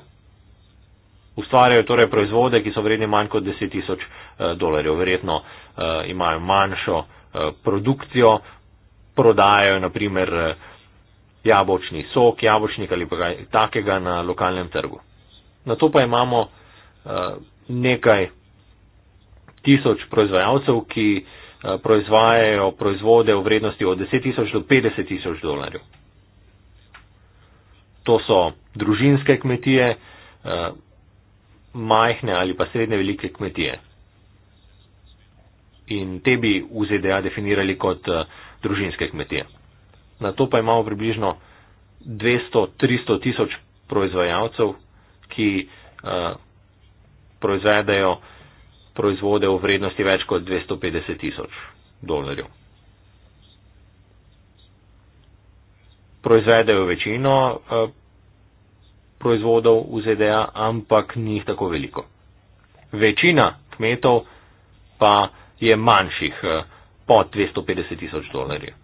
Ustvarjajo torej proizvode, ki so vredni manj kot 10 tisoč uh, dolarjev. Verjetno uh, imajo manjšo uh, produkcijo, prodajajo naprimer uh, jabočni sok, jabočnik ali kaj takega na lokalnem trgu. Na to pa imamo eh, nekaj tisoč proizvajalcev, ki eh, proizvajajo proizvode v vrednosti od 10 tisoč do 50 tisoč dolarjev. To so družinske kmetije, eh, majhne ali pa srednje velike kmetije. In te bi v ZDA definirali kot družinske kmetije na to pa imamo približno 200-300 tisoč proizvajalcev, ki uh, eh, proizvedajo proizvode v vrednosti več kot 250 tisoč dolarjev. Proizvedajo večino uh, proizvodov v ZDA, ampak njih tako veliko. Večina kmetov pa je manjših, uh, pod 250 tisoč dolarjev.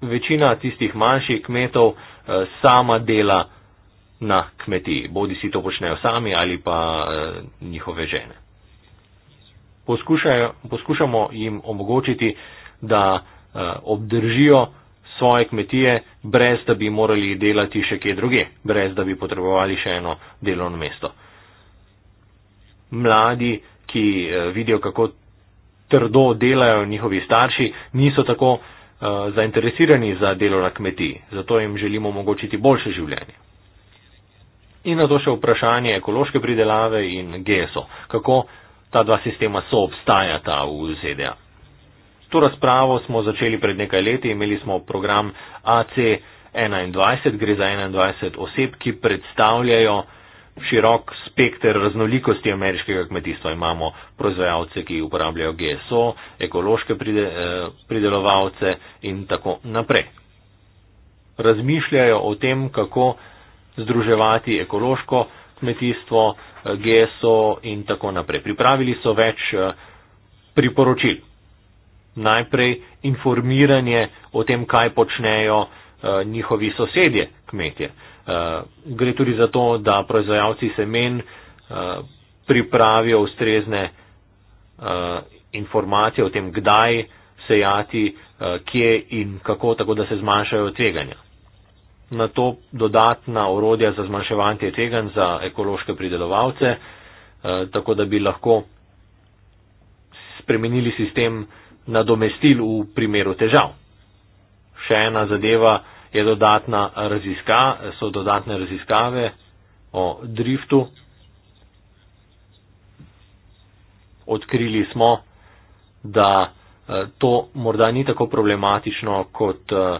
večina tistih manjših kmetov eh, sama dela na kmetiji, bodi si to počnejo sami ali pa eh, njihove žene. Poskušajo, poskušamo jim omogočiti, da eh, obdržijo svoje kmetije, brez da bi morali delati še kje druge, brez da bi potrebovali še eno delovno mesto. Mladi, ki vidijo, kako trdo delajo njihovi starši, niso tako uh, Eh, zainteresirani za delo na kmetiji, zato jim želimo omogočiti boljše življenje. In na to še vprašanje ekološke pridelave in GSO, kako ta dva sistema so obstajata v ZDA. To razpravo smo začeli pred nekaj leti, imeli smo program AC21, gre za 21 oseb, ki predstavljajo širok spekter raznolikosti ameriškega kmetijstva. Imamo proizvajalce, ki uporabljajo GSO, ekološke eh, pridelovalce in tako naprej. Razmišljajo o tem, kako združevati ekološko kmetijstvo, eh, GSO in tako naprej. Pripravili so več eh, priporočil. Najprej informiranje o tem, kaj počnejo njihovi sosedje kmetje. Eh, gre tudi za to, da proizvajalci semen eh, pripravijo ustrezne eh, informacije o tem, kdaj sejati, kje in kako, tako da se zmanjšajo tveganja. Na to dodatna orodja za zmanjševanje tvegan za ekološke pridelovalce, tako da bi lahko spremenili sistem nadomestil v primeru težav. Še ena zadeva, je dodatna raziskava, so dodatne raziskave o
driftu.
Odkrili smo, da eh, to morda ni tako problematično, kot eh,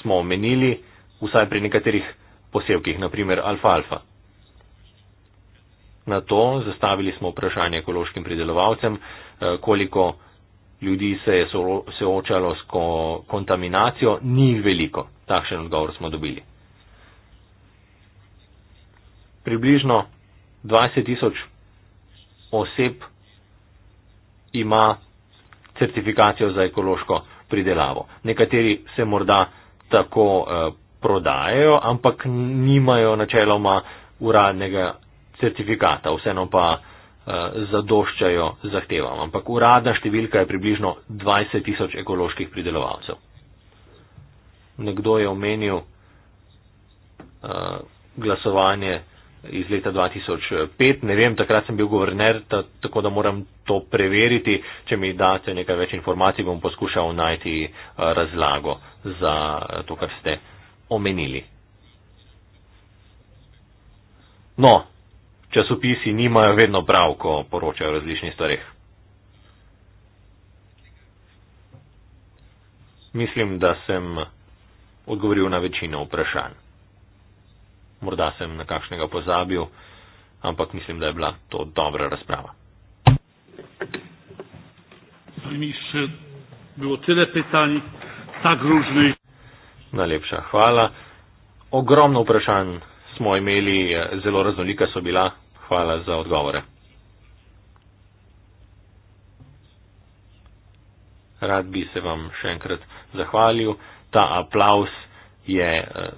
smo omenili, vsaj pri nekaterih posevkih, naprimer alfalfa. Na to zastavili smo vprašanje ekološkim pridelovalcem, eh, koliko ljudi se je soočalo s ko kontaminacijo, ni veliko. Takšen odgovor smo dobili. Približno 20 tisoč oseb ima certifikacijo za ekološko pridelavo. Nekateri se morda tako eh, prodajajo, ampak nimajo načeloma uradnega certifikata. Vseeno pa. Eh, zadoščajo zahtevam, ampak uradna številka je približno 20 tisoč ekoloških pridelovalcev. Nekdo je omenil eh, glasovanje iz leta 2005, ne vem, takrat sem bil guverner, tako da moram to preveriti. Če mi date nekaj več informacij, bom poskušal najti eh, razlago za to, kar ste omenili. No, časopisi nimajo vedno prav, ko poročajo o različnih stvareh. Mislim, da sem odgovoril na večino vprašanj. Morda sem na kakšnega pozabil, ampak mislim, da je bila to dobra razprava. Najlepša hvala. Ogromno vprašanj smo imeli, eh, zelo raznolika so bila. Hvala za odgovore. Rad bi se vam še enkrat zahvalil. Ta aplaus je eh,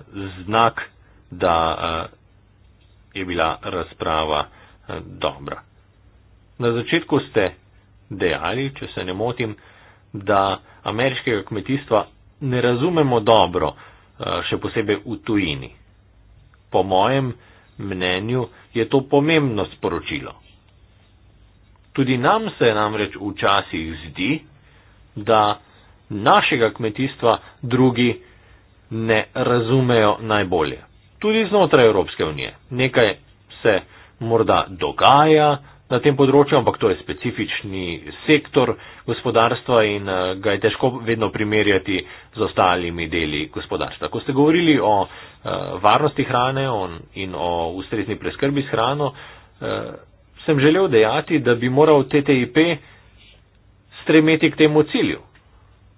znak, da eh, je bila razprava dobra. Na začetku ste dejali, če se ne motim, da ameriškega kmetijstva ne razumemo dobro, še posebej v tujini po mojem mnenju je to pomembno sporočilo. Tudi nam se namreč včasih zdi, da našega kmetijstva drugi ne razumejo najbolje. Tudi znotraj Evropske unije. Nekaj se morda dogaja na tem področju, ampak to je specifični sektor gospodarstva in eh, ga je težko vedno primerjati z ostalimi deli gospodarstva. Ko ste govorili o Eh, varnosti hrane in o ustrezni preskrbi s hrano, eh, sem želel dejati, da bi moral TTIP stremeti k temu cilju.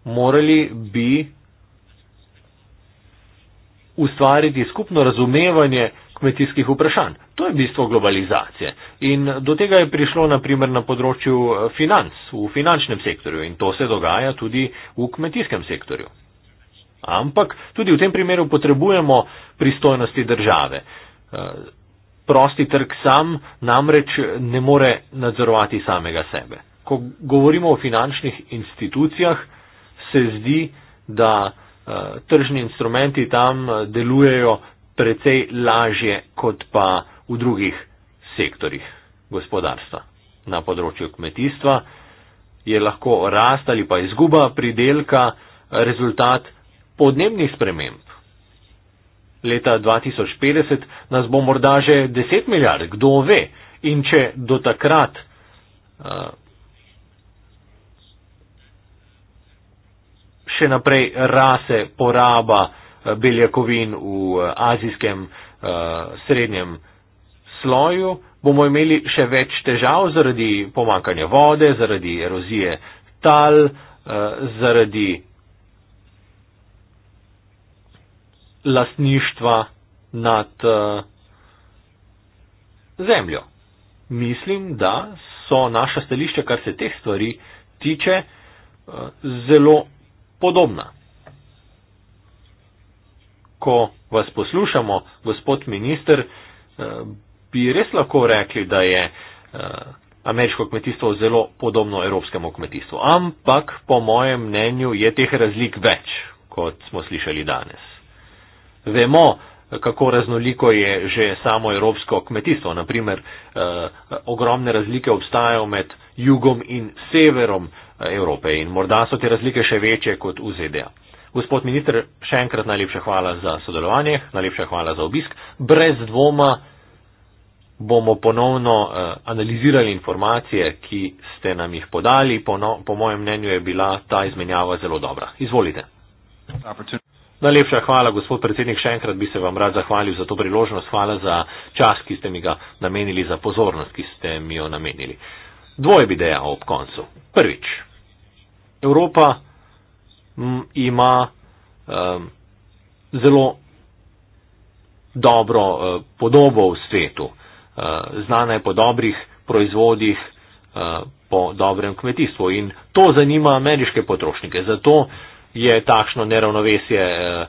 Morali bi ustvariti skupno razumevanje kmetijskih vprašanj. To je bistvo globalizacije. In do tega je prišlo naprimer na področju eh, financ, v finančnem sektorju in to se dogaja tudi v kmetijskem sektorju. Ampak tudi v tem primeru potrebujemo pristojnosti države. Eh, prosti trg sam namreč ne more nadzorovati samega sebe. Ko govorimo o finančnih institucijah, se zdi, da eh, tržni instrumenti tam eh, delujejo precej lažje kot pa v drugih sektorjih gospodarstva. Na področju kmetijstva je lahko rast ali pa izguba pridelka rezultat podnebnih sprememb. Leta 2050 nas bo morda že 10 milijard, kdo ve, in če do takrat. Uh, Še naprej rase poraba eh, beljakovin v eh, azijskem uh, srednjem sloju, bomo imeli še več težav zaradi pomankanja vode, zaradi erozije tal, uh, zaradi lastništva nad eh, zemljo. Mislim, da so naša stališča, kar se teh stvari tiče, eh, zelo podobna. Ko vas poslušamo, gospod minister, eh, bi res lahko rekli, da je ameriško kmetijstvo zelo podobno evropskemu kmetijstvu. Ampak, po mojem mnenju, je teh razlik več, kot smo slišali danes. Vemo, kako raznoliko je že samo evropsko kmetijstvo. Naprimer, eh, ogromne razlike obstajajo med jugom in severom eh, Evrope in morda so te razlike še večje kot v ZDA. Gospod minister, še enkrat najlepša hvala za sodelovanje, najlepša hvala za obisk. Brez dvoma bomo ponovno eh, analizirali informacije, ki ste nam jih podali. Po, no, po mojem mnenju je bila ta izmenjava zelo dobra. Izvolite. Opportun Najlepša hvala, gospod predsednik, še enkrat bi se vam rad zahvalil za to priložnost, hvala za čas, ki ste mi ga namenili, za pozornost, ki ste mi jo namenili. Dvoje bi dejal ob koncu. Prvič, Evropa ima um, zelo dobro uh, podobo v svetu, uh, znana je po dobrih proizvodih, uh, po dobrem kmetijstvu in to zanima ameriške potrošnike. Zato, uh, je takšno neravnovesje eh,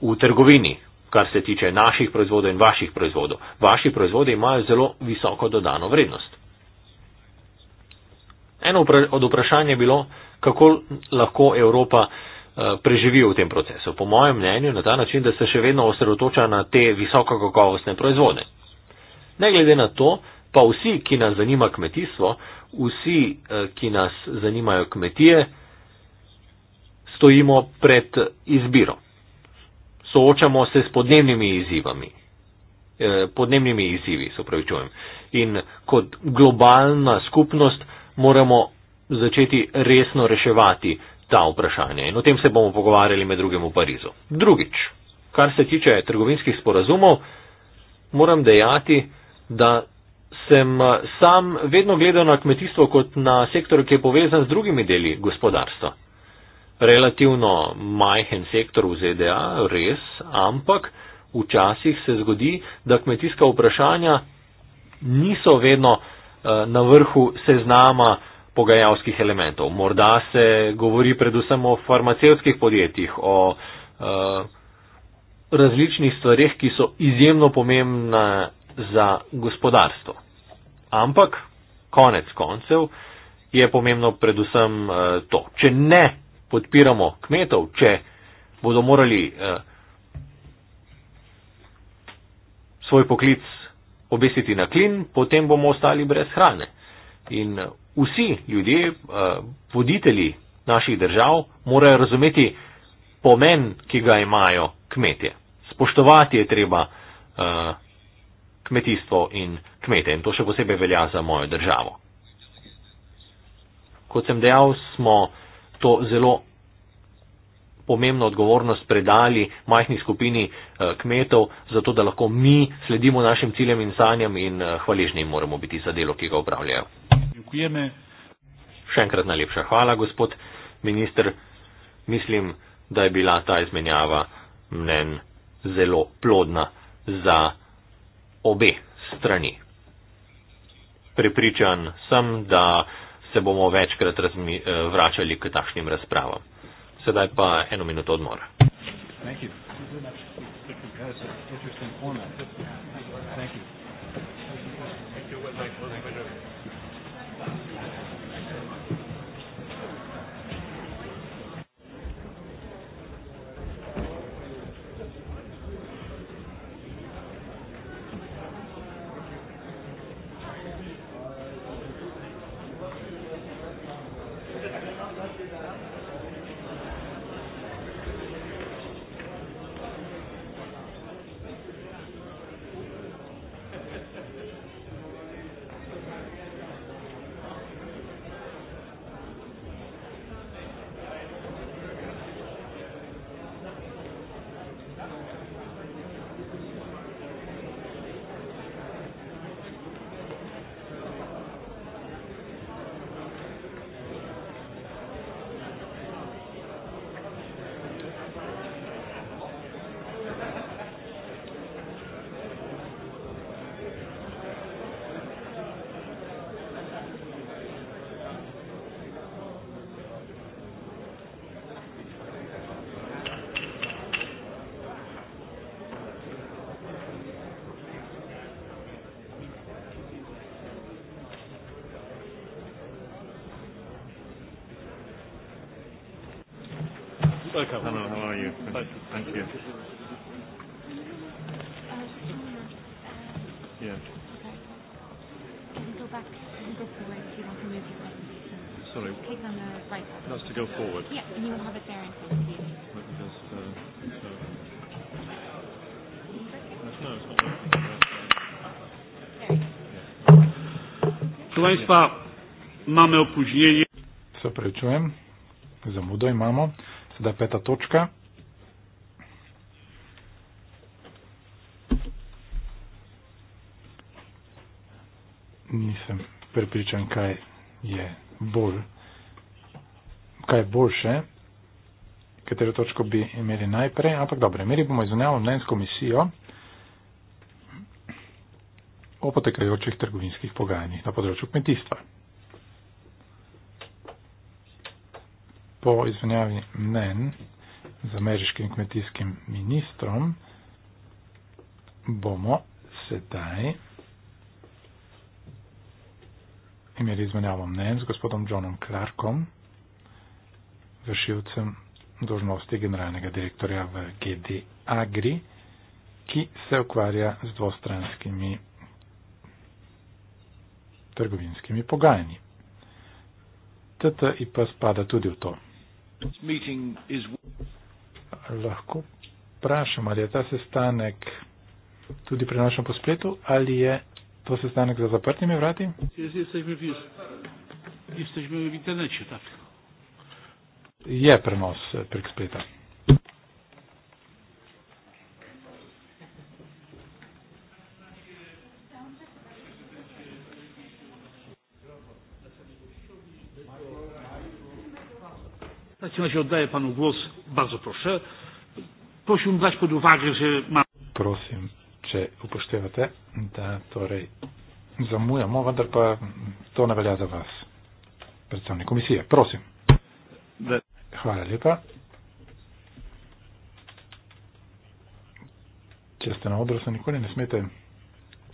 v trgovini, kar se tiče naših proizvodov in vaših proizvodov. Vaši proizvodi imajo zelo visoko dodano vrednost. Eno od vprašanj je bilo, kako lahko Evropa eh, preživi v tem procesu. Po mojem mnenju, na ta način, da se še vedno osredotoča na te visokokakovostne proizvode. Ne glede na to, pa vsi, ki nas zanima kmetijstvo, vsi, eh, ki nas zanimajo kmetije, stojimo pred izbiro. Soočamo se s podnebnimi izzivami. E, podnebnimi izzivi, se pravi, čujem. In kot globalna skupnost moramo začeti resno reševati ta vprašanja. In o tem se bomo pogovarjali med drugim v Parizu. Drugič, kar se tiče trgovinskih sporazumov, moram dejati, da sem eh, sam vedno gledal na kmetijstvo kot na sektor, ki je povezan z drugimi deli gospodarstva relativno majhen sektor v ZDA, res, ampak včasih se zgodi, da kmetijska vprašanja niso vedno eh, na vrhu seznama pogajalskih elementov. Morda se govori predvsem o farmacevskih podjetjih, o eh, različnih stvarih, ki so izjemno pomembne za gospodarstvo. Ampak konec koncev je pomembno predvsem eh, to. Če ne podpiramo kmetov, če bodo morali eh, svoj poklic obesiti na klin, potem bomo ostali brez hrane. In eh, vsi ljudje, eh, voditelji naših držav, morajo razumeti pomen, ki ga imajo kmetje. Spoštovati je treba eh, kmetijstvo in kmete in to še posebej velja za mojo državo. Kot sem dejal, smo to zelo pomembno odgovornost predali majhni skupini eh, kmetov, zato da lahko mi sledimo našim ciljem in sanjam in eh, hvaležni moramo biti za delo, ki ga upravljajo. Ljubujeme. Še enkrat najlepša hvala, gospod minister. Mislim, da je bila ta izmenjava mnen zelo plodna za obe strani. Prepričan sem, da se bomo večkrat razmi, eh, vračali k takšnim razpravam. Sedaj pa eno minuto odmora.
Thank you. Thank you. Slovenstva
imamo
opožnjenje.
Se prečujem, zamudo imamo. Sedaj peta točka. Nisem prepričan, kaj je bolj, kaj je boljše, katero točko bi imeli najprej, ampak dobro, imeli bomo izvnjavo mnenj s komisijo o potekajočih trgovinskih pogajanjih na področju kmetijstva. Po izvenjavi mnen z ameriškim kmetijskim ministrom bomo sedaj imeli izmenjavo mnen z gospodom Johnom Clarkom, vršilcem dožnosti generalnega direktorja v GD Agri, ki se ukvarja z dvostranskimi trgovinskimi pogajanji. TTIP spada tudi v to. Lahko vprašam, ali je ta sestanek tudi prenašan po spletu ali je to sestanek za zaprtimi vrati? Je prenos prek spleta.
takim razie oddaję panu głos. Bardzo proszę. Prosiłbym brać pod uwagę, że mam...
Proszę, czy upuszczujecie? Da, torej, za moją mowę, ale pa to nie za was. Predstavnik komisije, prosim. De. Hvala lepa. Če ste na odru, se nikoli ne smete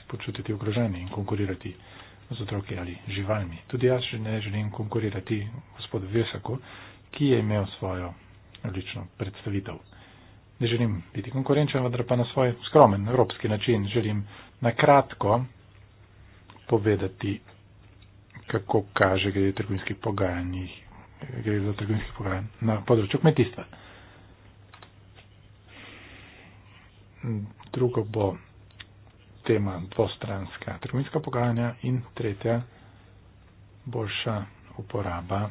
počutiti ogroženi in konkurirati z otroki ali živalmi. Tudi jaz že ne želim konkurirati gospodu Vesaku, ki je imel svojo lično predstavitev. Ne želim biti konkurenčen, vendar pa na svoj skromen evropski način želim na kratko povedati, kako kaže glede trgovinskih pogajanj, glede za trgovinskih pogajanj na področju kmetijstva. Drugo bo tema dvostranska trgovinska pogajanja in tretja boljša uporaba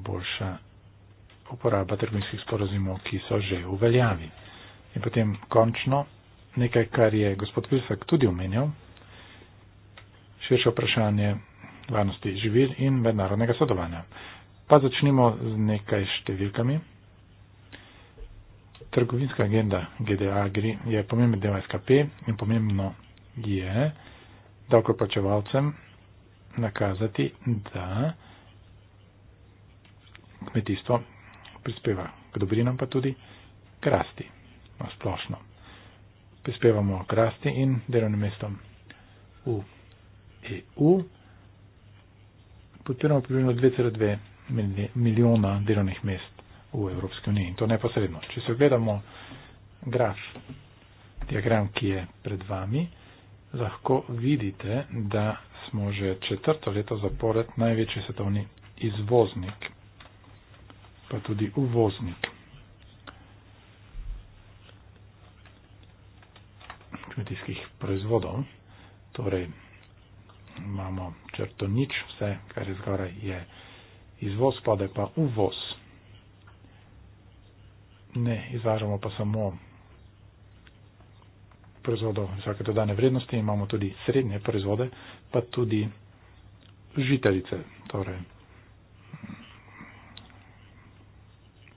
boljša uporaba trgovinskih sporozumov, ki so že v veljavi. In potem končno nekaj, kar je gospod Vilsak tudi omenjal, širše vprašanje varnosti živil in mednarodnega sodovanja. Pa začnimo z nekaj številkami. Trgovinska agenda GDA GRI je pomemben del SKP in pomembno je davkoplačevalcem nakazati, da kmetijstvo prispeva k dobrinam, pa tudi k rasti, no splošno. Prispevamo k rasti in delovnim mestom v EU. Podpiramo približno 2,2 milijona delovnih mest v Evropski uniji in to neposredno. Če se ogledamo graf, diagram, ki je pred vami, lahko vidite, da smo že četrto leto zapored največji svetovni izvoznik pa tudi uvoznik. Kmetijskih proizvodov, torej imamo črto nič, vse, kar je zgoraj, je izvoz, spada pa uvoz. Ne izvažamo pa samo proizvodov vsake dodane vrednosti, imamo tudi srednje proizvode, pa tudi žitarice, torej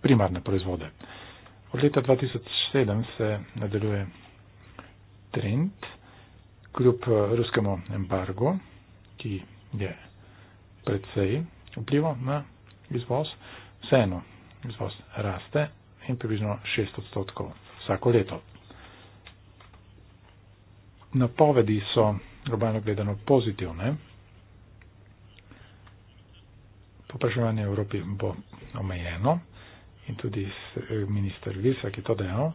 primarne proizvode. Od leta 2007 se nadaljuje trend kljub eh, ruskemu embargo, ki je predvsej vplival na izvoz, vseeno izvoz raste in približno 6 odstotkov vsako leto. Napovedi so globalno gledano pozitivne. Popraševanje v Evropi bo omejeno in tudi eh, minister Vilsak je to dejal,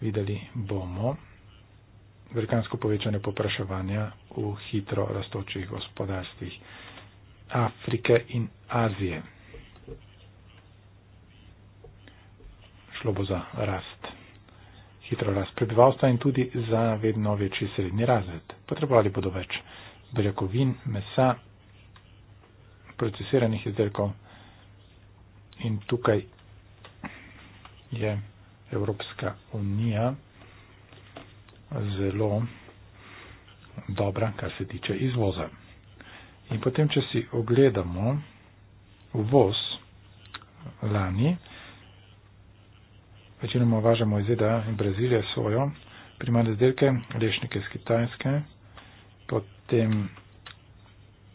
videli bomo velikansko povečanje popraševanja v hitro rastočih gospodarstvih Afrike in Azije. Šlo bo za rast, hitro rast prebivalstva in tudi za vedno večji srednji razred. Potrebovali bodo več beljakovin, mesa, procesiranih izdelkov in tukaj je Evropska unija zelo dobra, kar se tiče izvoza. In potem, če si ogledamo uvoz lani, večinoma uvažamo iz ZDA in Brazilije svojo, primarne izdelke, lešnike iz Kitajske, potem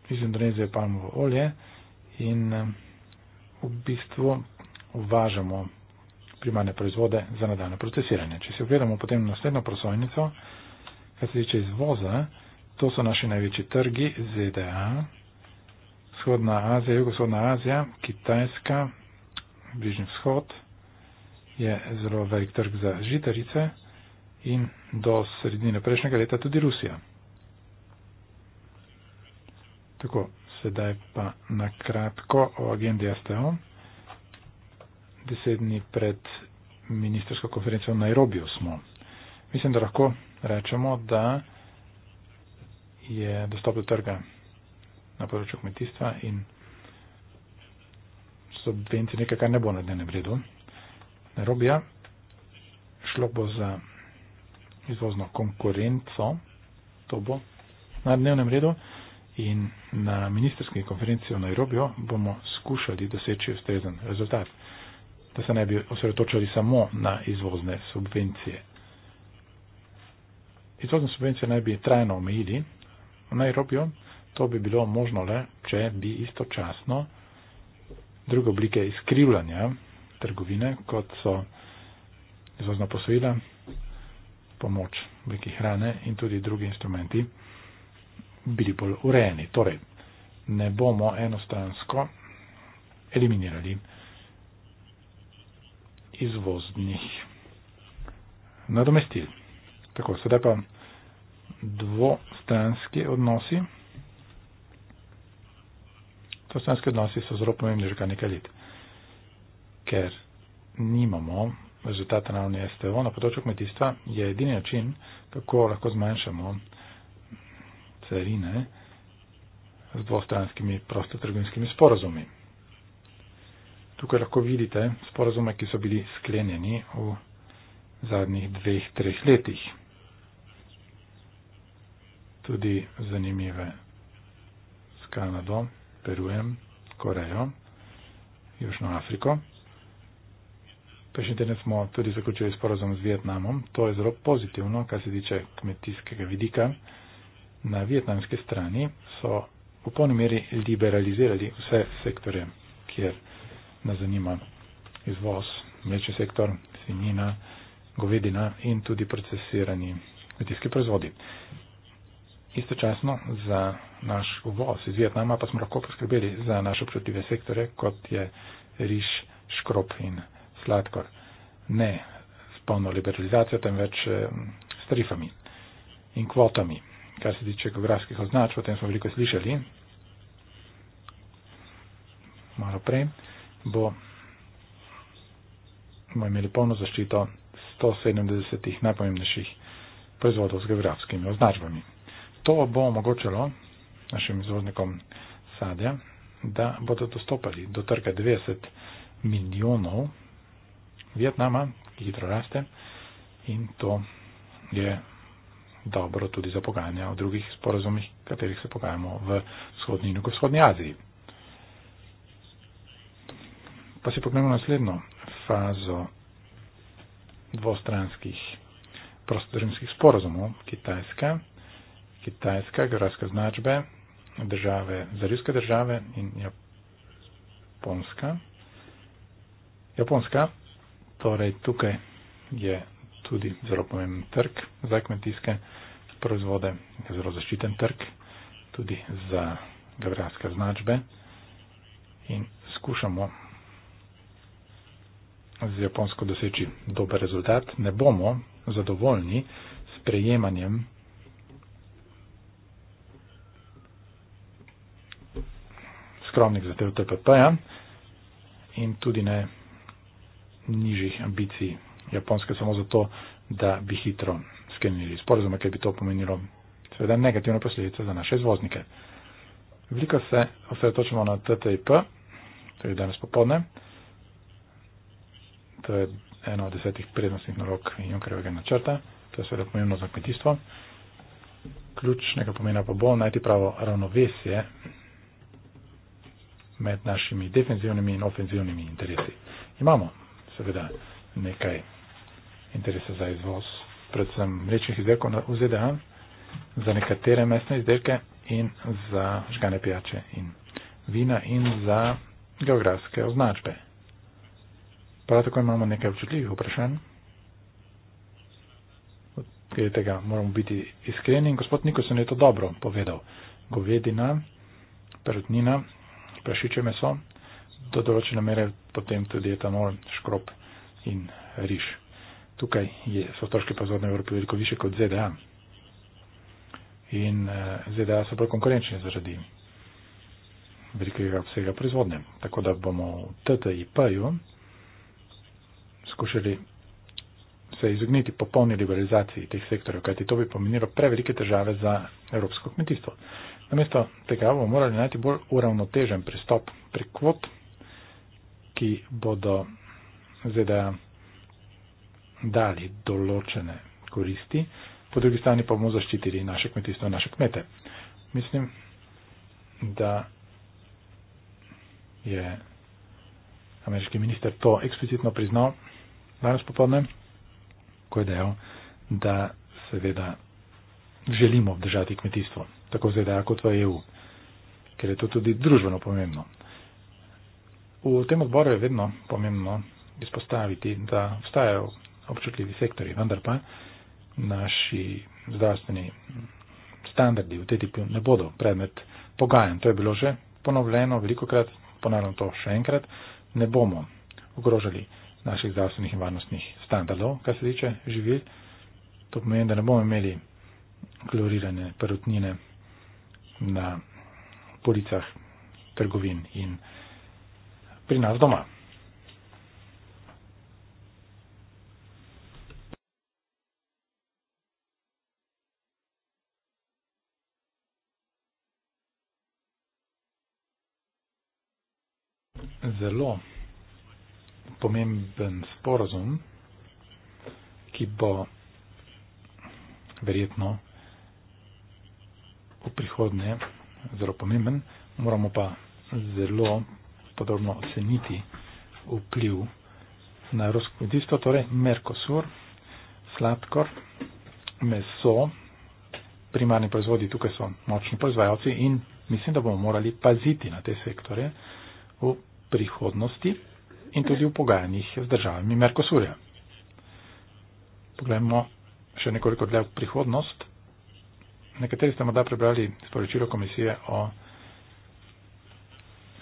iz Indonezije palmovo olje in eh, v bistvu uvažamo primarne proizvode za nadaljno procesiranje. Če si ogledamo potem naslednjo prosojnico, kar se tiče izvoza, to so naši največji trgi ZDA, Vzhodna Azija, Jugoshodna Azija, Kitajska, Bližnji vzhod je zelo velik trg za žitarice in do sredine prejšnjega leta tudi Rusija. Tako, sedaj pa na kratko o agendi STO deset dni pred ministersko konferenco v Nairobiju smo. Mislim, da lahko rečemo, da je dostop do trga na področju kmetijstva in subvencije nekaj, kar ne bo na dnevnem redu. Nairobija šlo bo za izvozno konkurenco, to bo na dnevnem redu in na ministerski konferenci v Nairobiju bomo skušali doseči ustrezen rezultat da se ne bi osredotočali samo na izvozne subvencije. Izvozne subvencije naj bi trajno omejili v Nairobiju, to bi bilo možno le, če bi istočasno druge oblike izkrivljanja trgovine, kot so izvozna posojila, pomoč v obliki hrane in tudi drugi instrumenti, bili bolj urejeni. Torej, ne bomo enostransko eliminirali izvoznih nadomestil. Tako, sedaj pa dvostranski odnosi. Dvostranski odnosi so zelo pomembni že kar nekaj let, ker nimamo rezultata na ravni STO. Na področju kmetijstva je edini način, kako lahko zmanjšamo carine z dvostranskimi prostotrgovinskimi sporazumi tukaj lahko vidite sporazume, ki so bili sklenjeni v zadnjih dveh, treh letih. Tudi zanimive s Kanado, Perujem, Korejo, Južno Afriko. Prejšnji teden smo tudi zaključili sporazum z Vietnamom. To je zelo pozitivno, kar se tiče kmetijskega vidika. Na vietnamski strani so v polni meri liberalizirali vse sektore, kjer nas zanima izvoz, mlečni sektor, svinjina, govedina in tudi procesirani kmetijski proizvodi. Istočasno za naš uvoz iz Vietnama pa smo lahko poskrbeli za naše občutljive sektore, kot je riž, škrop in sladkor. Ne s polno liberalizacijo, temveč eh, s tarifami in kvotami. Kar se tiče geografskih označb, o tem smo veliko slišali malo prej bo, bomo imeli polno zaščito 170 najpomembnejših proizvodov z geografskimi označbami. To bo omogočilo našim izvoznikom sadja, da bodo dostopali do trga 90 milijonov Vietnama, ki hitro raste in to je dobro tudi za pogajanja o drugih sporazumih, katerih se pogajamo v vzhodni in jugovzhodni Aziji. Pa si pogledamo naslednjo fazo dvostranskih prostodržinskih sporozumov Kitajska, Kitajska, geografske značbe, države, zarivske države in Japonska. Japonska, torej tukaj je tudi zelo pomemben trg za kmetijske proizvode, je zelo zaščiten trg, tudi za geografske značbe in skušamo z Japonsko doseči dober rezultat, ne bomo zadovoljni s prejemanjem skromnih zahtev TPP-ja in tudi ne nižjih ambicij Japonske samo zato, da bi hitro sklenili sporozume, ker bi to pomenilo seveda negativne posledice za naše izvoznike. Veliko se osredotočimo na TTIP, to je danes popodne. To je ena od desetih prednostnih nalog Junkerjevega načrta. To je seveda pomembno za kmetijstvo. Ključnega pomena pa bo najti pravo ravnovesje med našimi defenzivnimi in ofenzivnimi interesi. Imamo seveda nekaj interesa za izvoz, predvsem mlečnih izdelkov v ZDA, za nekatere mestne izdelke in za žgane pijače in vina in za geografske označbe. Prav tako imamo nekaj občutljivih vprašanj. Glede tega moramo biti iskreni in gospod Nikolson je to dobro povedal. Govedina, perutnina, prašiče meso, do določene mere potem tudi etanol, škrop in riž. Tukaj je, so stroški pozorne Evrope veliko više kot ZDA. In eh, ZDA so bolj konkurenčni zaradi velikega obsega proizvodnje. Tako da bomo v TTIP-ju poskušali se izogniti popolni liberalizaciji teh sektorjev, kajti to bi pomenilo prevelike težave za evropsko kmetijstvo. Namesto tega bomo morali najti bolj uravnotežen pristop pri kvot, ki bodo ZDA dali določene koristi, po drugi strani pa bomo zaščitili naše kmetijstvo in naše kmete. Mislim, da je ameriški minister to eksplicitno priznal danes popodne, ko je dejal, da seveda želimo obdržati kmetijstvo, tako ZDA kot v EU, ker je to tudi družbeno pomembno. V tem odboru je vedno pomembno izpostaviti, da obstajajo občutljivi sektori, vendar pa naši zdravstveni standardi v TTIP ne bodo predmet pogajan. To je bilo že ponovljeno, veliko krat, ponavljam to še enkrat, ne bomo ogrožali naših zdravstvenih in varnostnih standardov, kar se tiče živil. To pomeni, da ne bomo imeli klorirane perutnine na policah trgovin in pri nas doma. Zelo pomemben sporozum, ki bo verjetno v prihodnje zelo pomemben, moramo pa zelo podrobno oceniti vpliv na evropsko kmetijstvo, torej Merkosur, sladkor, meso, primarni proizvodi, tukaj so močni proizvajalci in mislim, da bomo morali paziti na te sektore v prihodnosti in tudi v pogajanjih z državami Merkosurja. Poglejmo še nekoliko dlje v prihodnost. Nekateri ste morda prebrali sporočilo komisije o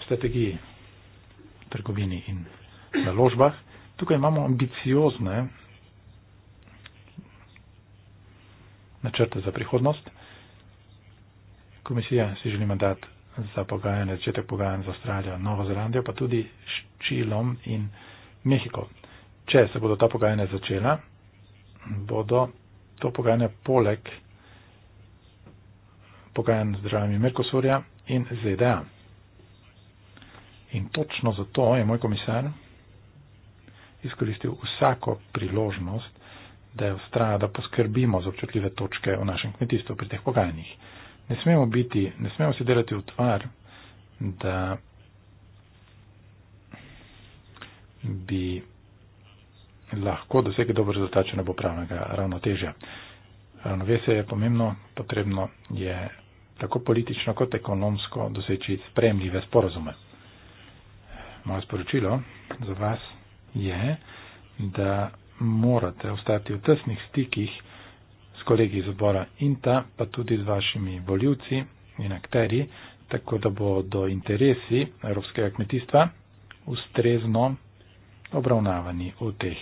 strategiji trgovini in naložbah. Tukaj imamo ambiciozne načrte za prihodnost. Komisija si želi mandat 2021-2027 za pogajanje, začetek pogajanja za Avstralijo, Novo Zelandijo, pa tudi s Čilom in Mehiko. Če se bodo ta pogajanja začela, bodo to pogajanje poleg pogajanj z državami Merkosurja in ZDA. In točno zato je moj komisar izkoristil vsako priložnost, da je ostala, da poskrbimo za občutljive točke v našem kmetijstvu pri teh pogajanjih ne smemo biti, ne smemo se delati v tvar, da bi lahko dosegli dober rezultat, če ne bo pravnega ravnotežja. Ravnovesje je pomembno, potrebno je tako politično kot ekonomsko doseči spremljive sporozume. Moje sporočilo za vas je, da morate ostati v tesnih stikih, kolegi iz odbora INTA, pa tudi z vašimi voljivci in akteri, tako da bo do interesi evropskega kmetijstva ustrezno obravnavani v teh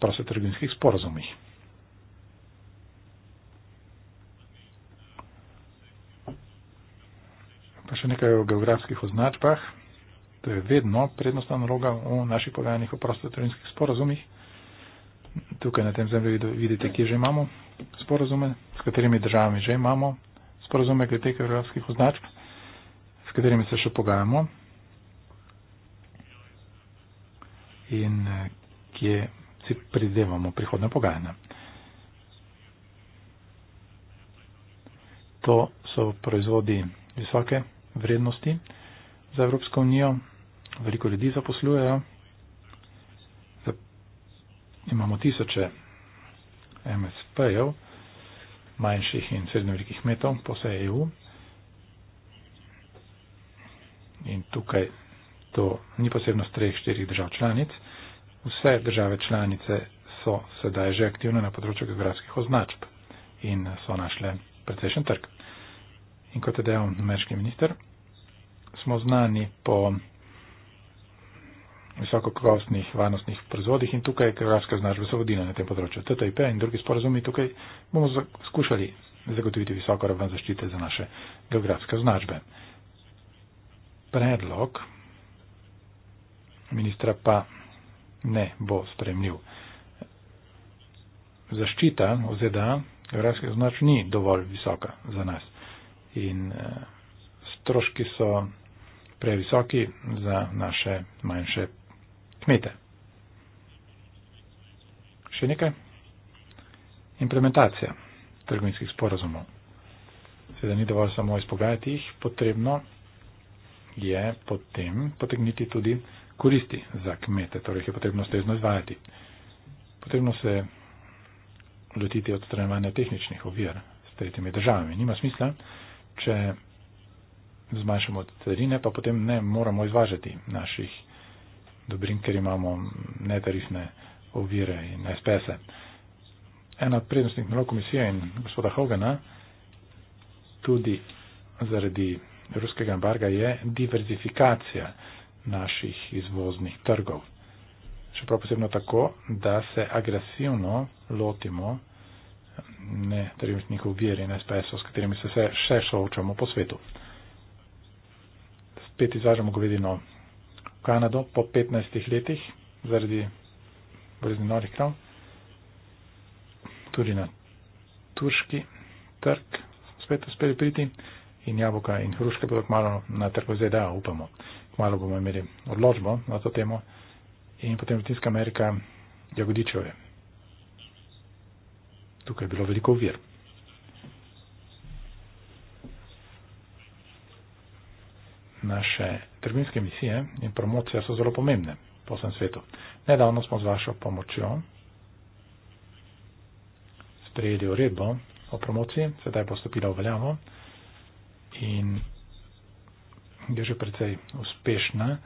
prosvetrgovinskih sporozumih. Pa še nekaj o geografskih označbah. To je vedno prednostna naloga v naših pogajanjih o prostotrinskih sporozumih. Tukaj na tem zemlji vidite, kje že imamo sporozume, s katerimi državami že imamo sporozume glede teh geografskih označb, s katerimi se še pogajamo in eh, kje si pridevamo prihodne pogajanja. To so proizvodi visoke vrednosti za Evropsko unijo, veliko ljudi zaposlujejo, imamo tisoče MSP-jev, manjših in srednjevelikih kmetov po vsej EU. In tukaj to ni posebno z treh, štirih držav članic. Vse države članice so sedaj že aktivne na področju geografskih označb in so našle precejšen trg. In kot je dejal ameriški minister, smo znani po visokokrasnih varnostnih proizvodih in tukaj je kraljska znašba Svobodina na tem področju. TTIP in drugi sporazumi tukaj bomo skušali zagotoviti visoko raven zaščite za naše geografske označbe. Predlog ministra pa ne bo spremljiv. Zaščita v ZDA geografskih označ ni dovolj visoka za nas in eh, stroški so previsoki za naše manjše kmete. Še nekaj? Implementacija trgovinskih sporazumov. Seveda ni dovolj samo izpogajati jih, potrebno je potem potegniti tudi koristi za kmete, torej jih je potrebno stezno izvajati. Potrebno se lotiti odstranjevanja tehničnih ovir s tretjimi državami. Nima smisla, če zmanjšamo carine, pa potem ne moramo izvažati naših dobrin, ker imamo netarifne ovire in SPS-e. Ena od prednostnih nalog komisije in gospoda Hogana tudi zaradi ruskega embarga je diverzifikacija naših izvoznih trgov. Še prav posebno tako, da se agresivno lotimo netarifnih ovir in SPS-ov, s katerimi se še soočamo po svetu. Spet izražamo govedino Kanado po 15 letih zaradi bolezni norih krav. Tudi na turški trg spet uspeli priti in jabolka in hruške bodo kmalo na trgu ZDA, upamo. Kmalo bomo imeli odločbo na to temo in potem Latinska Amerika jagodičeve. Tukaj je bilo veliko uvir. naše trgovinske misije in promocija so zelo pomembne po vsem svetu. Nedavno smo z vašo pomočjo sprejeli uredbo o promociji, sedaj bo stopila v veljavo in je že precej uspešna,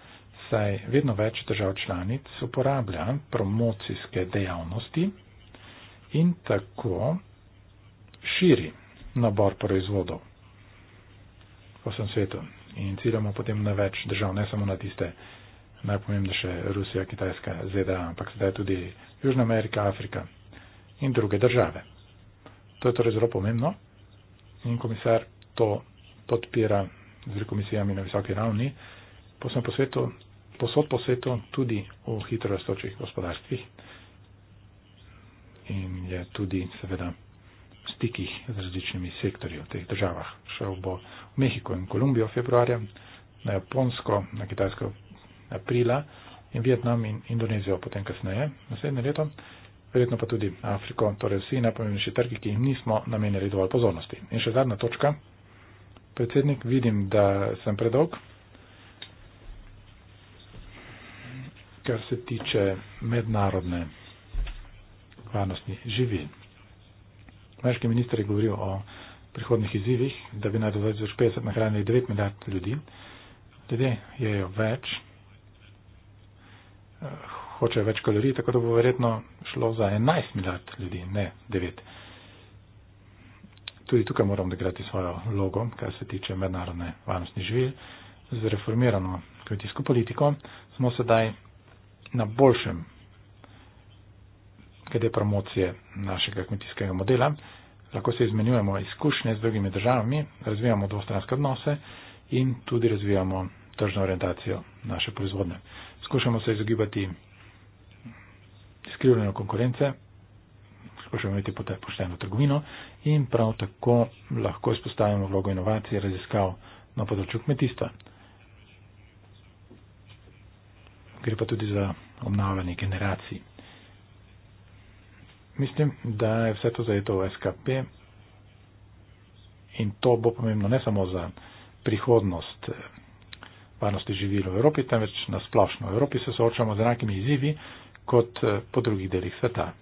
saj vedno več držav članic uporablja promocijske dejavnosti in tako širi nabor proizvodov po vsem svetu in ciljamo potem na več držav, ne samo na tiste najpomembnejše, Rusija, Kitajska, ZDA, ampak zdaj tudi Južna Amerika, Afrika in druge države. To je torej zelo pomembno in komisar to podpira z komisijami na visoki ravni, posod po svetu, posod po svetu tudi v hitro rastočih gospodarstvih in je tudi seveda stikih z različnimi sektorji v teh državah. Šel bo v Mehiko in Kolumbijo februarja, na Japonsko, na Kitajsko aprila in Vietnam in Indonezijo potem kasneje, naslednje leto, verjetno pa tudi Afriko, torej vsi najpomembnejši trgi, ki jim nismo namenjali dovolj pozornosti. In še zadnja točka. Predsednik, vidim, da sem predolg. Kar se tiče mednarodne varnosti živin. Ameriški minister je govoril o prihodnih izzivih, da bi naj do 2050 nahranili 9 milijard ljudi. Ljudje jejo več, eh, hočejo več kalorij, tako da bo verjetno šlo za 11 milijard ljudi, ne 9. Tudi tukaj moram degrati svojo logo, kar se tiče mednarodne varnostne živil. Z reformirano kmetijsko politiko smo sedaj na boljšem glede promocije našega kmetijskega modela. Lahko se izmenjujemo izkušnje z drugimi državami, razvijamo dvostranske odnose in tudi razvijamo tržno orientacijo naše proizvodne. Skušamo se izogibati izkrivljeno konkurence, skušamo imeti pošteno trgovino in prav tako lahko izpostavimo vlogo inovacij, raziskav na področju kmetijstva. Gre pa tudi za obnavljanje generacij mislim, da je vse to zajeto v SKP in to bo pomembno ne samo za prihodnost eh, varnosti živil v Evropi, temveč na splošno. V Evropi se soočamo z enakimi izzivi kot eh, po drugih delih sveta.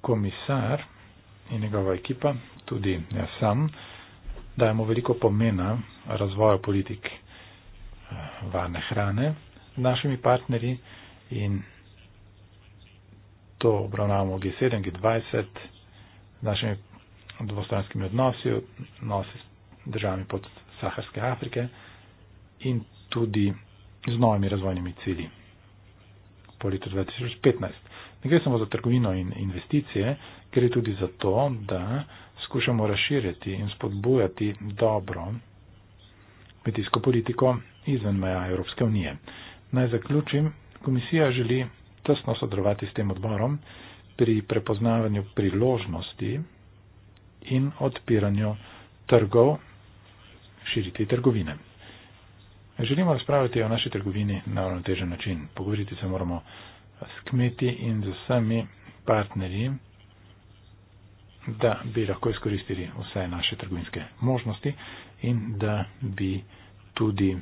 Komisar in njegova ekipa, tudi jaz sam, dajemo veliko pomena razvoju politik eh, varne hrane z našimi partnerji in to obravnavamo G7, G20, z našimi dvostranskimi odnosi, odnosi s državami pod Saharske Afrike in tudi z novimi razvojnimi cilji po letu 2015. Ne gre samo za trgovino in investicije, gre tudi za to, da skušamo razširjati in spodbujati dobro kmetijsko politiko izven meja Evropske unije. Naj zaključim, komisija želi tesno sodelovati s tem odborom pri prepoznavanju priložnosti in odpiranju trgov, širiti trgovine. Želimo razpravljati o naši trgovini na uravnotežen način. Pogovoriti se moramo s kmeti in z vsemi partnerji, da bi lahko izkoristili vse naše trgovinske možnosti in da bi tudi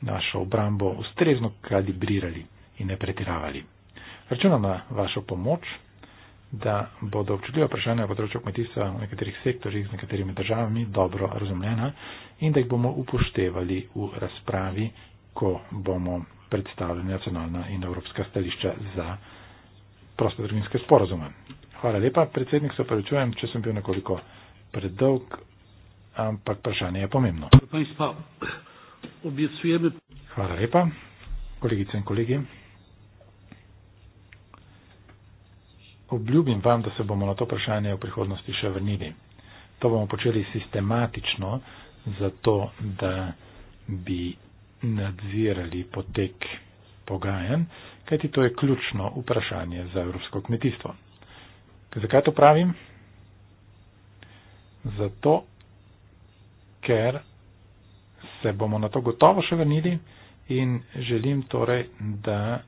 našo obrambo ustrezno kalibrirali in ne pretiravali. Računam na vašo pomoč, da bodo občutljiva vprašanja v področju kmetijstva v nekaterih sektorjih z nekaterimi državami dobro razumljena in da jih bomo upoštevali v razpravi, ko bomo predstavljali nacionalna in evropska stališča za prostotrgovinske sporozume. Hvala lepa, predsednik, se opravičujem, če sem bil nekoliko predolg, ampak vprašanje je pomembno. Hvala lepa, kolegice in kolegi. obljubim vam, da se bomo na to vprašanje v prihodnosti še vrnili. To bomo počeli sistematično, zato da bi nadzirali potek pogajen, kajti to je ključno vprašanje za evropsko kmetijstvo. Zakaj to pravim? Zato, ker se bomo na to gotovo še vrnili in želim torej, da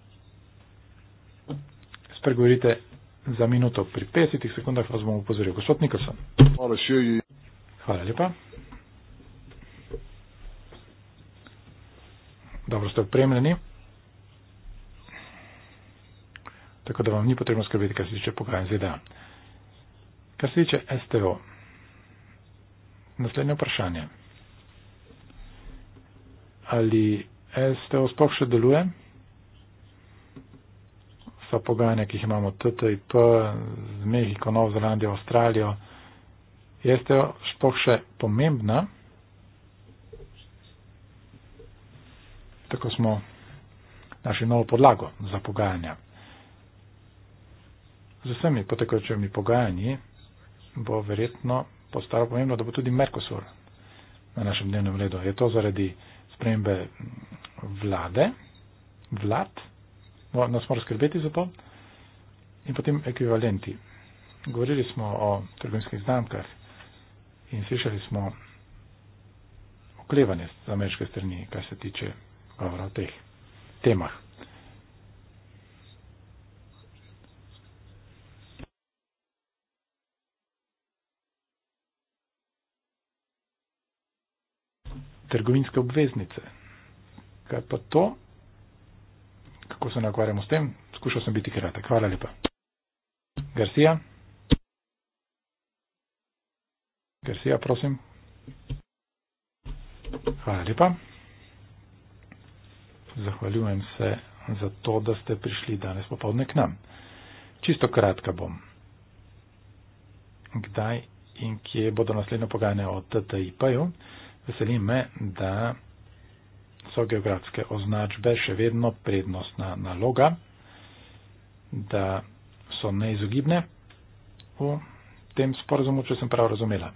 spregovorite za minuto pri 50 sekundah vas bom upozoril. Gospod Nikolson.
Hvala še.
Hvala lepa. Dobro ste opremljeni. Tako da vam ni potrebno skrbeti, kar se tiče pogajanj ZDA. Kar se tiče STO, naslednje vprašanje. Ali STO sploh še deluje? so pogajanja, ki jih imamo TTIP, z Mehiko, Novo Zelandijo, Avstralijo. Jeste sploh še pomembna? Tako smo našli novo podlago za pogajanja. Z vsemi potekajočimi pogajanji bo verjetno postalo pomembno, da bo tudi Merkosur na našem dnevnem redu. Je to zaradi spremembe vlade, vlad? No, nas mora skrbeti za to. In potem ekvivalenti. Govorili smo o trgovinskih znamkah in slišali smo oklevanje z ameriške strani, kar se tiče govora o teh temah. Trgovinske obveznice. Kaj pa to? kako se ne ukvarjamo s tem. Skušal sem biti kratek. Hvala lepa. Garcia? Garcia, prosim. Hvala lepa. Zahvaljujem se za to, da ste prišli danes popovdne k nam. Čisto kratka bom. Kdaj in kje bodo naslednje pogajanje o TTIP-ju? Veselim me, da so geografske označbe še vedno prednostna naloga, da so neizogibne v tem sporazumu, če sem prav razumela.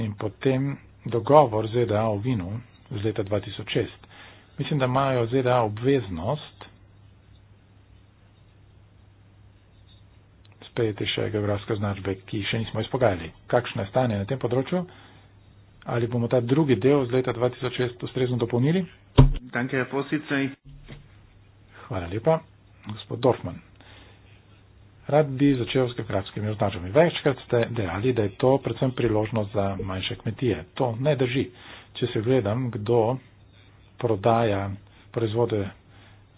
In potem dogovor ZDA o vinu z leta 2006. Mislim, da imajo ZDA obveznost sprejeti še geografske označbe, ki še nismo izpogajali. Kakšno je stanje na tem področju? ali bomo ta drugi del z leta 2006 ustrezno dopolnili. Hvala lepa, gospod Dorfman. Rad bi začel s kratkimi označami. Večkrat ste dejali, da je to predvsem priložnost za manjše kmetije. To ne drži. Če se gledam, kdo prodaja proizvode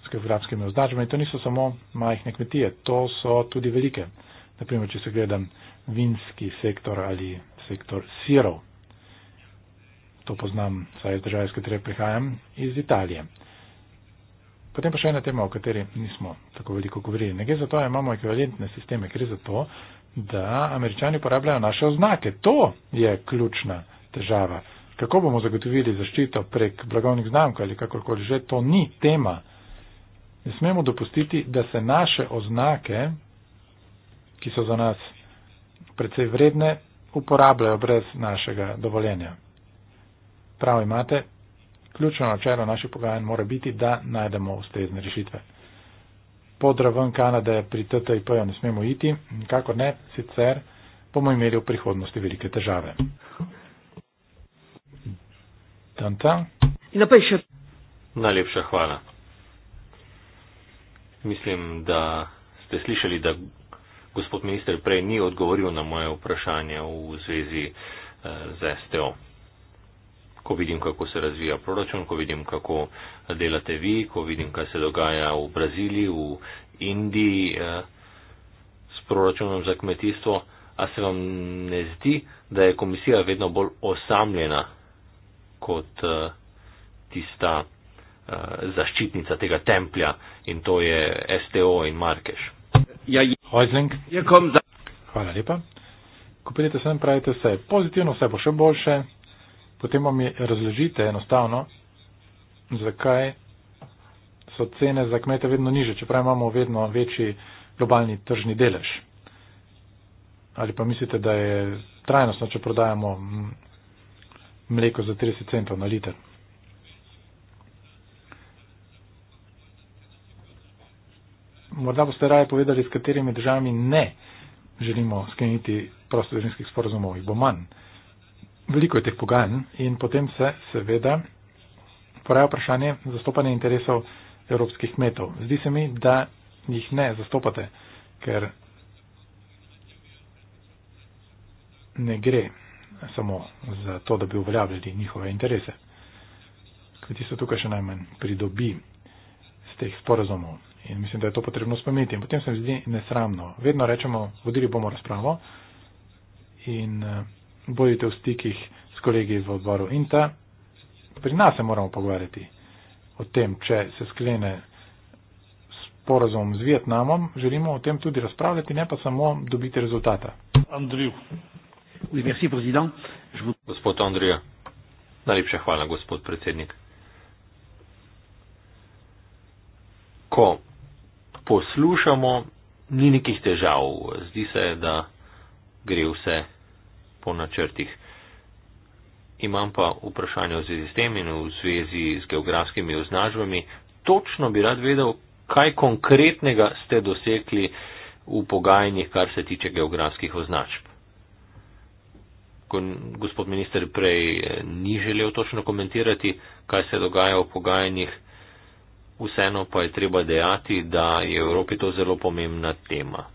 s geografskimi označami, to niso samo majhne kmetije, to so tudi velike. Naprimer, če se gledam vinski sektor ali sektor sirov to poznam, saj iz države, iz katere prihajam, iz Italije. Potem pa še ena tema, o kateri nismo tako veliko govorili. Ne gre za to, da imamo ekvivalentne sisteme, gre za to, da američani uporabljajo naše oznake. To je ključna težava. Kako bomo zagotovili zaščito prek blagovnih znamk ali kakorkoli že, to ni tema. Ne smemo dopustiti, da se naše oznake, ki so za nas precej vredne, uporabljajo brez našega dovoljenja. Prav imate, ključno načelo naših pogajanj mora biti, da najdemo ustrezne rešitve. Pod raven Kanade pri TTIP-ju ne smemo iti, nikakor ne, sicer bomo imeli v prihodnosti velike težave. Tanta.
Najlepša hvala. Mislim, da ste slišali, da gospod minister prej ni odgovoril na moje vprašanje v zvezi eh, z STO ko vidim, kako se razvija proračun, ko vidim, kako delate vi, ko vidim, kaj se dogaja v Braziliji, v Indiji eh, s proračunom za kmetijstvo, a se vam ne zdi, da je komisija vedno bolj osamljena kot eh, tista eh, zaščitnica tega templja in to je STO in Markeš. Ja,
Hvala lepa. Ko pridete sem, pravite vse pozitivno, vse bo še boljše potem vam razložite enostavno, zakaj so cene za kmete vedno niže, čeprav imamo vedno večji globalni tržni delež. Ali pa mislite, da je trajnostno, če prodajamo mleko za 30 centov na liter. Morda boste raje povedali, s katerimi državami ne želimo skleniti prostovežinskih sporozumov, jih bo manj veliko je teh pogajanj in potem se seveda poraja vprašanje zastopanja interesov evropskih kmetov. Zdi se mi, da jih ne zastopate, ker ne gre samo za to, da bi uveljavljali njihove interese. Kmetijstvo tukaj še najmanj pridobi z teh sporazumov in mislim, da je to potrebno spomeniti. In potem se mi zdi nesramno. Vedno rečemo, vodili bomo razpravo in eh, bodite v stikih s kolegi v odboru INTA. Pri nas se moramo pogovarjati o tem, če se sklene sporazum z Vietnamom. Želimo o tem tudi razpravljati, ne pa samo dobiti rezultata.
Andriju. Gospod Andrija, najlepša hvala, gospod predsednik. Ko poslušamo, ni nekih težav. Zdi se, da gre vse po načrtih. Imam pa vprašanje v zvezi s tem in v zvezi z geografskimi označbami. Točno bi rad vedel, kaj konkretnega ste dosekli v pogajanjih, kar se tiče geografskih označb. Gospod minister prej eh, ni želel točno komentirati, kaj se dogaja v pogajanjih, vseeno pa je treba dejati, da je v Evropi to zelo pomembna tema.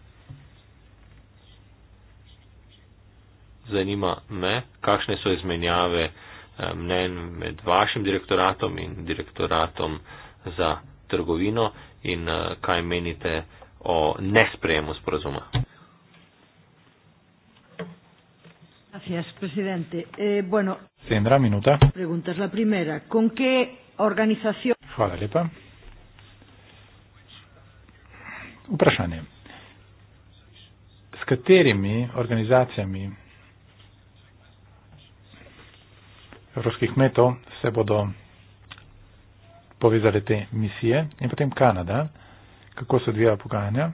zanima me, kakšne so izmenjave eh, mnen med vašim direktoratom in direktoratom za trgovino in eh, kaj menite o nesprejemu sporazuma.
Gracias, presidente. Eh, bueno,
Tendrá minuta.
Pregunta es la primera. ¿Con qué
organización? Hvala lepa. Vprašanje. S katerimi organizacijami evropskih kmetov se bodo povezale te misije in potem Kanada, kako se odvija pogajanja,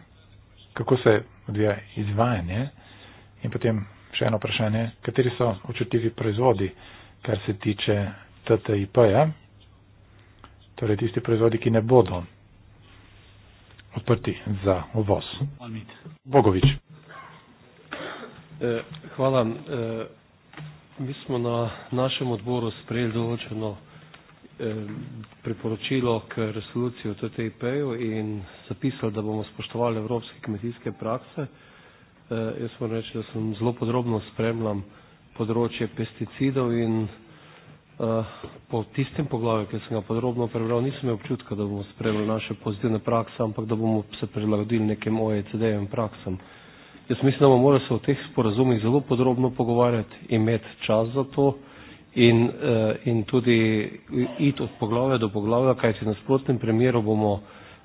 kako se odvija izvajanje in potem še eno vprašanje, kateri so očutljivi proizvodi, kar se tiče TTIP-ja, torej tisti proizvodi, ki ne bodo odprti za uvoz. Bogovič.
Eh, hvala. Eh, Mi smo na našem odboru sprejeli določeno priporočilo k resoluciji o TTIP-ju in zapisali, da bomo spoštovali evropske kmetijske prakse. E, jaz moram reči, da sem zelo podrobno spremljam področje pesticidov in e, po tistem poglavju, ki sem ga podrobno prebral, nisem imel občutka, da bomo spremljali naše pozitivne prakse, ampak da bomo se prilagodili nekim OECD-jem praksam. Jaz mislim, da mora se o teh sporazumih zelo podrobno pogovarjati, imeti čas za to in, eh, in tudi iti od poglavja do poglavja, kaj si nasprotnem primeru bomo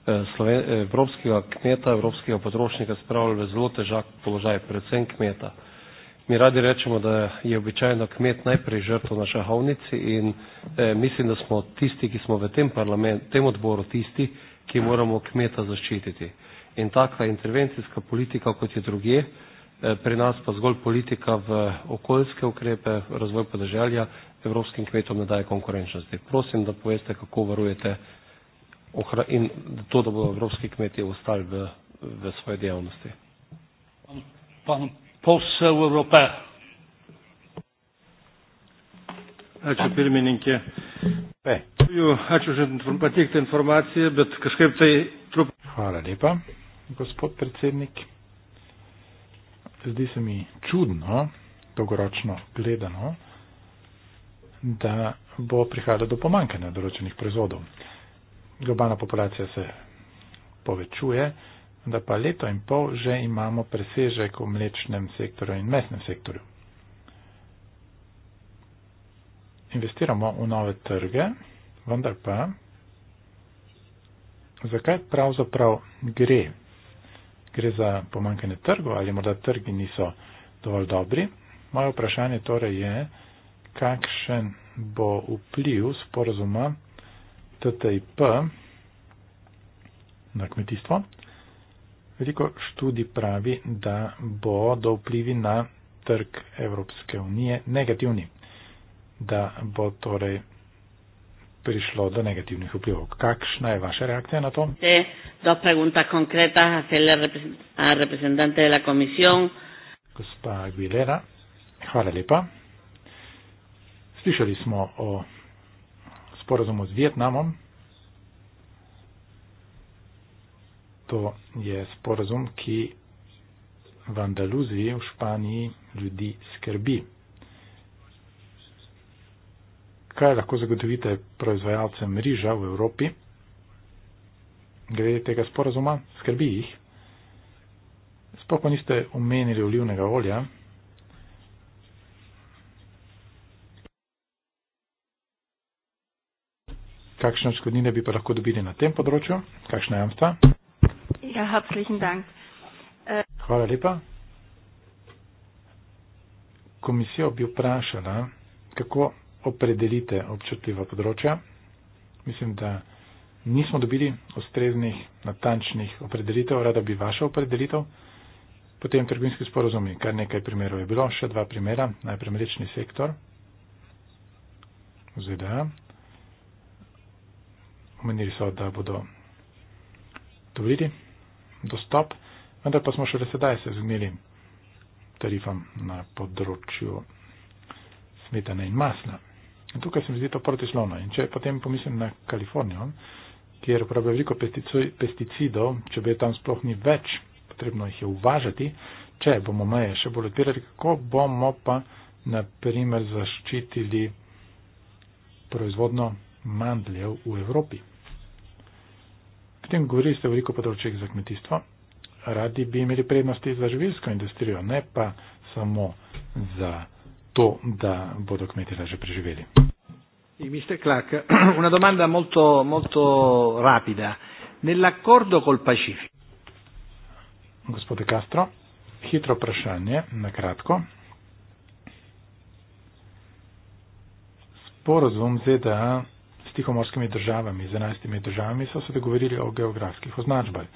eh, Sloven evropskega kmeta, evropskega potrošnika spravljali v zelo težak položaj, predvsem kmeta. Mi radi rečemo, da je običajno kmet najprej žrtvo na šahovnici in eh, mislim, da smo tisti, ki smo v tem, tem odboru tisti, ki moramo kmeta zaščititi in takva intervencijska politika kot je druge, eh, pri nas pa zgolj politika v okoljske ukrepe, razvoj podeželja, evropskim kmetom ne daje konkurenčnosti. Prosim, da poveste, kako varujete in to, da bodo evropski kmeti ostali v, v svoje dejavnosti.
Pan, pan posel Evrope.
Ačiū pirmininkė.
Ačiū už pateiktą informaciją, bet kažkaip tai truputį. Hvala lepa gospod predsednik, zdi se mi čudno, dolgoročno gledano, da bo prihajalo do pomankanja določenih proizvodov. Globalna populacija se povečuje, da pa leto in pol že imamo presežek v mlečnem sektorju in mesnem sektorju. Investiramo v nove trge, vendar pa, zakaj pravzaprav gre gre za pomankanje trgov ali morda trgi niso dovolj dobri. Moje vprašanje torej je, kakšen bo vpliv sporozuma TTIP na kmetijstvo. Veliko študij pravi, da bo do vplivi na trg Evropske unije negativni, da bo torej prišlo do negativnih vplivov. Kakšna je vaša reakcija na to? Eh, Gospa Aguilera, hvala lepa. Slišali smo o sporazumu z Vietnamom. To je sporazum, ki v Andaluziji, v Španiji, ljudi skrbi kaj lahko zagotovite proizvajalcem mriža v Evropi glede tega sporazuma, skrbi jih. Sploh pa niste omenili olivnega olja. Kakšne odškodnine bi pa lahko dobili na tem področju? Kakšna jamstva?
Ja, herzlichen Dank.
Hvala lepa. Komisijo bi vprašala, kako opredelite občutljiva področja. Mislim, da nismo dobili ustreznih, natančnih opredelitev, rada bi vaša opredelitev. Potem trgovinski sporozumi, kar nekaj primerov je bilo, še dva primera, najprej mlečni sektor v ZDA. Omenili so, da bodo dobili dostop, vendar pa smo šele sedaj se zmeli tarifam na področju smetane in masla. In tukaj se mi zdi to protislovno. In če potem pomislim na Kalifornijo, kjer uporablja veliko pesticidov, če bi tam sploh ni več, potrebno jih je uvažati, če bomo meje še bolj odpirali, kako bomo pa na primer zaščitili proizvodno mandljev v Evropi. Potem govorili ste o veliko področjih za kmetijstvo. Radi bi imeli prednosti za živilsko industrijo, ne pa samo za kmetijstvo to da bodo kmetje lažje preživeli.
Mr. Clark, una domanda molto, molto rapida. Nell'accordo col Pacifico.
Gospode Castro, hitro vprašanje, na kratko. Sporozum ZDA s tihomorskimi državami, z enajstimi državami, so se dogovorili o geografskih označbah.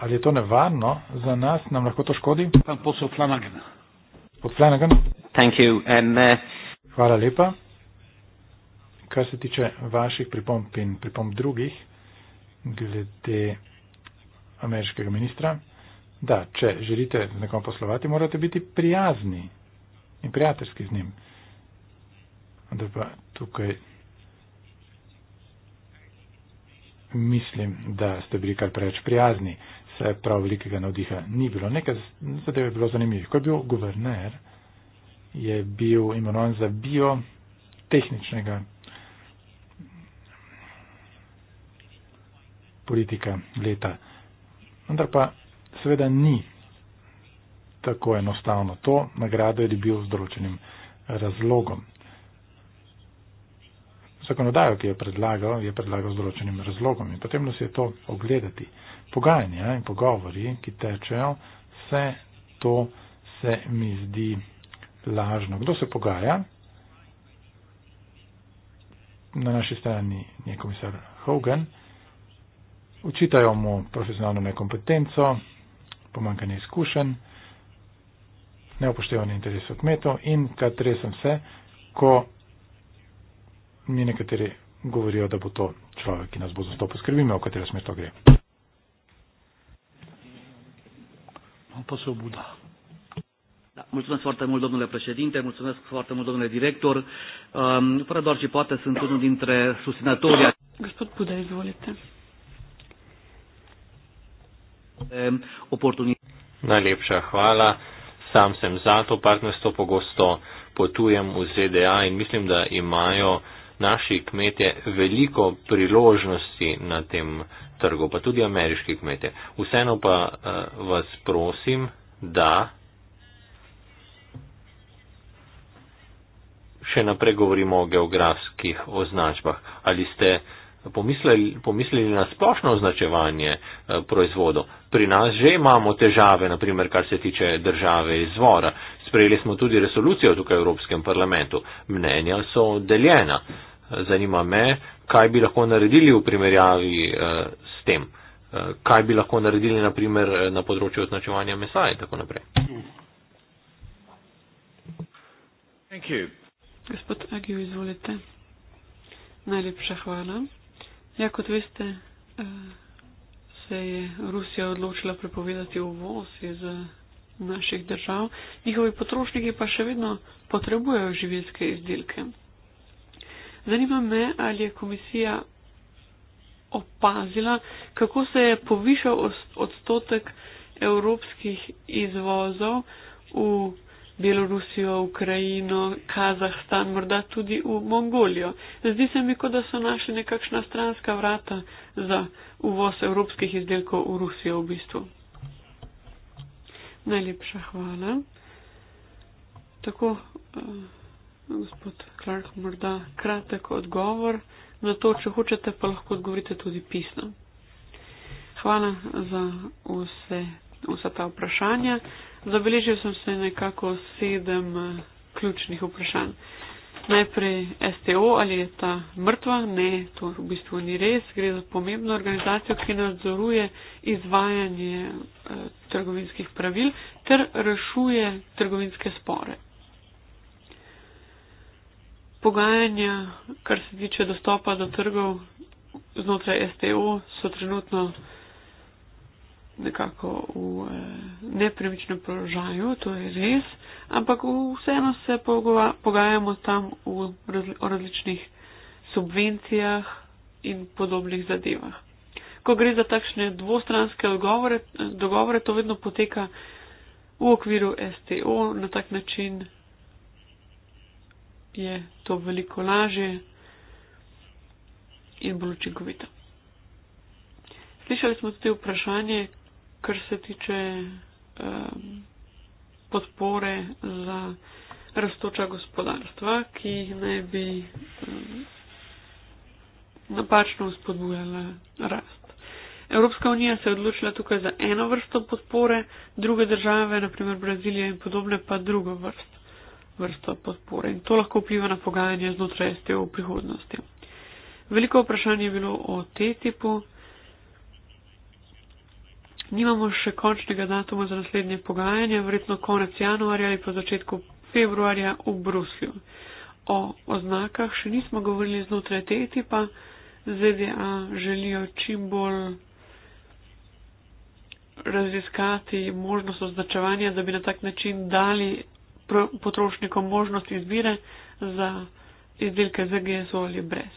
Ali je to nevarno za nas, nam lahko to škodi? Pod Flanagan. Pod Flanagan?
Thank you. And, uh,
Hvala lepa. Kar se tiče vaših pripomp in pripomp drugih glede ameriškega ministra, da, če želite z nekom poslovati, morate biti prijazni in prijateljski z njim. Da pa tukaj mislim, da ste bili kar preveč prijazni, se prav velikega navdiha ni bilo. Nekaj zadeve je bilo zanimivo. Ko je bil guverner, je bil imenovan za biotehničnega politika leta. Vendar pa seveda ni tako enostavno to, nagrado je dobil z določenim razlogom. Zakonodajo, ki je predlagal, je predlagal z določenim razlogom in potem se je to ogledati. Pogajanja in pogovori, ki tečejo, vse to se mi zdi lažno. Kdo se pogaja? Na naši strani je komisar Hogan. Učitajo mu profesionalno nekompetenco, pomankanje izkušenj, neopoštevanje interesov kmetov in kad resem se, ko mi nekateri govorijo, da bo to človek, ki nas bo za to poskrbimo, v katero smer to gre.
Pa no, se obuda. Mulțumesc foarte mult, domnule președinte, mulțumesc foarte mult, domnule director. Um, fără doar și poate, sunt unul dintre susținătorii.
Gospod Budai, zvolite.
Um, Najlepša hvala. Sam sem za to partnerstvo pogosto potujem v ZDA in mislim, da imajo naši kmete veliko priložnosti na tem trgu, pa tudi ameriški kmete. Vseeno pa uh, vas prosim, da še naprej govorimo o geografskih označbah. Ali ste pomislili, pomislili na splošno označevanje eh, proizvodov? Pri nas že imamo težave, naprimer, kar se tiče države izvora. Sprejeli smo tudi resolucijo tukaj v Evropskem parlamentu. Mnenja so deljena. Zanima me, kaj bi lahko naredili v primerjavi eh, s tem. Eh, kaj bi lahko naredili, naprimer, na področju označevanja mesa in tako naprej. Thank you.
Gospod Agil, izvolite. Najlepša hvala. Ja, kot veste, eh, se je Rusija odločila prepovedati uvoz iz eh, naših držav. Njihovi potrošniki pa še vedno potrebujejo živilske izdelke. Zanima me, ali je komisija opazila, kako se je povišal odstotek evropskih izvozov v Belorusijo, Ukrajino, Kazahstan, morda tudi v Mongolijo. Zdi se mi, kot da so našli nekakšna stranska vrata za uvoz evropskih izdelkov v Rusijo v bistvu. Najlepša hvala. Tako, uh, gospod Clark, morda kratek odgovor na to, če hočete, pa lahko odgovorite tudi pisno. Hvala za vse, vsa ta vprašanja. Zabeležil sem se nekako sedem eh, ključnih vprašanj. Najprej STO, ali je ta mrtva? Ne, to v bistvu ni res. Gre za pomembno organizacijo, ki nadzoruje izvajanje eh, trgovinskih pravil ter rešuje trgovinske spore. Pogajanja, kar se tiče dostopa do trgov znotraj STO, so trenutno nekako v eh, nepremičnem položaju, to je res, ampak vseeno se pogajamo tam v razli o različnih subvencijah in podobnih zadevah. Ko gre za takšne dvostranske odgovore, eh, dogovore, to vedno poteka v okviru STO, na tak način je to veliko lažje in bolj učinkovito. Slišali smo tudi vprašanje, kar se tiče um, podpore za rastoča gospodarstva, ki naj bi um, napačno spodbujala rast. Evropska unija se je odločila tukaj za eno vrsto podpore, druge države, naprimer Brazilija in podobne, pa drugo vrst, vrsto podpore. In to lahko vpliva na pogajanje znotraj STO v prihodnosti. Veliko vprašanje je bilo o TTIP-u. Nimamo še končnega datuma za naslednje pogajanje, verjetno konec januarja ali pa začetku februarja v Bruslju. O oznakah še nismo govorili znotraj te tipa. ZDA želijo čim bolj raziskati možnost označevanja, da bi na tak način dali potrošnikom možnost izbire za izdelke z GSO ali brez.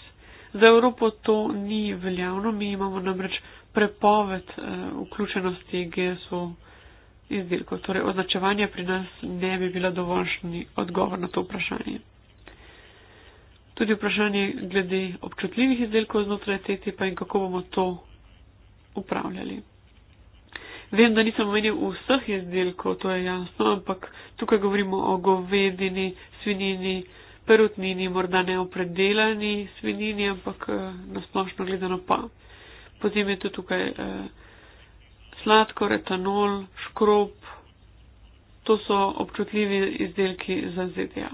Za Evropo to ni veljavno, mi imamo namreč prepoved eh, vključenosti GSO e izdelkov. Torej, označevanje pri nas ne bi bila dovoljšni odgovor na to vprašanje. Tudi vprašanje glede občutljivih izdelkov znotraj CTP in kako bomo to upravljali. Vem, da nisem omenil vseh izdelkov, to je jasno, ampak tukaj govorimo o govedini, svinini, perutnini, morda ne o predelani svinini, ampak eh, nasplošno gledano pa. Potem je tudi tukaj eh, sladkor, etanol, škrob. To so občutljivi izdelki za ZDA.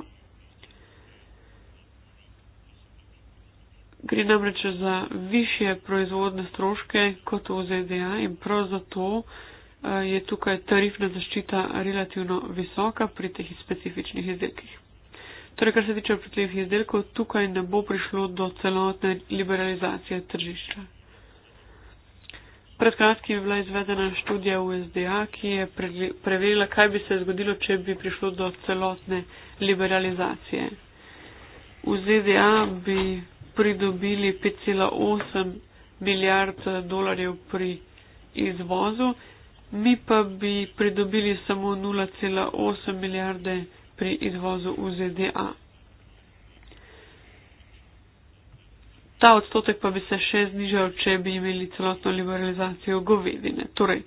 Gre namreč za više proizvodne stroške kot v ZDA in prav zato eh, je tukaj tarifna zaščita relativno visoka pri teh specifičnih izdelkih. Torej, kar se tiče občutljivih izdelkov, tukaj ne bo prišlo do celotne liberalizacije tržišča. Pred kratkim je bila izvedena študija v SDA, ki je preverila, kaj bi se zgodilo, če bi prišlo do celotne liberalizacije. V ZDA bi pridobili 5,8 milijard dolarjev pri izvozu, mi pa bi pridobili samo 0,8 milijarde pri izvozu v ZDA. ta odstotek pa bi se še znižal, če bi imeli celotno liberalizacijo govedine. Torej,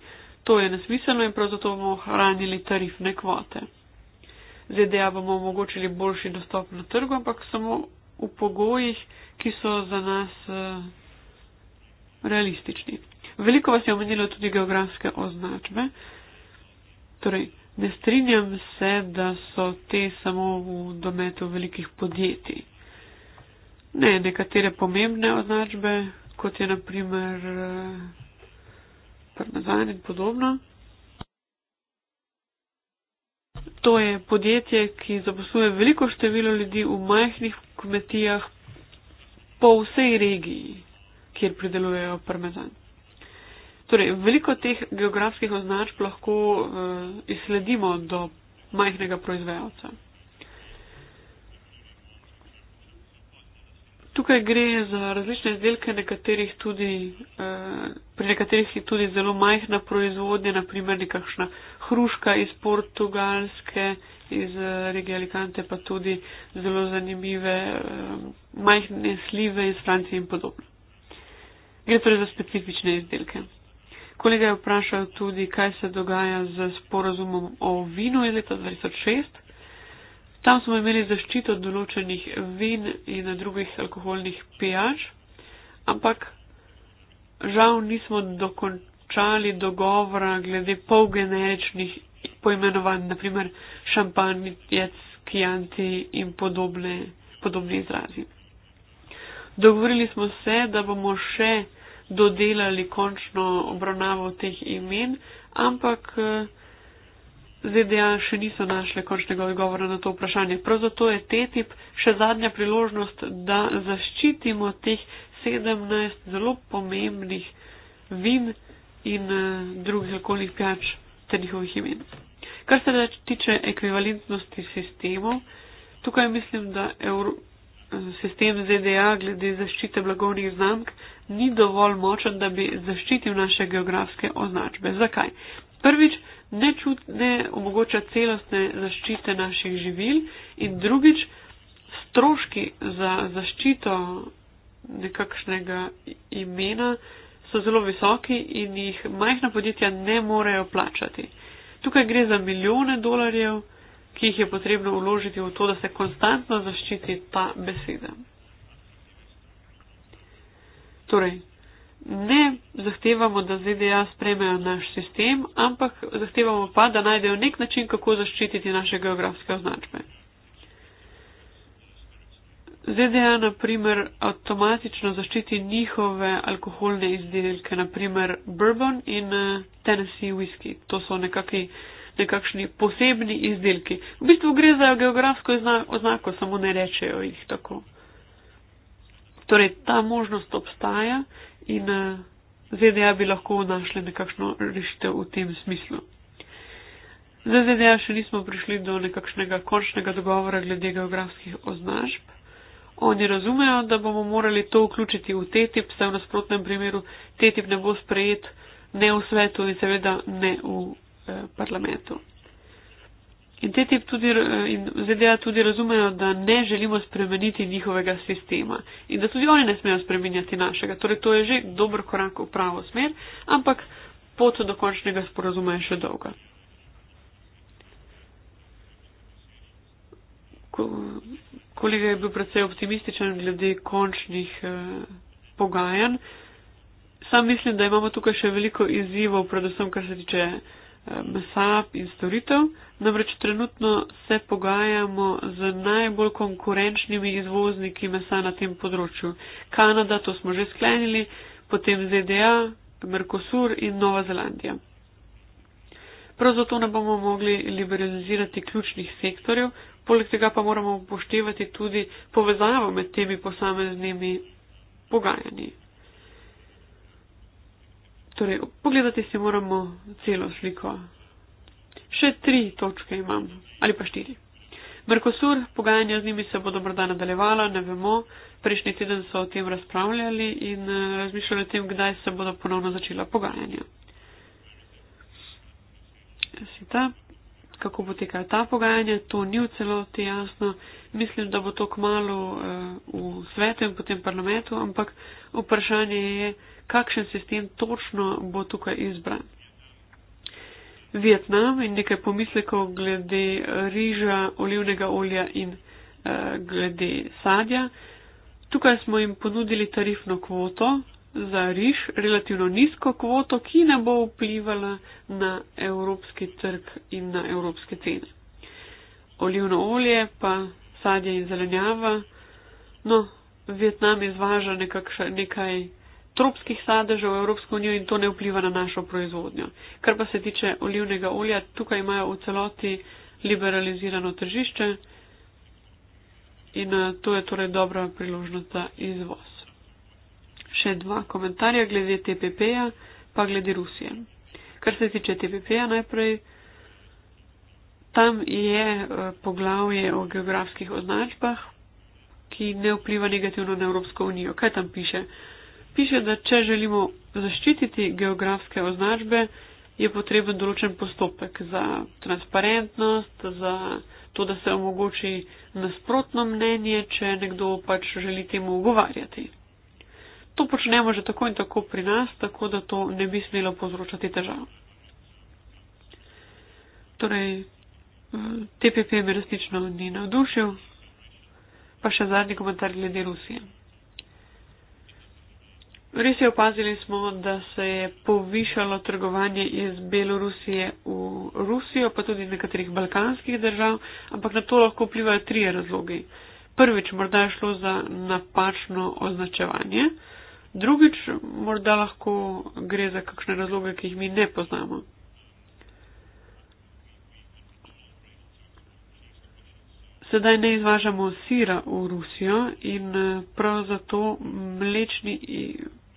to je nesmiselno in prav zato bomo ohranili tarifne kvote. ZDA bomo omogočili boljši dostop na trgu, ampak samo v pogojih, ki so za nas eh, realistični. Veliko vas je omenilo tudi geografske označbe. Torej, ne strinjam se, da so te samo v dometu velikih podjetij. Ne, nekatere pomembne označbe, kot je naprimer eh, parmezan in podobno. To je podjetje, ki zaposluje veliko število ljudi v majhnih kmetijah po vsej regiji, kjer pridelujejo parmezan. Torej, veliko teh geografskih označb lahko uh, izsledimo do majhnega proizvajalca. Tukaj gre za različne izdelke, nekaterih tudi, eh, pri nekaterih je tudi zelo majhna proizvodnja, naprimer nekakšna hruška iz Portugalske, iz eh, regije Alicante, pa tudi zelo zanimive eh, majhne slive iz Francije in podobno. Gre torej za specifične izdelke. Kolega je vprašal tudi, kaj se dogaja z sporozumom o vinu iz leta 2006. Tam smo imeli zaščito določenih vin in drugih alkoholnih pijač, ampak žal nismo dokončali dogovora glede polgeneričnih poimenovanj, naprimer šampanjec, kijanti in podobne, podobne izrazi. Dogovorili smo se, da bomo še dodelali končno obravnavo teh imen, ampak eh, ZDA še niso našle končnega odgovora na to vprašanje. Prav zato je TTIP še zadnja priložnost, da zaščitimo teh 17 zelo pomembnih vin in eh, drugih okoljnih pijač ter njihovih imen. Kar se da tiče ekvivalentnosti sistemov, tukaj mislim, da Euro sistem ZDA glede zaščite blagovnih znamk ni dovolj močen, da bi zaščitil naše geografske označbe. Zakaj? Prvič, ne, čut, ne omogoča celostne zaščite naših živil in drugič stroški za zaščito nekakšnega imena so zelo visoki in jih majhna podjetja ne morejo plačati. Tukaj gre za milijone dolarjev, ki jih je potrebno uložiti v to, da se konstantno zaščiti ta beseda. Torej, ne zahtevamo, da ZDA spremejo naš sistem, ampak zahtevamo pa, da najdejo nek način, kako zaščititi naše geografske označbe. ZDA, na primer, avtomatično zaščiti njihove alkoholne izdelke, na primer Bourbon in eh, Tennessee Whiskey. To so nekaki, nekakšni posebni izdelki. V bistvu gre za geografsko oznako, samo ne rečejo jih tako. Torej, ta možnost obstaja, in eh, ZDA bi lahko našle nekakšno rešitev v tem smislu. Za ZDA še nismo prišli do nekakšnega končnega dogovora glede geografskih označb. Oni razumejo, da bomo morali to vključiti v TTIP, saj v nasprotnem primeru TTIP ne bo sprejet ne v svetu in seveda ne v eh, parlamentu. In te tip tudi eh, in ZDA tudi razumejo, da ne želimo spremeniti njihovega sistema in da tudi oni ne smejo spremenjati našega. Torej, to je že dober korak v pravo smer, ampak pot do končnega sporazuma je še dolga. Kolega je bil predvsej optimističen glede končnih eh, pogajanj. Sam mislim, da imamo tukaj še veliko izzivov, predvsem kar se tiče. Eh, Eh, mesa in storitev. Namreč trenutno se pogajamo z najbolj konkurenčnimi izvozniki mesa na tem področju. Kanada, to smo že sklenili, potem ZDA, Mercosur in Nova Zelandija. Prav zato ne bomo mogli liberalizirati ključnih sektorjev, poleg tega pa moramo upoštevati tudi povezavo med temi posameznimi pogajanji. Torej, pogledati si moramo celo sliko. Še tri točke imam, ali pa štiri. Merkosur, pogajanja z njimi se bodo morda nadaljevala, ne vemo. Prejšnji teden so o tem razpravljali in eh, razmišljali o tem, kdaj se bodo ponovno začela pogajanja. Sita kako potekajo ta pogajanja, to ni v celoti jasno. Mislim, da bo to kmalo uh, v svetu in potem parlamentu, ampak vprašanje je, kakšen sistem točno bo tukaj izbran. Vietnam in nekaj pomislekov glede riža, olivnega olja in uh, glede sadja. Tukaj smo jim ponudili tarifno kvoto, za riž relativno nizko kvoto, ki ne bo vplivala na evropski trg in na evropske cene. Olivno olje, pa sadje in zelenjava. No, Vietnam izvaža nekakšne, nekaj tropskih sadežev v Evropsko unijo in to ne vpliva na našo proizvodnjo. Kar pa se tiče olivnega olja, tukaj imajo v celoti liberalizirano tržišče in eh, to je torej dobra priložnost za izvoz še dva komentarja glede TPP-ja, pa glede Rusije. Kar se tiče TPP-ja najprej, tam je eh, poglavje o geografskih označbah, ki ne vpliva negativno na Evropsko unijo. Kaj tam piše? Piše, da če želimo zaščititi geografske označbe, je potreben določen postopek za transparentnost, za to, da se omogoči nasprotno mnenje, če nekdo pač želi temu ugovarjati to počnemo že tako in tako pri nas, tako da to ne bi smelo povzročati težav. Torej, TPP me resnično ni navdušil, pa še zadnji komentar glede Rusije. Res je opazili smo, da se je povišalo trgovanje iz Belorusije v Rusijo, pa tudi nekaterih balkanskih držav, ampak na to lahko vplivajo trije razlogi. Prvič, morda je šlo za napačno označevanje drugič morda lahko gre za kakšne razloge, ki jih mi ne poznamo. Sedaj ne izvažamo sira v Rusijo in eh, prav zato mlečni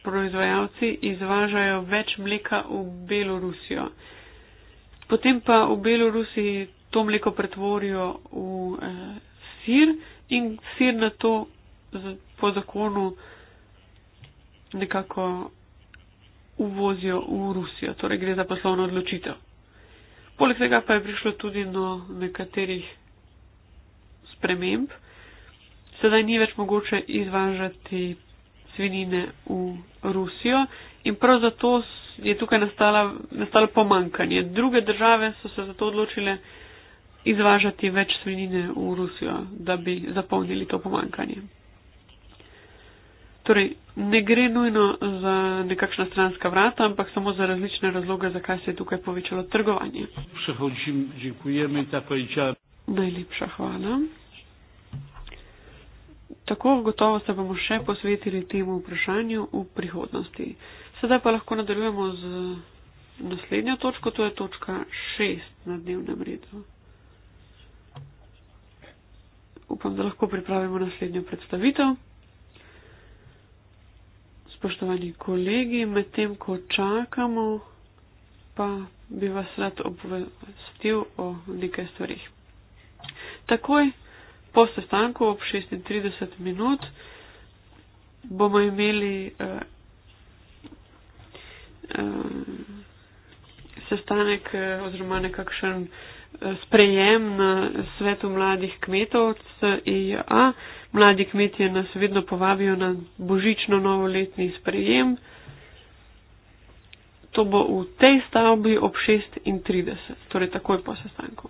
proizvajalci izvažajo več mleka v Belorusijo. Potem pa v Belorusiji to mleko pretvorijo v eh, sir in sir na to po zakonu eh, nekako uvozijo v Rusijo. Torej gre za poslovno odločitev. Poleg tega pa je prišlo tudi do nekaterih sprememb. Sedaj ni več mogoče izvažati svinine v Rusijo in prav zato je tukaj nastala, nastalo pomankanje. Druge države so se zato odločile izvažati več svinine v Rusijo, da bi zapolnili to pomankanje. Torej, ne gre nujno za nekakšna stranska vrata, ampak samo za različne razloge, zakaj se je tukaj povečalo trgovanje. Najlepša hvala. Tako gotovo se bomo še posvetili temu vprašanju v prihodnosti. Sedaj pa lahko nadaljujemo z naslednjo točko, to je točka 6 na dnevnem redu. Upam, da lahko pripravimo naslednjo predstavitev. Spoštovani kolegi, medtem ko čakamo, pa bi vas rad obvestil o nekaj stvarih. Takoj po sestanku ob 36 minut bomo imeli eh, eh, sestanek eh, oziroma nekakšen eh, sprejem na svetu mladih kmetov CIA. Eh, Mladi kmetje nas vedno povabijo na božično novoletni sprejem. To bo v tej stavbi ob 6.30, torej takoj po sestanku.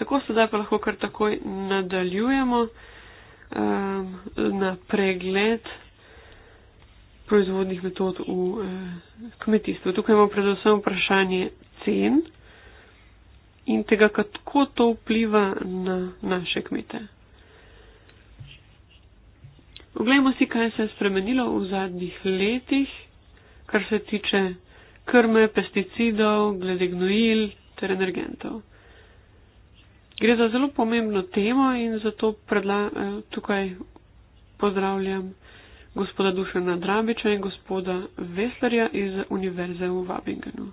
Tako se zdaj pa lahko kar takoj nadaljujemo um, na pregled proizvodnih metod v eh, kmetijstvu. Tukaj imamo predvsem vprašanje cen in tega, kako to vpliva na naše kmete. Poglejmo si, kaj se je spremenilo v zadnjih letih, kar se tiče krme, pesticidov, glede gnojil ter energentov. Gre za zelo pomembno temo in zato predla, eh, tukaj pozdravljam gospoda Dušena Drabiča in gospoda Veslerja iz Univerze v Vabingenu.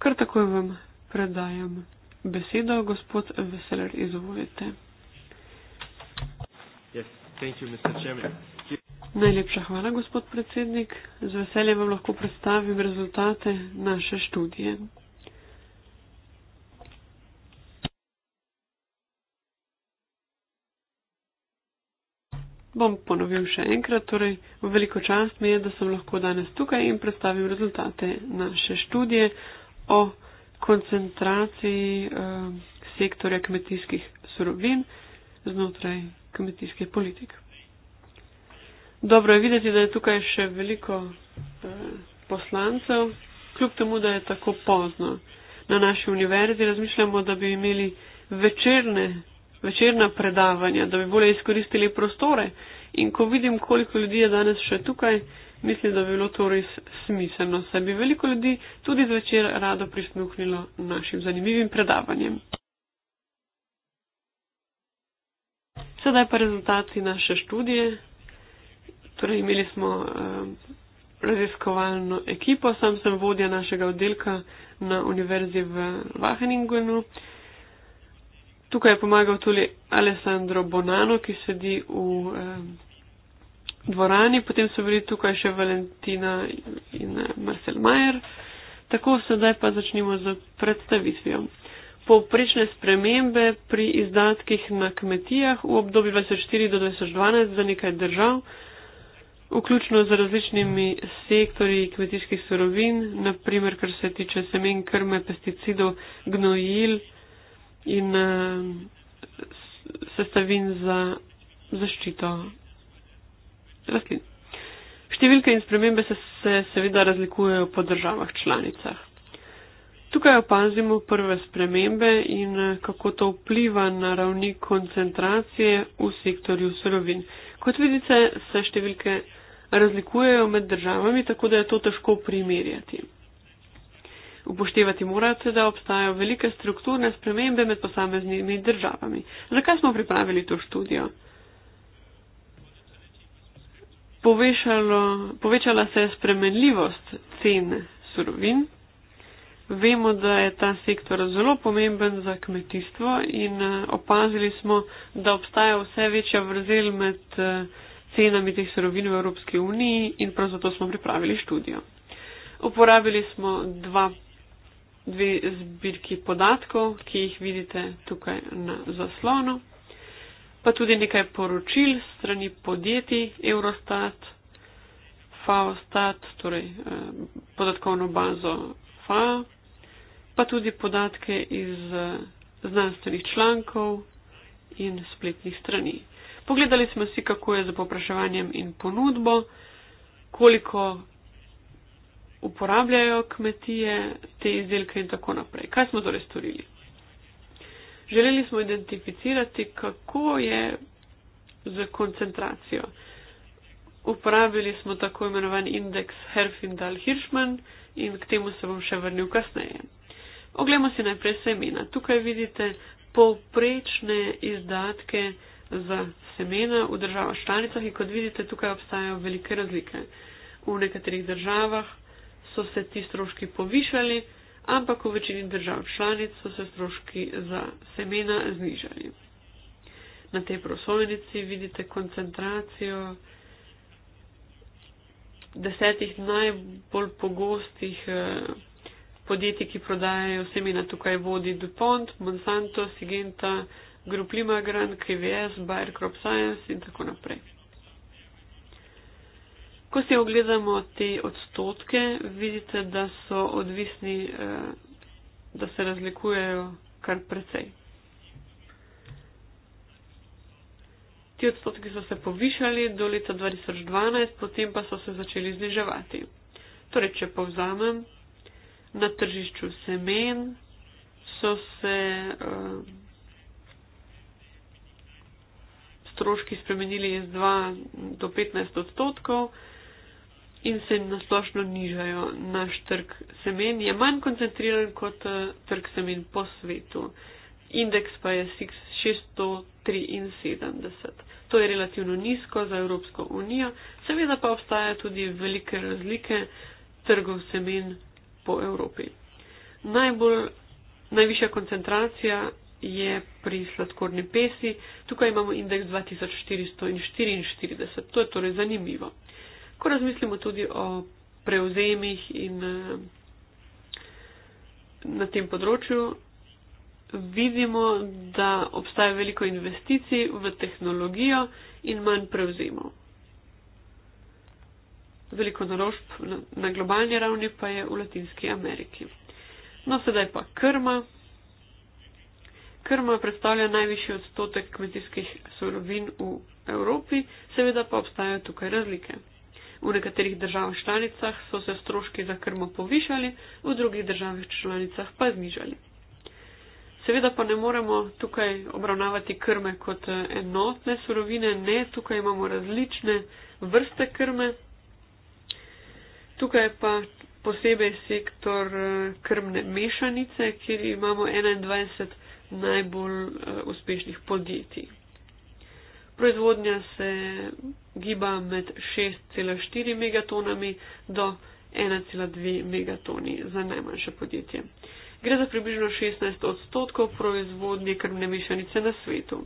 Kar takoj vam predajam besedo, gospod Veseler, izvolite.
Thank you, Mr. Chairman.
Najlepša hvala, gospod predsednik. Z veseljem vam lahko predstavim rezultate naše študije. Bom ponovil še enkrat, torej veliko čast mi je, da sem lahko danes tukaj in predstavim rezultate naše študije o koncentraciji eh, sektorja kmetijskih surovin znotraj kmetijskih politik. Dobro je videti, da je tukaj še veliko eh, poslancev, kljub temu, da je tako pozno. Na naši univerzi razmišljamo, da bi imeli večerne, večerna predavanja, da bi bolje izkoristili prostore. In ko vidim, koliko ljudi je danes še tukaj, mislim, da bi bilo to res smiselno. Se bi veliko ljudi tudi zvečer rado prisluhnilo našim zanimivim predavanjem. Sedaj pa rezultati naše študije. Torej, imeli smo um, raziskovalno ekipo, sam sem vodja našega oddelka na univerzi v Wageningenu. Tukaj je pomagal tudi Alessandro Bonano, ki sedi v um, dvorani, potem so bili tukaj še Valentina in eh, Marcel Majer. Tako sedaj pa začnimo z predstavitvijo povprečne spremembe pri izdatkih na kmetijah v obdobju 2004 do 2012 za nekaj držav, vključno z različnimi sektori kmetijskih surovin, naprimer kar se tiče semen, krme, pesticidov, gnojil in sestavin za zaščito rastlin. Številke in spremembe se, se seveda razlikujejo po državah članicah. Tukaj opazimo prve spremembe in eh, kako to vpliva na ravni koncentracije v sektorju surovin. Kot vidite, se številke razlikujejo med državami, tako da je to težko primerjati. Upoštevati morate, da obstajajo velike strukturne spremembe med posameznimi državami. Zakaj smo pripravili to študijo? Povešalo, povečala se je spremenljivost cen surovin. Vemo, da je ta sektor zelo pomemben za kmetijstvo in eh, opazili smo, da obstaja vse večja vrzel med eh, cenami teh surovin v Evropski uniji in prav zato smo pripravili študijo. Uporabili smo dva, dve zbirki podatkov, ki jih vidite tukaj na zaslonu, pa tudi nekaj poročil strani podjetij Eurostat, FAOstat, torej eh, podatkovno bazo FAO pa tudi podatke iz eh, znanstvenih člankov in spletnih strani. Pogledali smo si, kako je z popraševanjem in ponudbo, koliko uporabljajo kmetije te izdelke in tako naprej. Kaj smo torej storili? Želeli smo identificirati, kako je z koncentracijo. Uporabili smo tako imenovan indeks Herfindal-Hirschman in k temu se bom še vrnil kasneje. Oglejmo si najprej semena. Tukaj vidite povprečne izdatke za semena v državah članicah in kot vidite, tukaj obstajajo velike razlike. V nekaterih državah so se ti stroški povišali, ampak v večini držav članic so se stroški za semena znižali. Na tej prosojnici vidite koncentracijo desetih najbolj pogostih eh, podjetij, ki prodajajo semena tukaj vodi DuPont, Monsanto, Sigenta, Grup Limagran, KVS, Bayer Crop Science in tako naprej. Ko si ogledamo te odstotke, vidite, da so odvisni, eh, da se razlikujejo kar precej. Ti odstotki so se povišali do leta 2012, potem pa so se začeli zniževati. Torej, če povzamem, na tržišču semen, so se uh, stroški spremenili iz 2 do 15 odstotkov in se nasplošno nižajo. Naš trg semen je manj koncentriran kot uh, trg semen po svetu. Indeks pa je 673. To je relativno nizko za Evropsko unijo, seveda pa obstajajo tudi velike razlike trgov semen po Evropi. Najbolj, najvišja koncentracija je pri sladkorni pesi. Tukaj imamo indeks 2444. To je torej zanimivo. Ko razmislimo tudi o prevzemih in na tem področju, vidimo, da obstaja veliko investicij v tehnologijo in manj prevzemov veliko naložb na globalni ravni pa je v Latinski Ameriki. No, sedaj pa krma. Krma predstavlja najvišji odstotek kmetijskih sorovin v Evropi, seveda pa obstajajo tukaj razlike. V nekaterih državah članicah so se stroški za krmo povišali, v drugih državah članicah pa znižali. Seveda pa ne moremo tukaj obravnavati krme kot enotne sorovine, ne, tukaj imamo različne vrste krme. Tukaj pa posebej sektor eh, krmne mešanice, kjer imamo 21 najbolj eh, uspešnih podjetij. Proizvodnja se giba med 6,4 megatonami do 1,2 megatoni za najmanjše podjetje. Gre za približno 16 odstotkov proizvodnje krmne mešanice na svetu.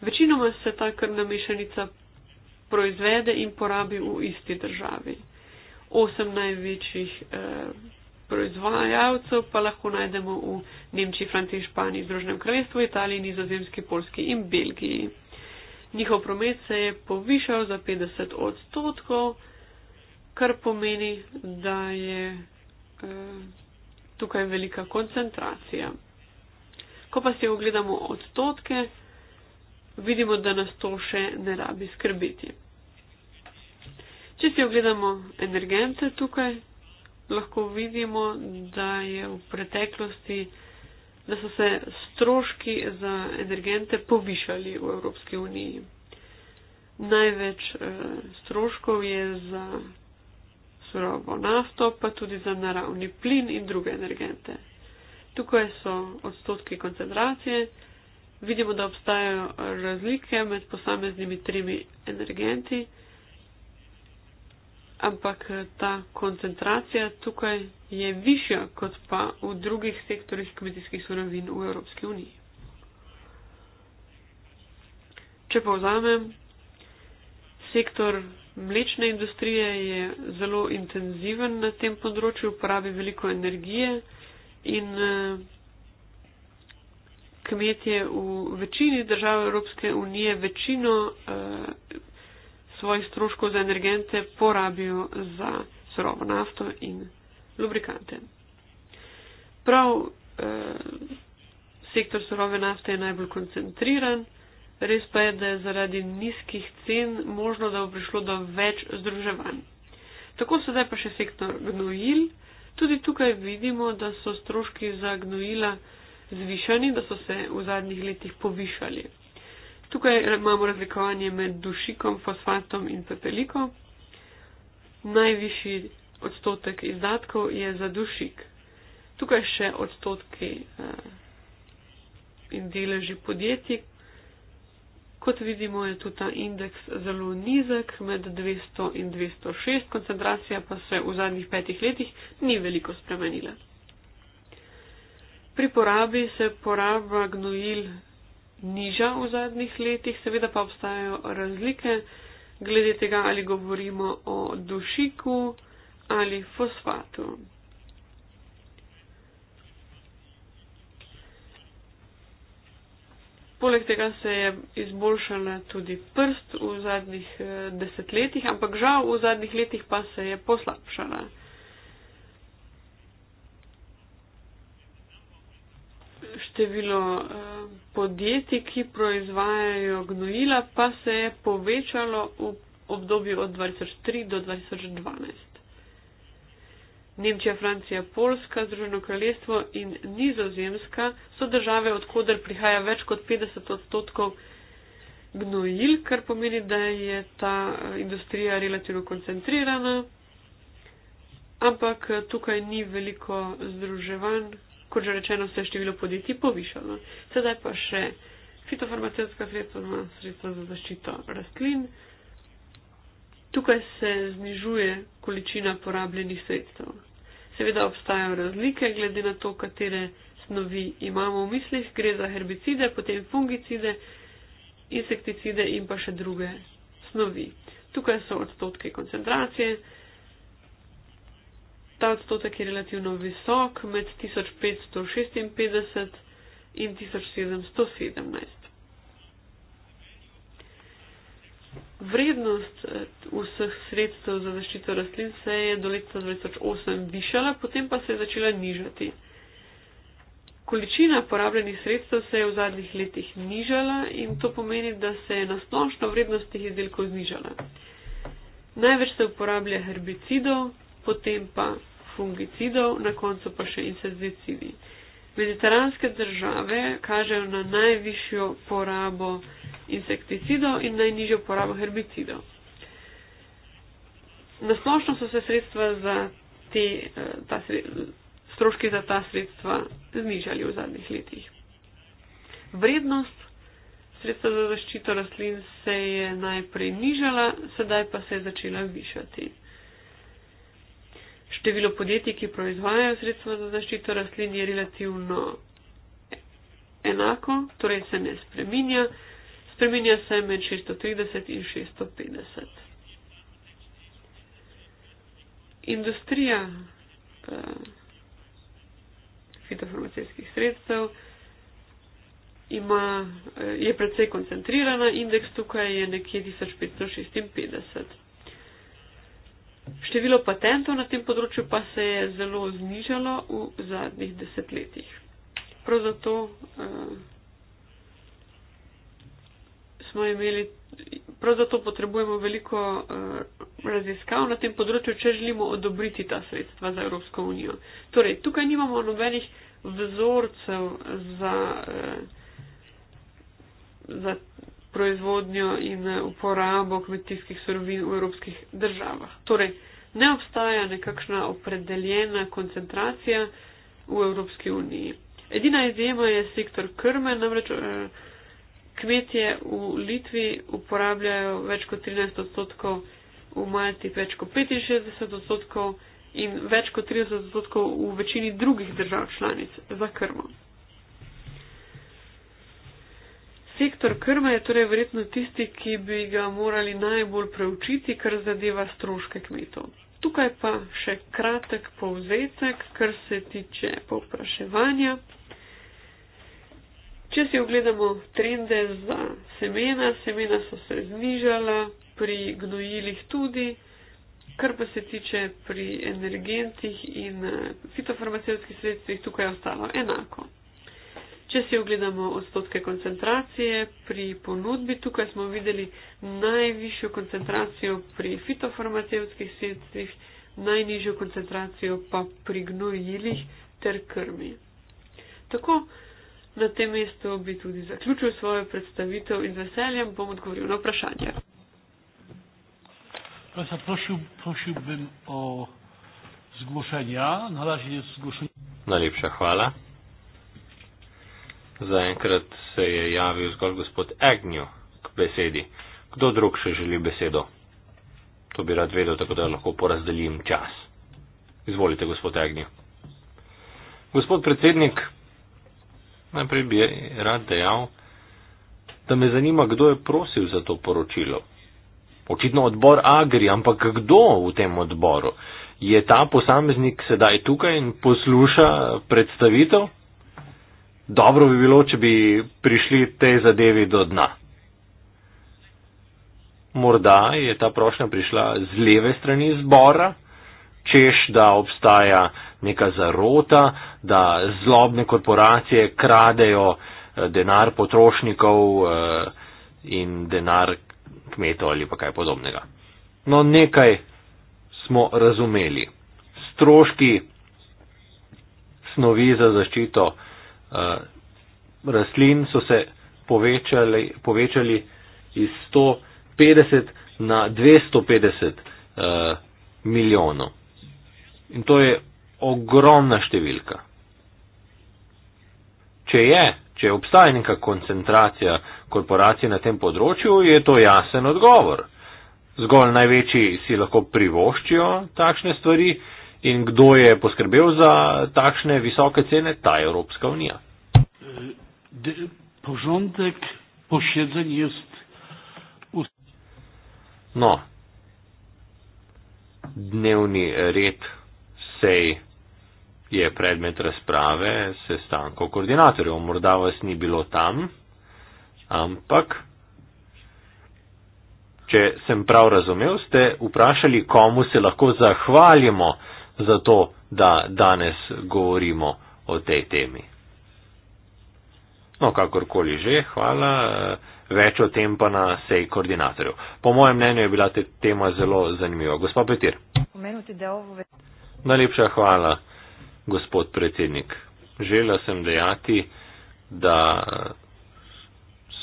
Večinoma se ta krmna mešanica proizvede in porabi v isti državi osem največjih eh, proizvajalcev pa lahko najdemo v Nemčiji, Franciji, Španiji, Združenem kraljestvu, Italiji, Nizozemski, Polski in Belgiji. Njihov promet se je povišal za 50 odstotkov, kar pomeni, da je eh, tukaj velika koncentracija. Ko pa si ogledamo odstotke, vidimo, da nas to še ne rabi skrbeti. Če si ogledamo energente tukaj, lahko vidimo, da je v preteklosti, da so se stroški za energente povišali v Evropski uniji. Največ eh, stroškov je za surovo nafto, pa tudi za naravni plin in druge energente. Tukaj so odstotki koncentracije. Vidimo, da obstajajo razlike med posameznimi tremi energenti ampak eh, ta koncentracija tukaj je višja kot pa v drugih sektorjih kmetijskih surovin v Evropski uniji. Če povzamem, sektor mlečne industrije je zelo intenziven na tem področju, uporabi veliko energije in eh, kmetje v večini držav Evropske unije večino eh, svojih stroškov za energente porabijo za surovo nafto in lubrikante. Prav eh, sektor surove nafte je najbolj koncentriran, res pa je, da je zaradi nizkih cen možno, da bo prišlo do več združevanj. Tako sedaj pa še sektor gnojil. Tudi tukaj vidimo, da so stroški za gnojila zvišani, da so se v zadnjih letih povišali. Tukaj imamo razlikovanje med dušikom, fosfatom in pepelikom. Najvišji odstotek izdatkov je za dušik. Tukaj še odstotki eh, in deleži podjetij. Kot vidimo, je tudi ta indeks zelo nizek, med 200 in 206, koncentracija pa se v zadnjih petih letih ni veliko spremenila. Pri porabi se poraba gnojil niža v zadnjih letih, seveda pa obstajajo razlike glede tega, ali govorimo o dušiku ali fosfatu. Poleg tega se je izboljšala tudi prst v zadnjih eh, desetletjih, ampak žal v zadnjih letih pa se je poslabšala. Število eh, podjetij, ki proizvajajo gnojila, pa se je povečalo v obdobju od 2003 do 2012. Nemčija, Francija, Poljska, Združeno kraljestvo in Nizozemska so države, odkuder prihaja več kot 50 odstotkov gnojil, kar pomeni, da je ta eh, industrija relativno koncentrirana. Ampak eh, tukaj ni veliko združevanj, kot že rečeno, se je število podjetij povišalo. Sedaj pa še fitofarmacijska sredstva, oziroma sredstva za zaščito rastlin. Tukaj se znižuje količina porabljenih sredstev. Seveda obstajajo razlike glede na to, katere snovi imamo v mislih. Gre za herbicide, potem fungicide, insekticide in pa še druge snovi. Tukaj so odstotke koncentracije, ta odstotek je relativno visok med 1556 in 1717. Vrednost eh, vseh sredstev za zaščito rastlin se je do leta 2008 višala, potem pa se je začela nižati. Količina porabljenih sredstev se je v zadnjih letih nižala in to pomeni, da se je nasplošno vrednost teh izdelkov znižala. Največ se uporablja herbicidov, potem pa fungicidov, na koncu pa še insecticidi. Mediteranske države kažejo na najvišjo porabo insekticidov in najnižjo porabo herbicidov. Nasplošno so se sredstva za te, eh, ta sredstva, stroški za ta sredstva znižali v zadnjih letih. Vrednost sredstva za zaščito rastlin se je najprej nižala, sedaj pa se je začela višati. Število podjetij, ki proizvajajo sredstva za zaščito rastlin, je relativno enako, torej se ne spreminja. Spreminja se med 630 in 650. Industrija eh, fitofarmacijskih sredstev ima, eh, je precej koncentrirana, indeks tukaj je nekje 1556. Število patentov na tem področju pa se je zelo znižalo v zadnjih desetletjih. Prav zato uh, smo imeli, prav zato potrebujemo veliko uh, raziskav na tem področju, če želimo odobriti ta sredstva za Evropsko unijo. Torej, tukaj nimamo nobenih vzorcev za. Uh, za proizvodnjo in uporabo kmetijskih surovin v evropskih državah. Torej, ne obstaja nekakšna opredeljena koncentracija v Evropski uniji. Edina izjema je sektor krme, namreč eh, kmetje v Litvi uporabljajo več kot 13 odstotkov, v Malti več kot 65 odstotkov in več kot 30 odstotkov v večini drugih držav članic za krmo. sektor krma je torej verjetno tisti, ki bi ga morali najbolj preučiti, kar zadeva stroške kmetov. Tukaj pa še kratek povzetek, kar se tiče povpraševanja. Če si ogledamo trende za semena, semena so se znižala, pri gnojilih tudi, kar pa se tiče pri energentih in fitofarmacijskih sredstvih, tukaj je ostalo enako. Če si ogledamo odstotke koncentracije, pri ponudbi tukaj smo videli najvišjo koncentracijo pri fitofarmacevskih sredstvih, najnižjo koncentracijo pa pri gnojilih ter krmi. Tako, na tem mestu bi tudi zaključil svojo predstavitev in z veseljem bom odgovoril na vprašanje.
Prosim, prosil bi o zglošenja.
Najlepša hvala. Zaenkrat se je javil zgolj gospod Agnew k besedi. Kdo drug še želi besedo? To bi rad vedel, tako da lahko porazdelim čas. Izvolite, gospod Agnew. Gospod predsednik, najprej bi rad dejal, da me zanima, kdo je prosil za to poročilo. Očitno odbor Agri, ampak kdo v tem odboru? Je ta posameznik sedaj tukaj in posluša predstavitev? dobro bi bilo, če bi prišli tej zadevi do dna. Morda je ta prošnja prišla z leve strani zbora, češ, da obstaja neka zarota, da zlobne korporacije kradejo eh, denar potrošnikov eh, in denar kmetov ali pa kaj podobnega. No, nekaj smo razumeli. Stroški snovi za zaščito Eh, rastlin so se povečali, povečali iz 150 na 250 uh, eh, milijonov. In to je ogromna številka. Če je, če obstaja neka koncentracija korporacij na tem področju, je to jasen odgovor. Zgolj največji si lahko privoščijo takšne stvari, uh, In kdo je poskrbel za takšne visoke cene? Ta Evropska unija.
Požontek pošedzen je vst.
No, dnevni red sej je predmet razprave sestanko koordinatorjev. Morda vas ni bilo tam, ampak. Če sem prav razumel, ste vprašali, komu se lahko zahvalimo zato, da danes govorimo o tej temi. No, kakorkoli že, hvala. Eh, več o tem pa na sej koordinatorjev. Po mojem mnenju je bila te tema zelo zanimiva. Gospod Petir. Najlepša hvala, gospod predsednik. Žela sem dejati, da eh,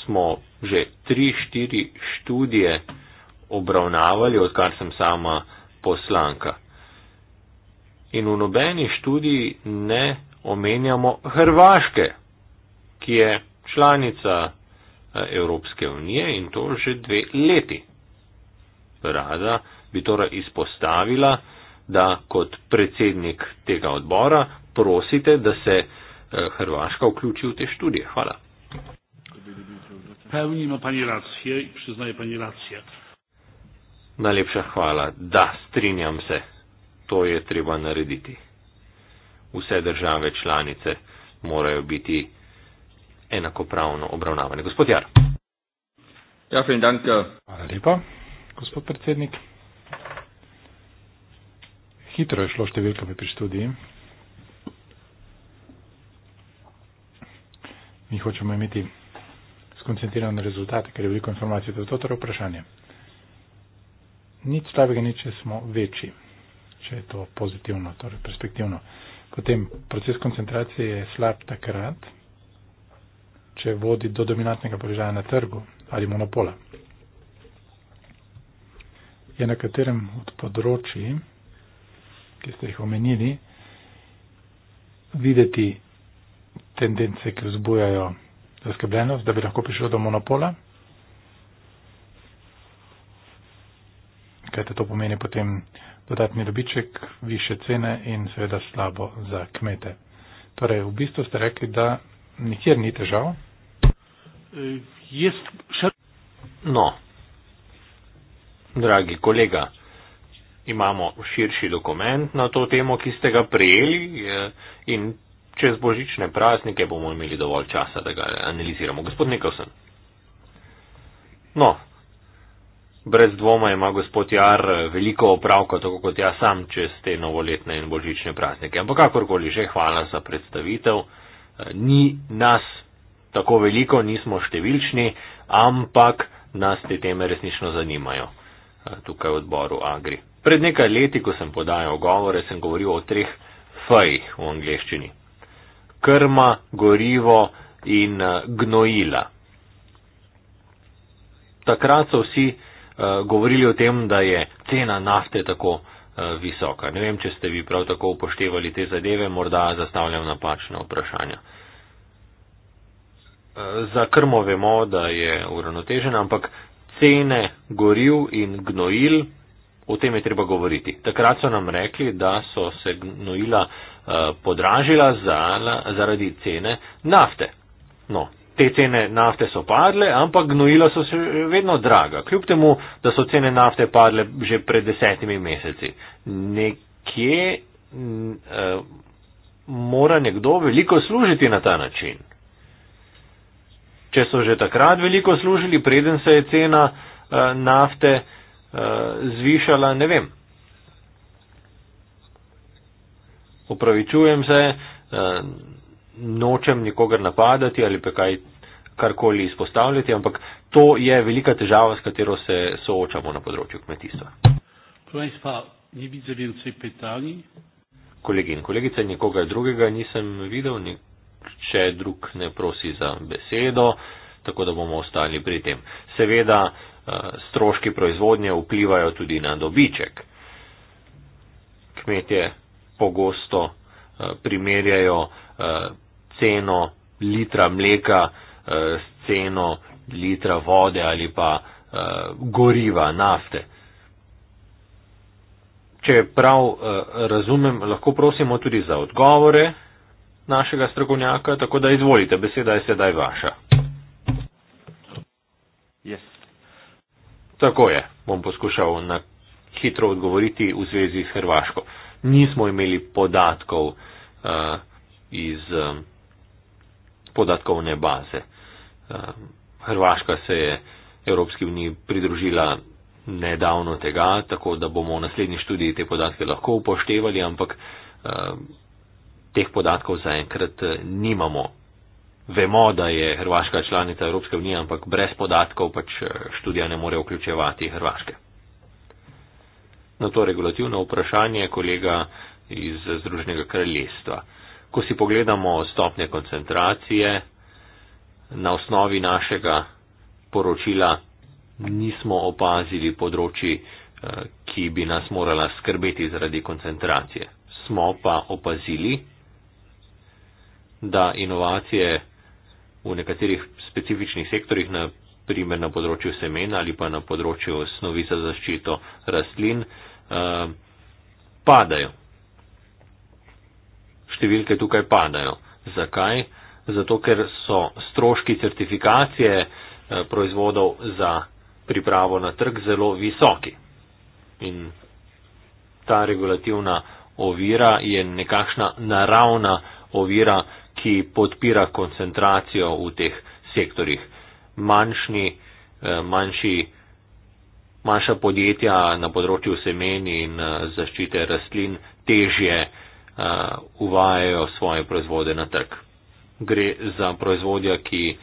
smo že tri, štiri študije obravnavali, odkar sem sama poslanka in v nobeni študiji ne omenjamo Hrvaške, ki je članica eh, Evropske unije in to že dve leti. Rada bi torej izpostavila, da kot predsednik tega odbora prosite, da se eh, Hrvaška vključi v te študije. Hvala. Najlepša hvala, da strinjam se to je treba narediti. Vse države članice morajo biti enakopravno obravnavane. Gospod Jar.
Ja, fin dan. Ja.
Hvala lepa, gospod predsednik. Hitro je šlo številkami pri študiji. Mi hočemo imeti skoncentrirane rezultate, ker je veliko informacij, to je to torej vprašanje. Nič slabega, nič smo večji če je to pozitivno, torej perspektivno. Potem proces koncentracije je slab takrat, če vodi do dominantnega položaja na trgu ali monopola. Je na katerem od področji, ki ste jih omenili, videti tendence, ki vzbujajo zaskrbljenost, da bi lahko prišlo do monopola? Kaj to pomeni potem dodatni dobiček, više cene in seveda slabo za kmete. Torej, v bistvu ste rekli, da nikjer ni težav.
Eh,
jaz še. No,
dragi kolega, imamo širši dokument na to temo, ki ste ga prijeli eh, in čez božične praznike bomo imeli dovolj časa, da ga analiziramo. Gospod Nikolsen. No, Brez dvoma ima gospod Jar eh, veliko opravka, tako kot jaz sam, čez te novoletne in božične praznike. Ampak kakorkoli že, hvala za predstavitev. Eh, ni nas tako veliko, nismo številčni, ampak nas te teme resnično zanimajo eh, tukaj v odboru Agri. Pred nekaj leti, ko sem podajal govore, sem govoril o treh fejih v angleščini. Krma, gorivo in gnojila. Takrat so vsi Eh, govorili o tem, da je cena nafte tako eh, visoka. Ne vem, če ste vi prav tako upoštevali te zadeve, morda zastavljam napačno vprašanje. Eh, za krmo vemo, da je uravnotežena, ampak cene goril in gnojil, o tem je treba govoriti. Takrat so nam rekli, da so se gnojila podražila zaradi cene nafte. No, te cene nafte so padle, ampak gnojila so še vedno draga, kljub temu, da so cene nafte padle že pred desetimi meseci. Nekje eh, mora nekdo veliko služiti na ta način. Če so že takrat veliko služili, preden se je cena eh, nafte eh, zvišala, ne vem. Opravičujem se, nočem nikogar napadati ali pa kaj karkoli izpostavljati, ampak to je velika težava, s katero se soočamo na področju kmetijstva. Kolegi in kolegice, nikoga drugega nisem videl, če drug ne prosi za besedo, tako da bomo ostali pri tem. Seveda, eh, stroški proizvodnje vplivajo tudi na dobiček. Kmetje pogosto eh, primerjajo eh, ceno litra mleka, eh, s ceno litra vode ali pa eh, goriva, nafte. Če prav eh, razumem, lahko prosimo tudi za odgovore našega strokovnjaka, tako da izvolite, beseda je sedaj vaša. Yes. Tako je, bom poskušal na hitro odgovoriti v zvezi s Hrvaško. Nismo imeli podatkov uh, iz. Uh, podatkovne baze. Ehm, Hrvaška se je Evropski uniji pridružila nedavno tega, tako da bomo v naslednji študiji te podatke lahko upoštevali, ampak ehm, teh podatkov zaenkrat eh, nimamo. Vemo, da je Hrvaška članica Evropske unije, ampak brez podatkov pač eh, študija ne more vključevati Hrvaške. Na to regulativno vprašanje kolega iz Združenega kraljestva ko si pogledamo stopnje koncentracije, na osnovi našega poročila nismo opazili področji, eh, ki bi nas morala skrbeti zaradi koncentracije. Smo pa opazili, da inovacije v nekaterih specifičnih sektorjih, na primer na področju semen ali pa na področju snovi za zaščito rastlin, eh, padajo številke tukaj padajo. Zakaj? Zato, ker so stroški certifikacije eh, proizvodov za pripravo na trg zelo visoki. In ta regulativna ovira je nekakšna naravna ovira, ki podpira koncentracijo v teh sektorjih. Manjšni, eh, manjši, manjša podjetja na področju semeni in eh, zaščite rastlin težje uvajajo svoje proizvode na trg. Gre za proizvodja, ki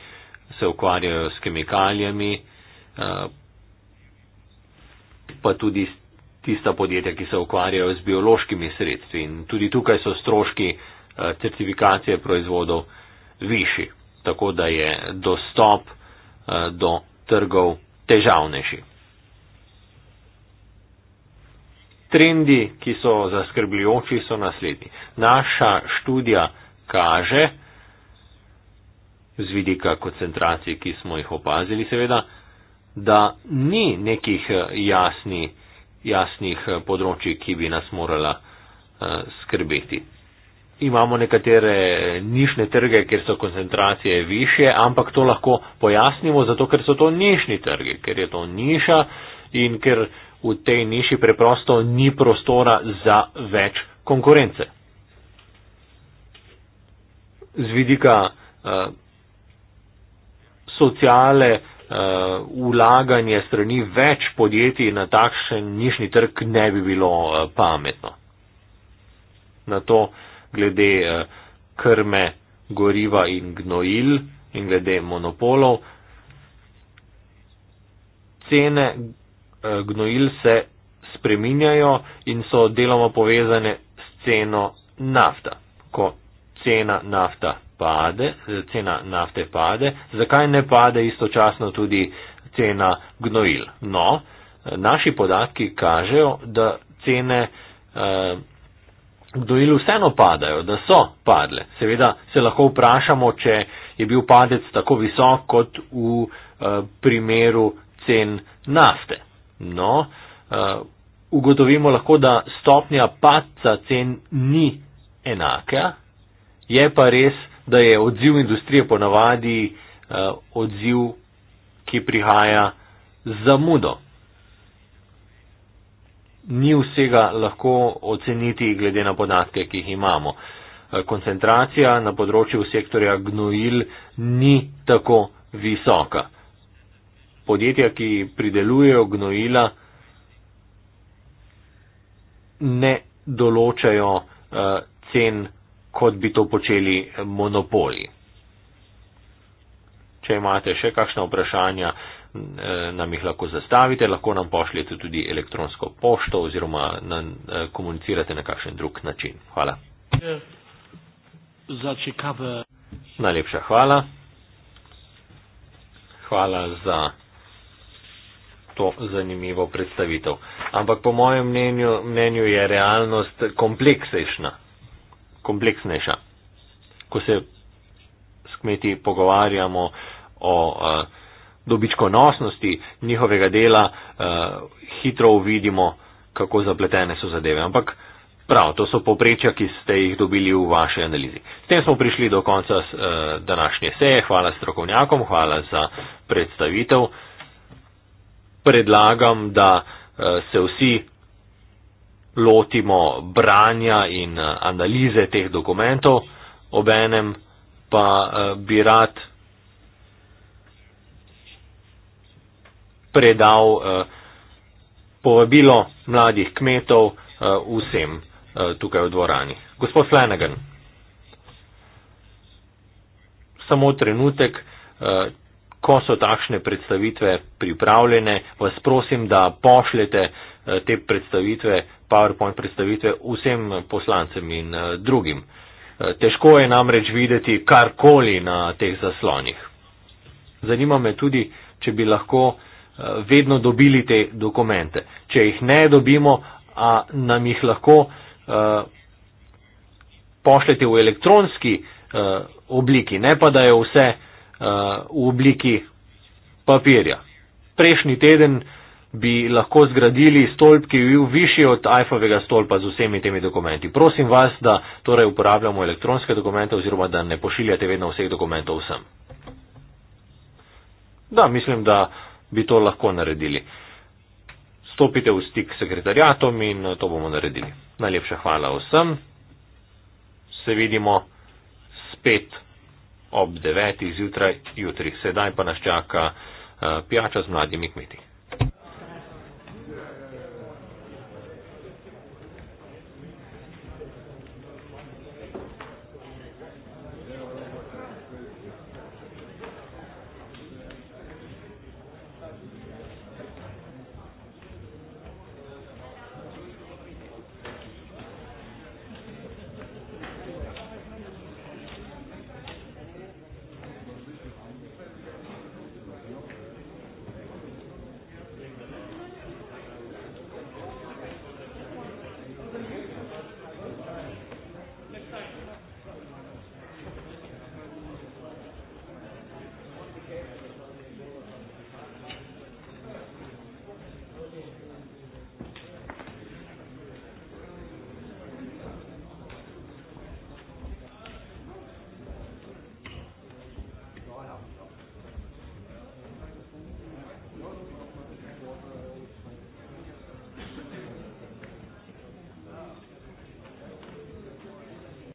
se ukvarjajo s kemikalijami, pa tudi tista podjetja, ki se ukvarjajo z biološkimi sredstvi. In tudi tukaj so stroški certifikacije proizvodov višji, tako da je dostop do trgov težavnejši. Trendi, ki so zaskrbljujoči, so naslednji. Naša študija kaže, z vidika koncentracij, ki smo jih opazili, seveda, da ni nekih eh, jasni, jasnih eh, področji, ki bi nas morala uh, skrbeti. Imamo nekatere nišne trge, kjer so koncentracije više, ampak to lahko pojasnimo, zato ker so to nišni trge, ker je to niša in ker v tej niši preprosto ni prostora za več konkurence. Z vidika uh, sociale uh, ulaganje strani več podjetij na takšen nišni trg ne bi bilo uh, pametno. Na to glede uh, krme, goriva in gnojil in glede monopolov. Cene Eh, gnojil se spreminjajo in so deloma povezane s ceno nafta. Ko cena nafta pade, eh, cena nafte pade, zakaj ne pade istočasno tudi cena gnojil? No, eh, naši podatki kažejo, da cene eh, gnojil vseeno padajo, da so padle. Seveda se lahko vprašamo, če je bil padec tako visok kot v eh, primeru cen nafte. No, uh, ugotovimo lahko, da stopnja padca cen ni enaka. Je pa res, da je odziv industrije ponavadi uh, odziv, ki prihaja z zamudo. Ni vsega lahko oceniti glede na podatke, ki jih imamo. Eh, koncentracija na področju sektorja gnojil ni tako visoka podjetja, ki pridelujejo gnojila, ne določajo uh, cen, kot bi to počeli eh, monopoli. Če imate še kakšna vprašanja, eh, nam jih lahko zastavite, lahko nam pošljete tudi elektronsko pošto oziroma na, komunicirate na kakšen drug način. Hvala.
Za čekave.
Najlepša hvala. Hvala za to zanimivo predstavitev. Ampak po mojem mnenju, mnenju je realnost kompleksnejša. Ko se s kmeti pogovarjamo o uh, dobičkonosnosti njihovega dela, uh, hitro uvidimo, kako zapletene so zadeve. Ampak prav, to so poprečja, ki ste jih dobili v vaši analizi. S tem smo prišli do konca uh, današnje seje. Hvala strokovnjakom, hvala za predstavitev predlagam, da eh, se vsi lotimo branja in eh, analize teh dokumentov, obenem pa eh, bi rad predal povabilo mladih kmetov vsem tukaj v dvorani. Gospod Flanagan, samo trenutek, ko so takšne predstavitve pripravljene, vas prosim, da pošljete eh, te predstavitve, PowerPoint predstavitve vsem poslancem in eh, drugim. Eh, težko je namreč videti karkoli na teh zaslonih. Zanima me tudi, če bi lahko vedno dobili te dokumente. Če jih ne dobimo, a nam jih lahko uh, pošljete v elektronski uh, obliki, ne pa da je vse uh, Eh, v obliki papirja. Prejšnji teden bi lahko zgradili stolp, ki je bil višji od iPhovega stolpa z vsemi temi dokumenti. Prosim vas, da torej uporabljamo elektronske dokumente oziroma da ne pošiljate vedno vseh dokumentov vsem. Da, mislim, da bi to lahko naredili. Stopite v stik s sekretarjatom in eh, to bomo naredili. Najlepša hvala vsem. Se vidimo spet ob devetih zjutraj, jutri sedaj pa nas čaka eh, pijača z mladimi kmeti.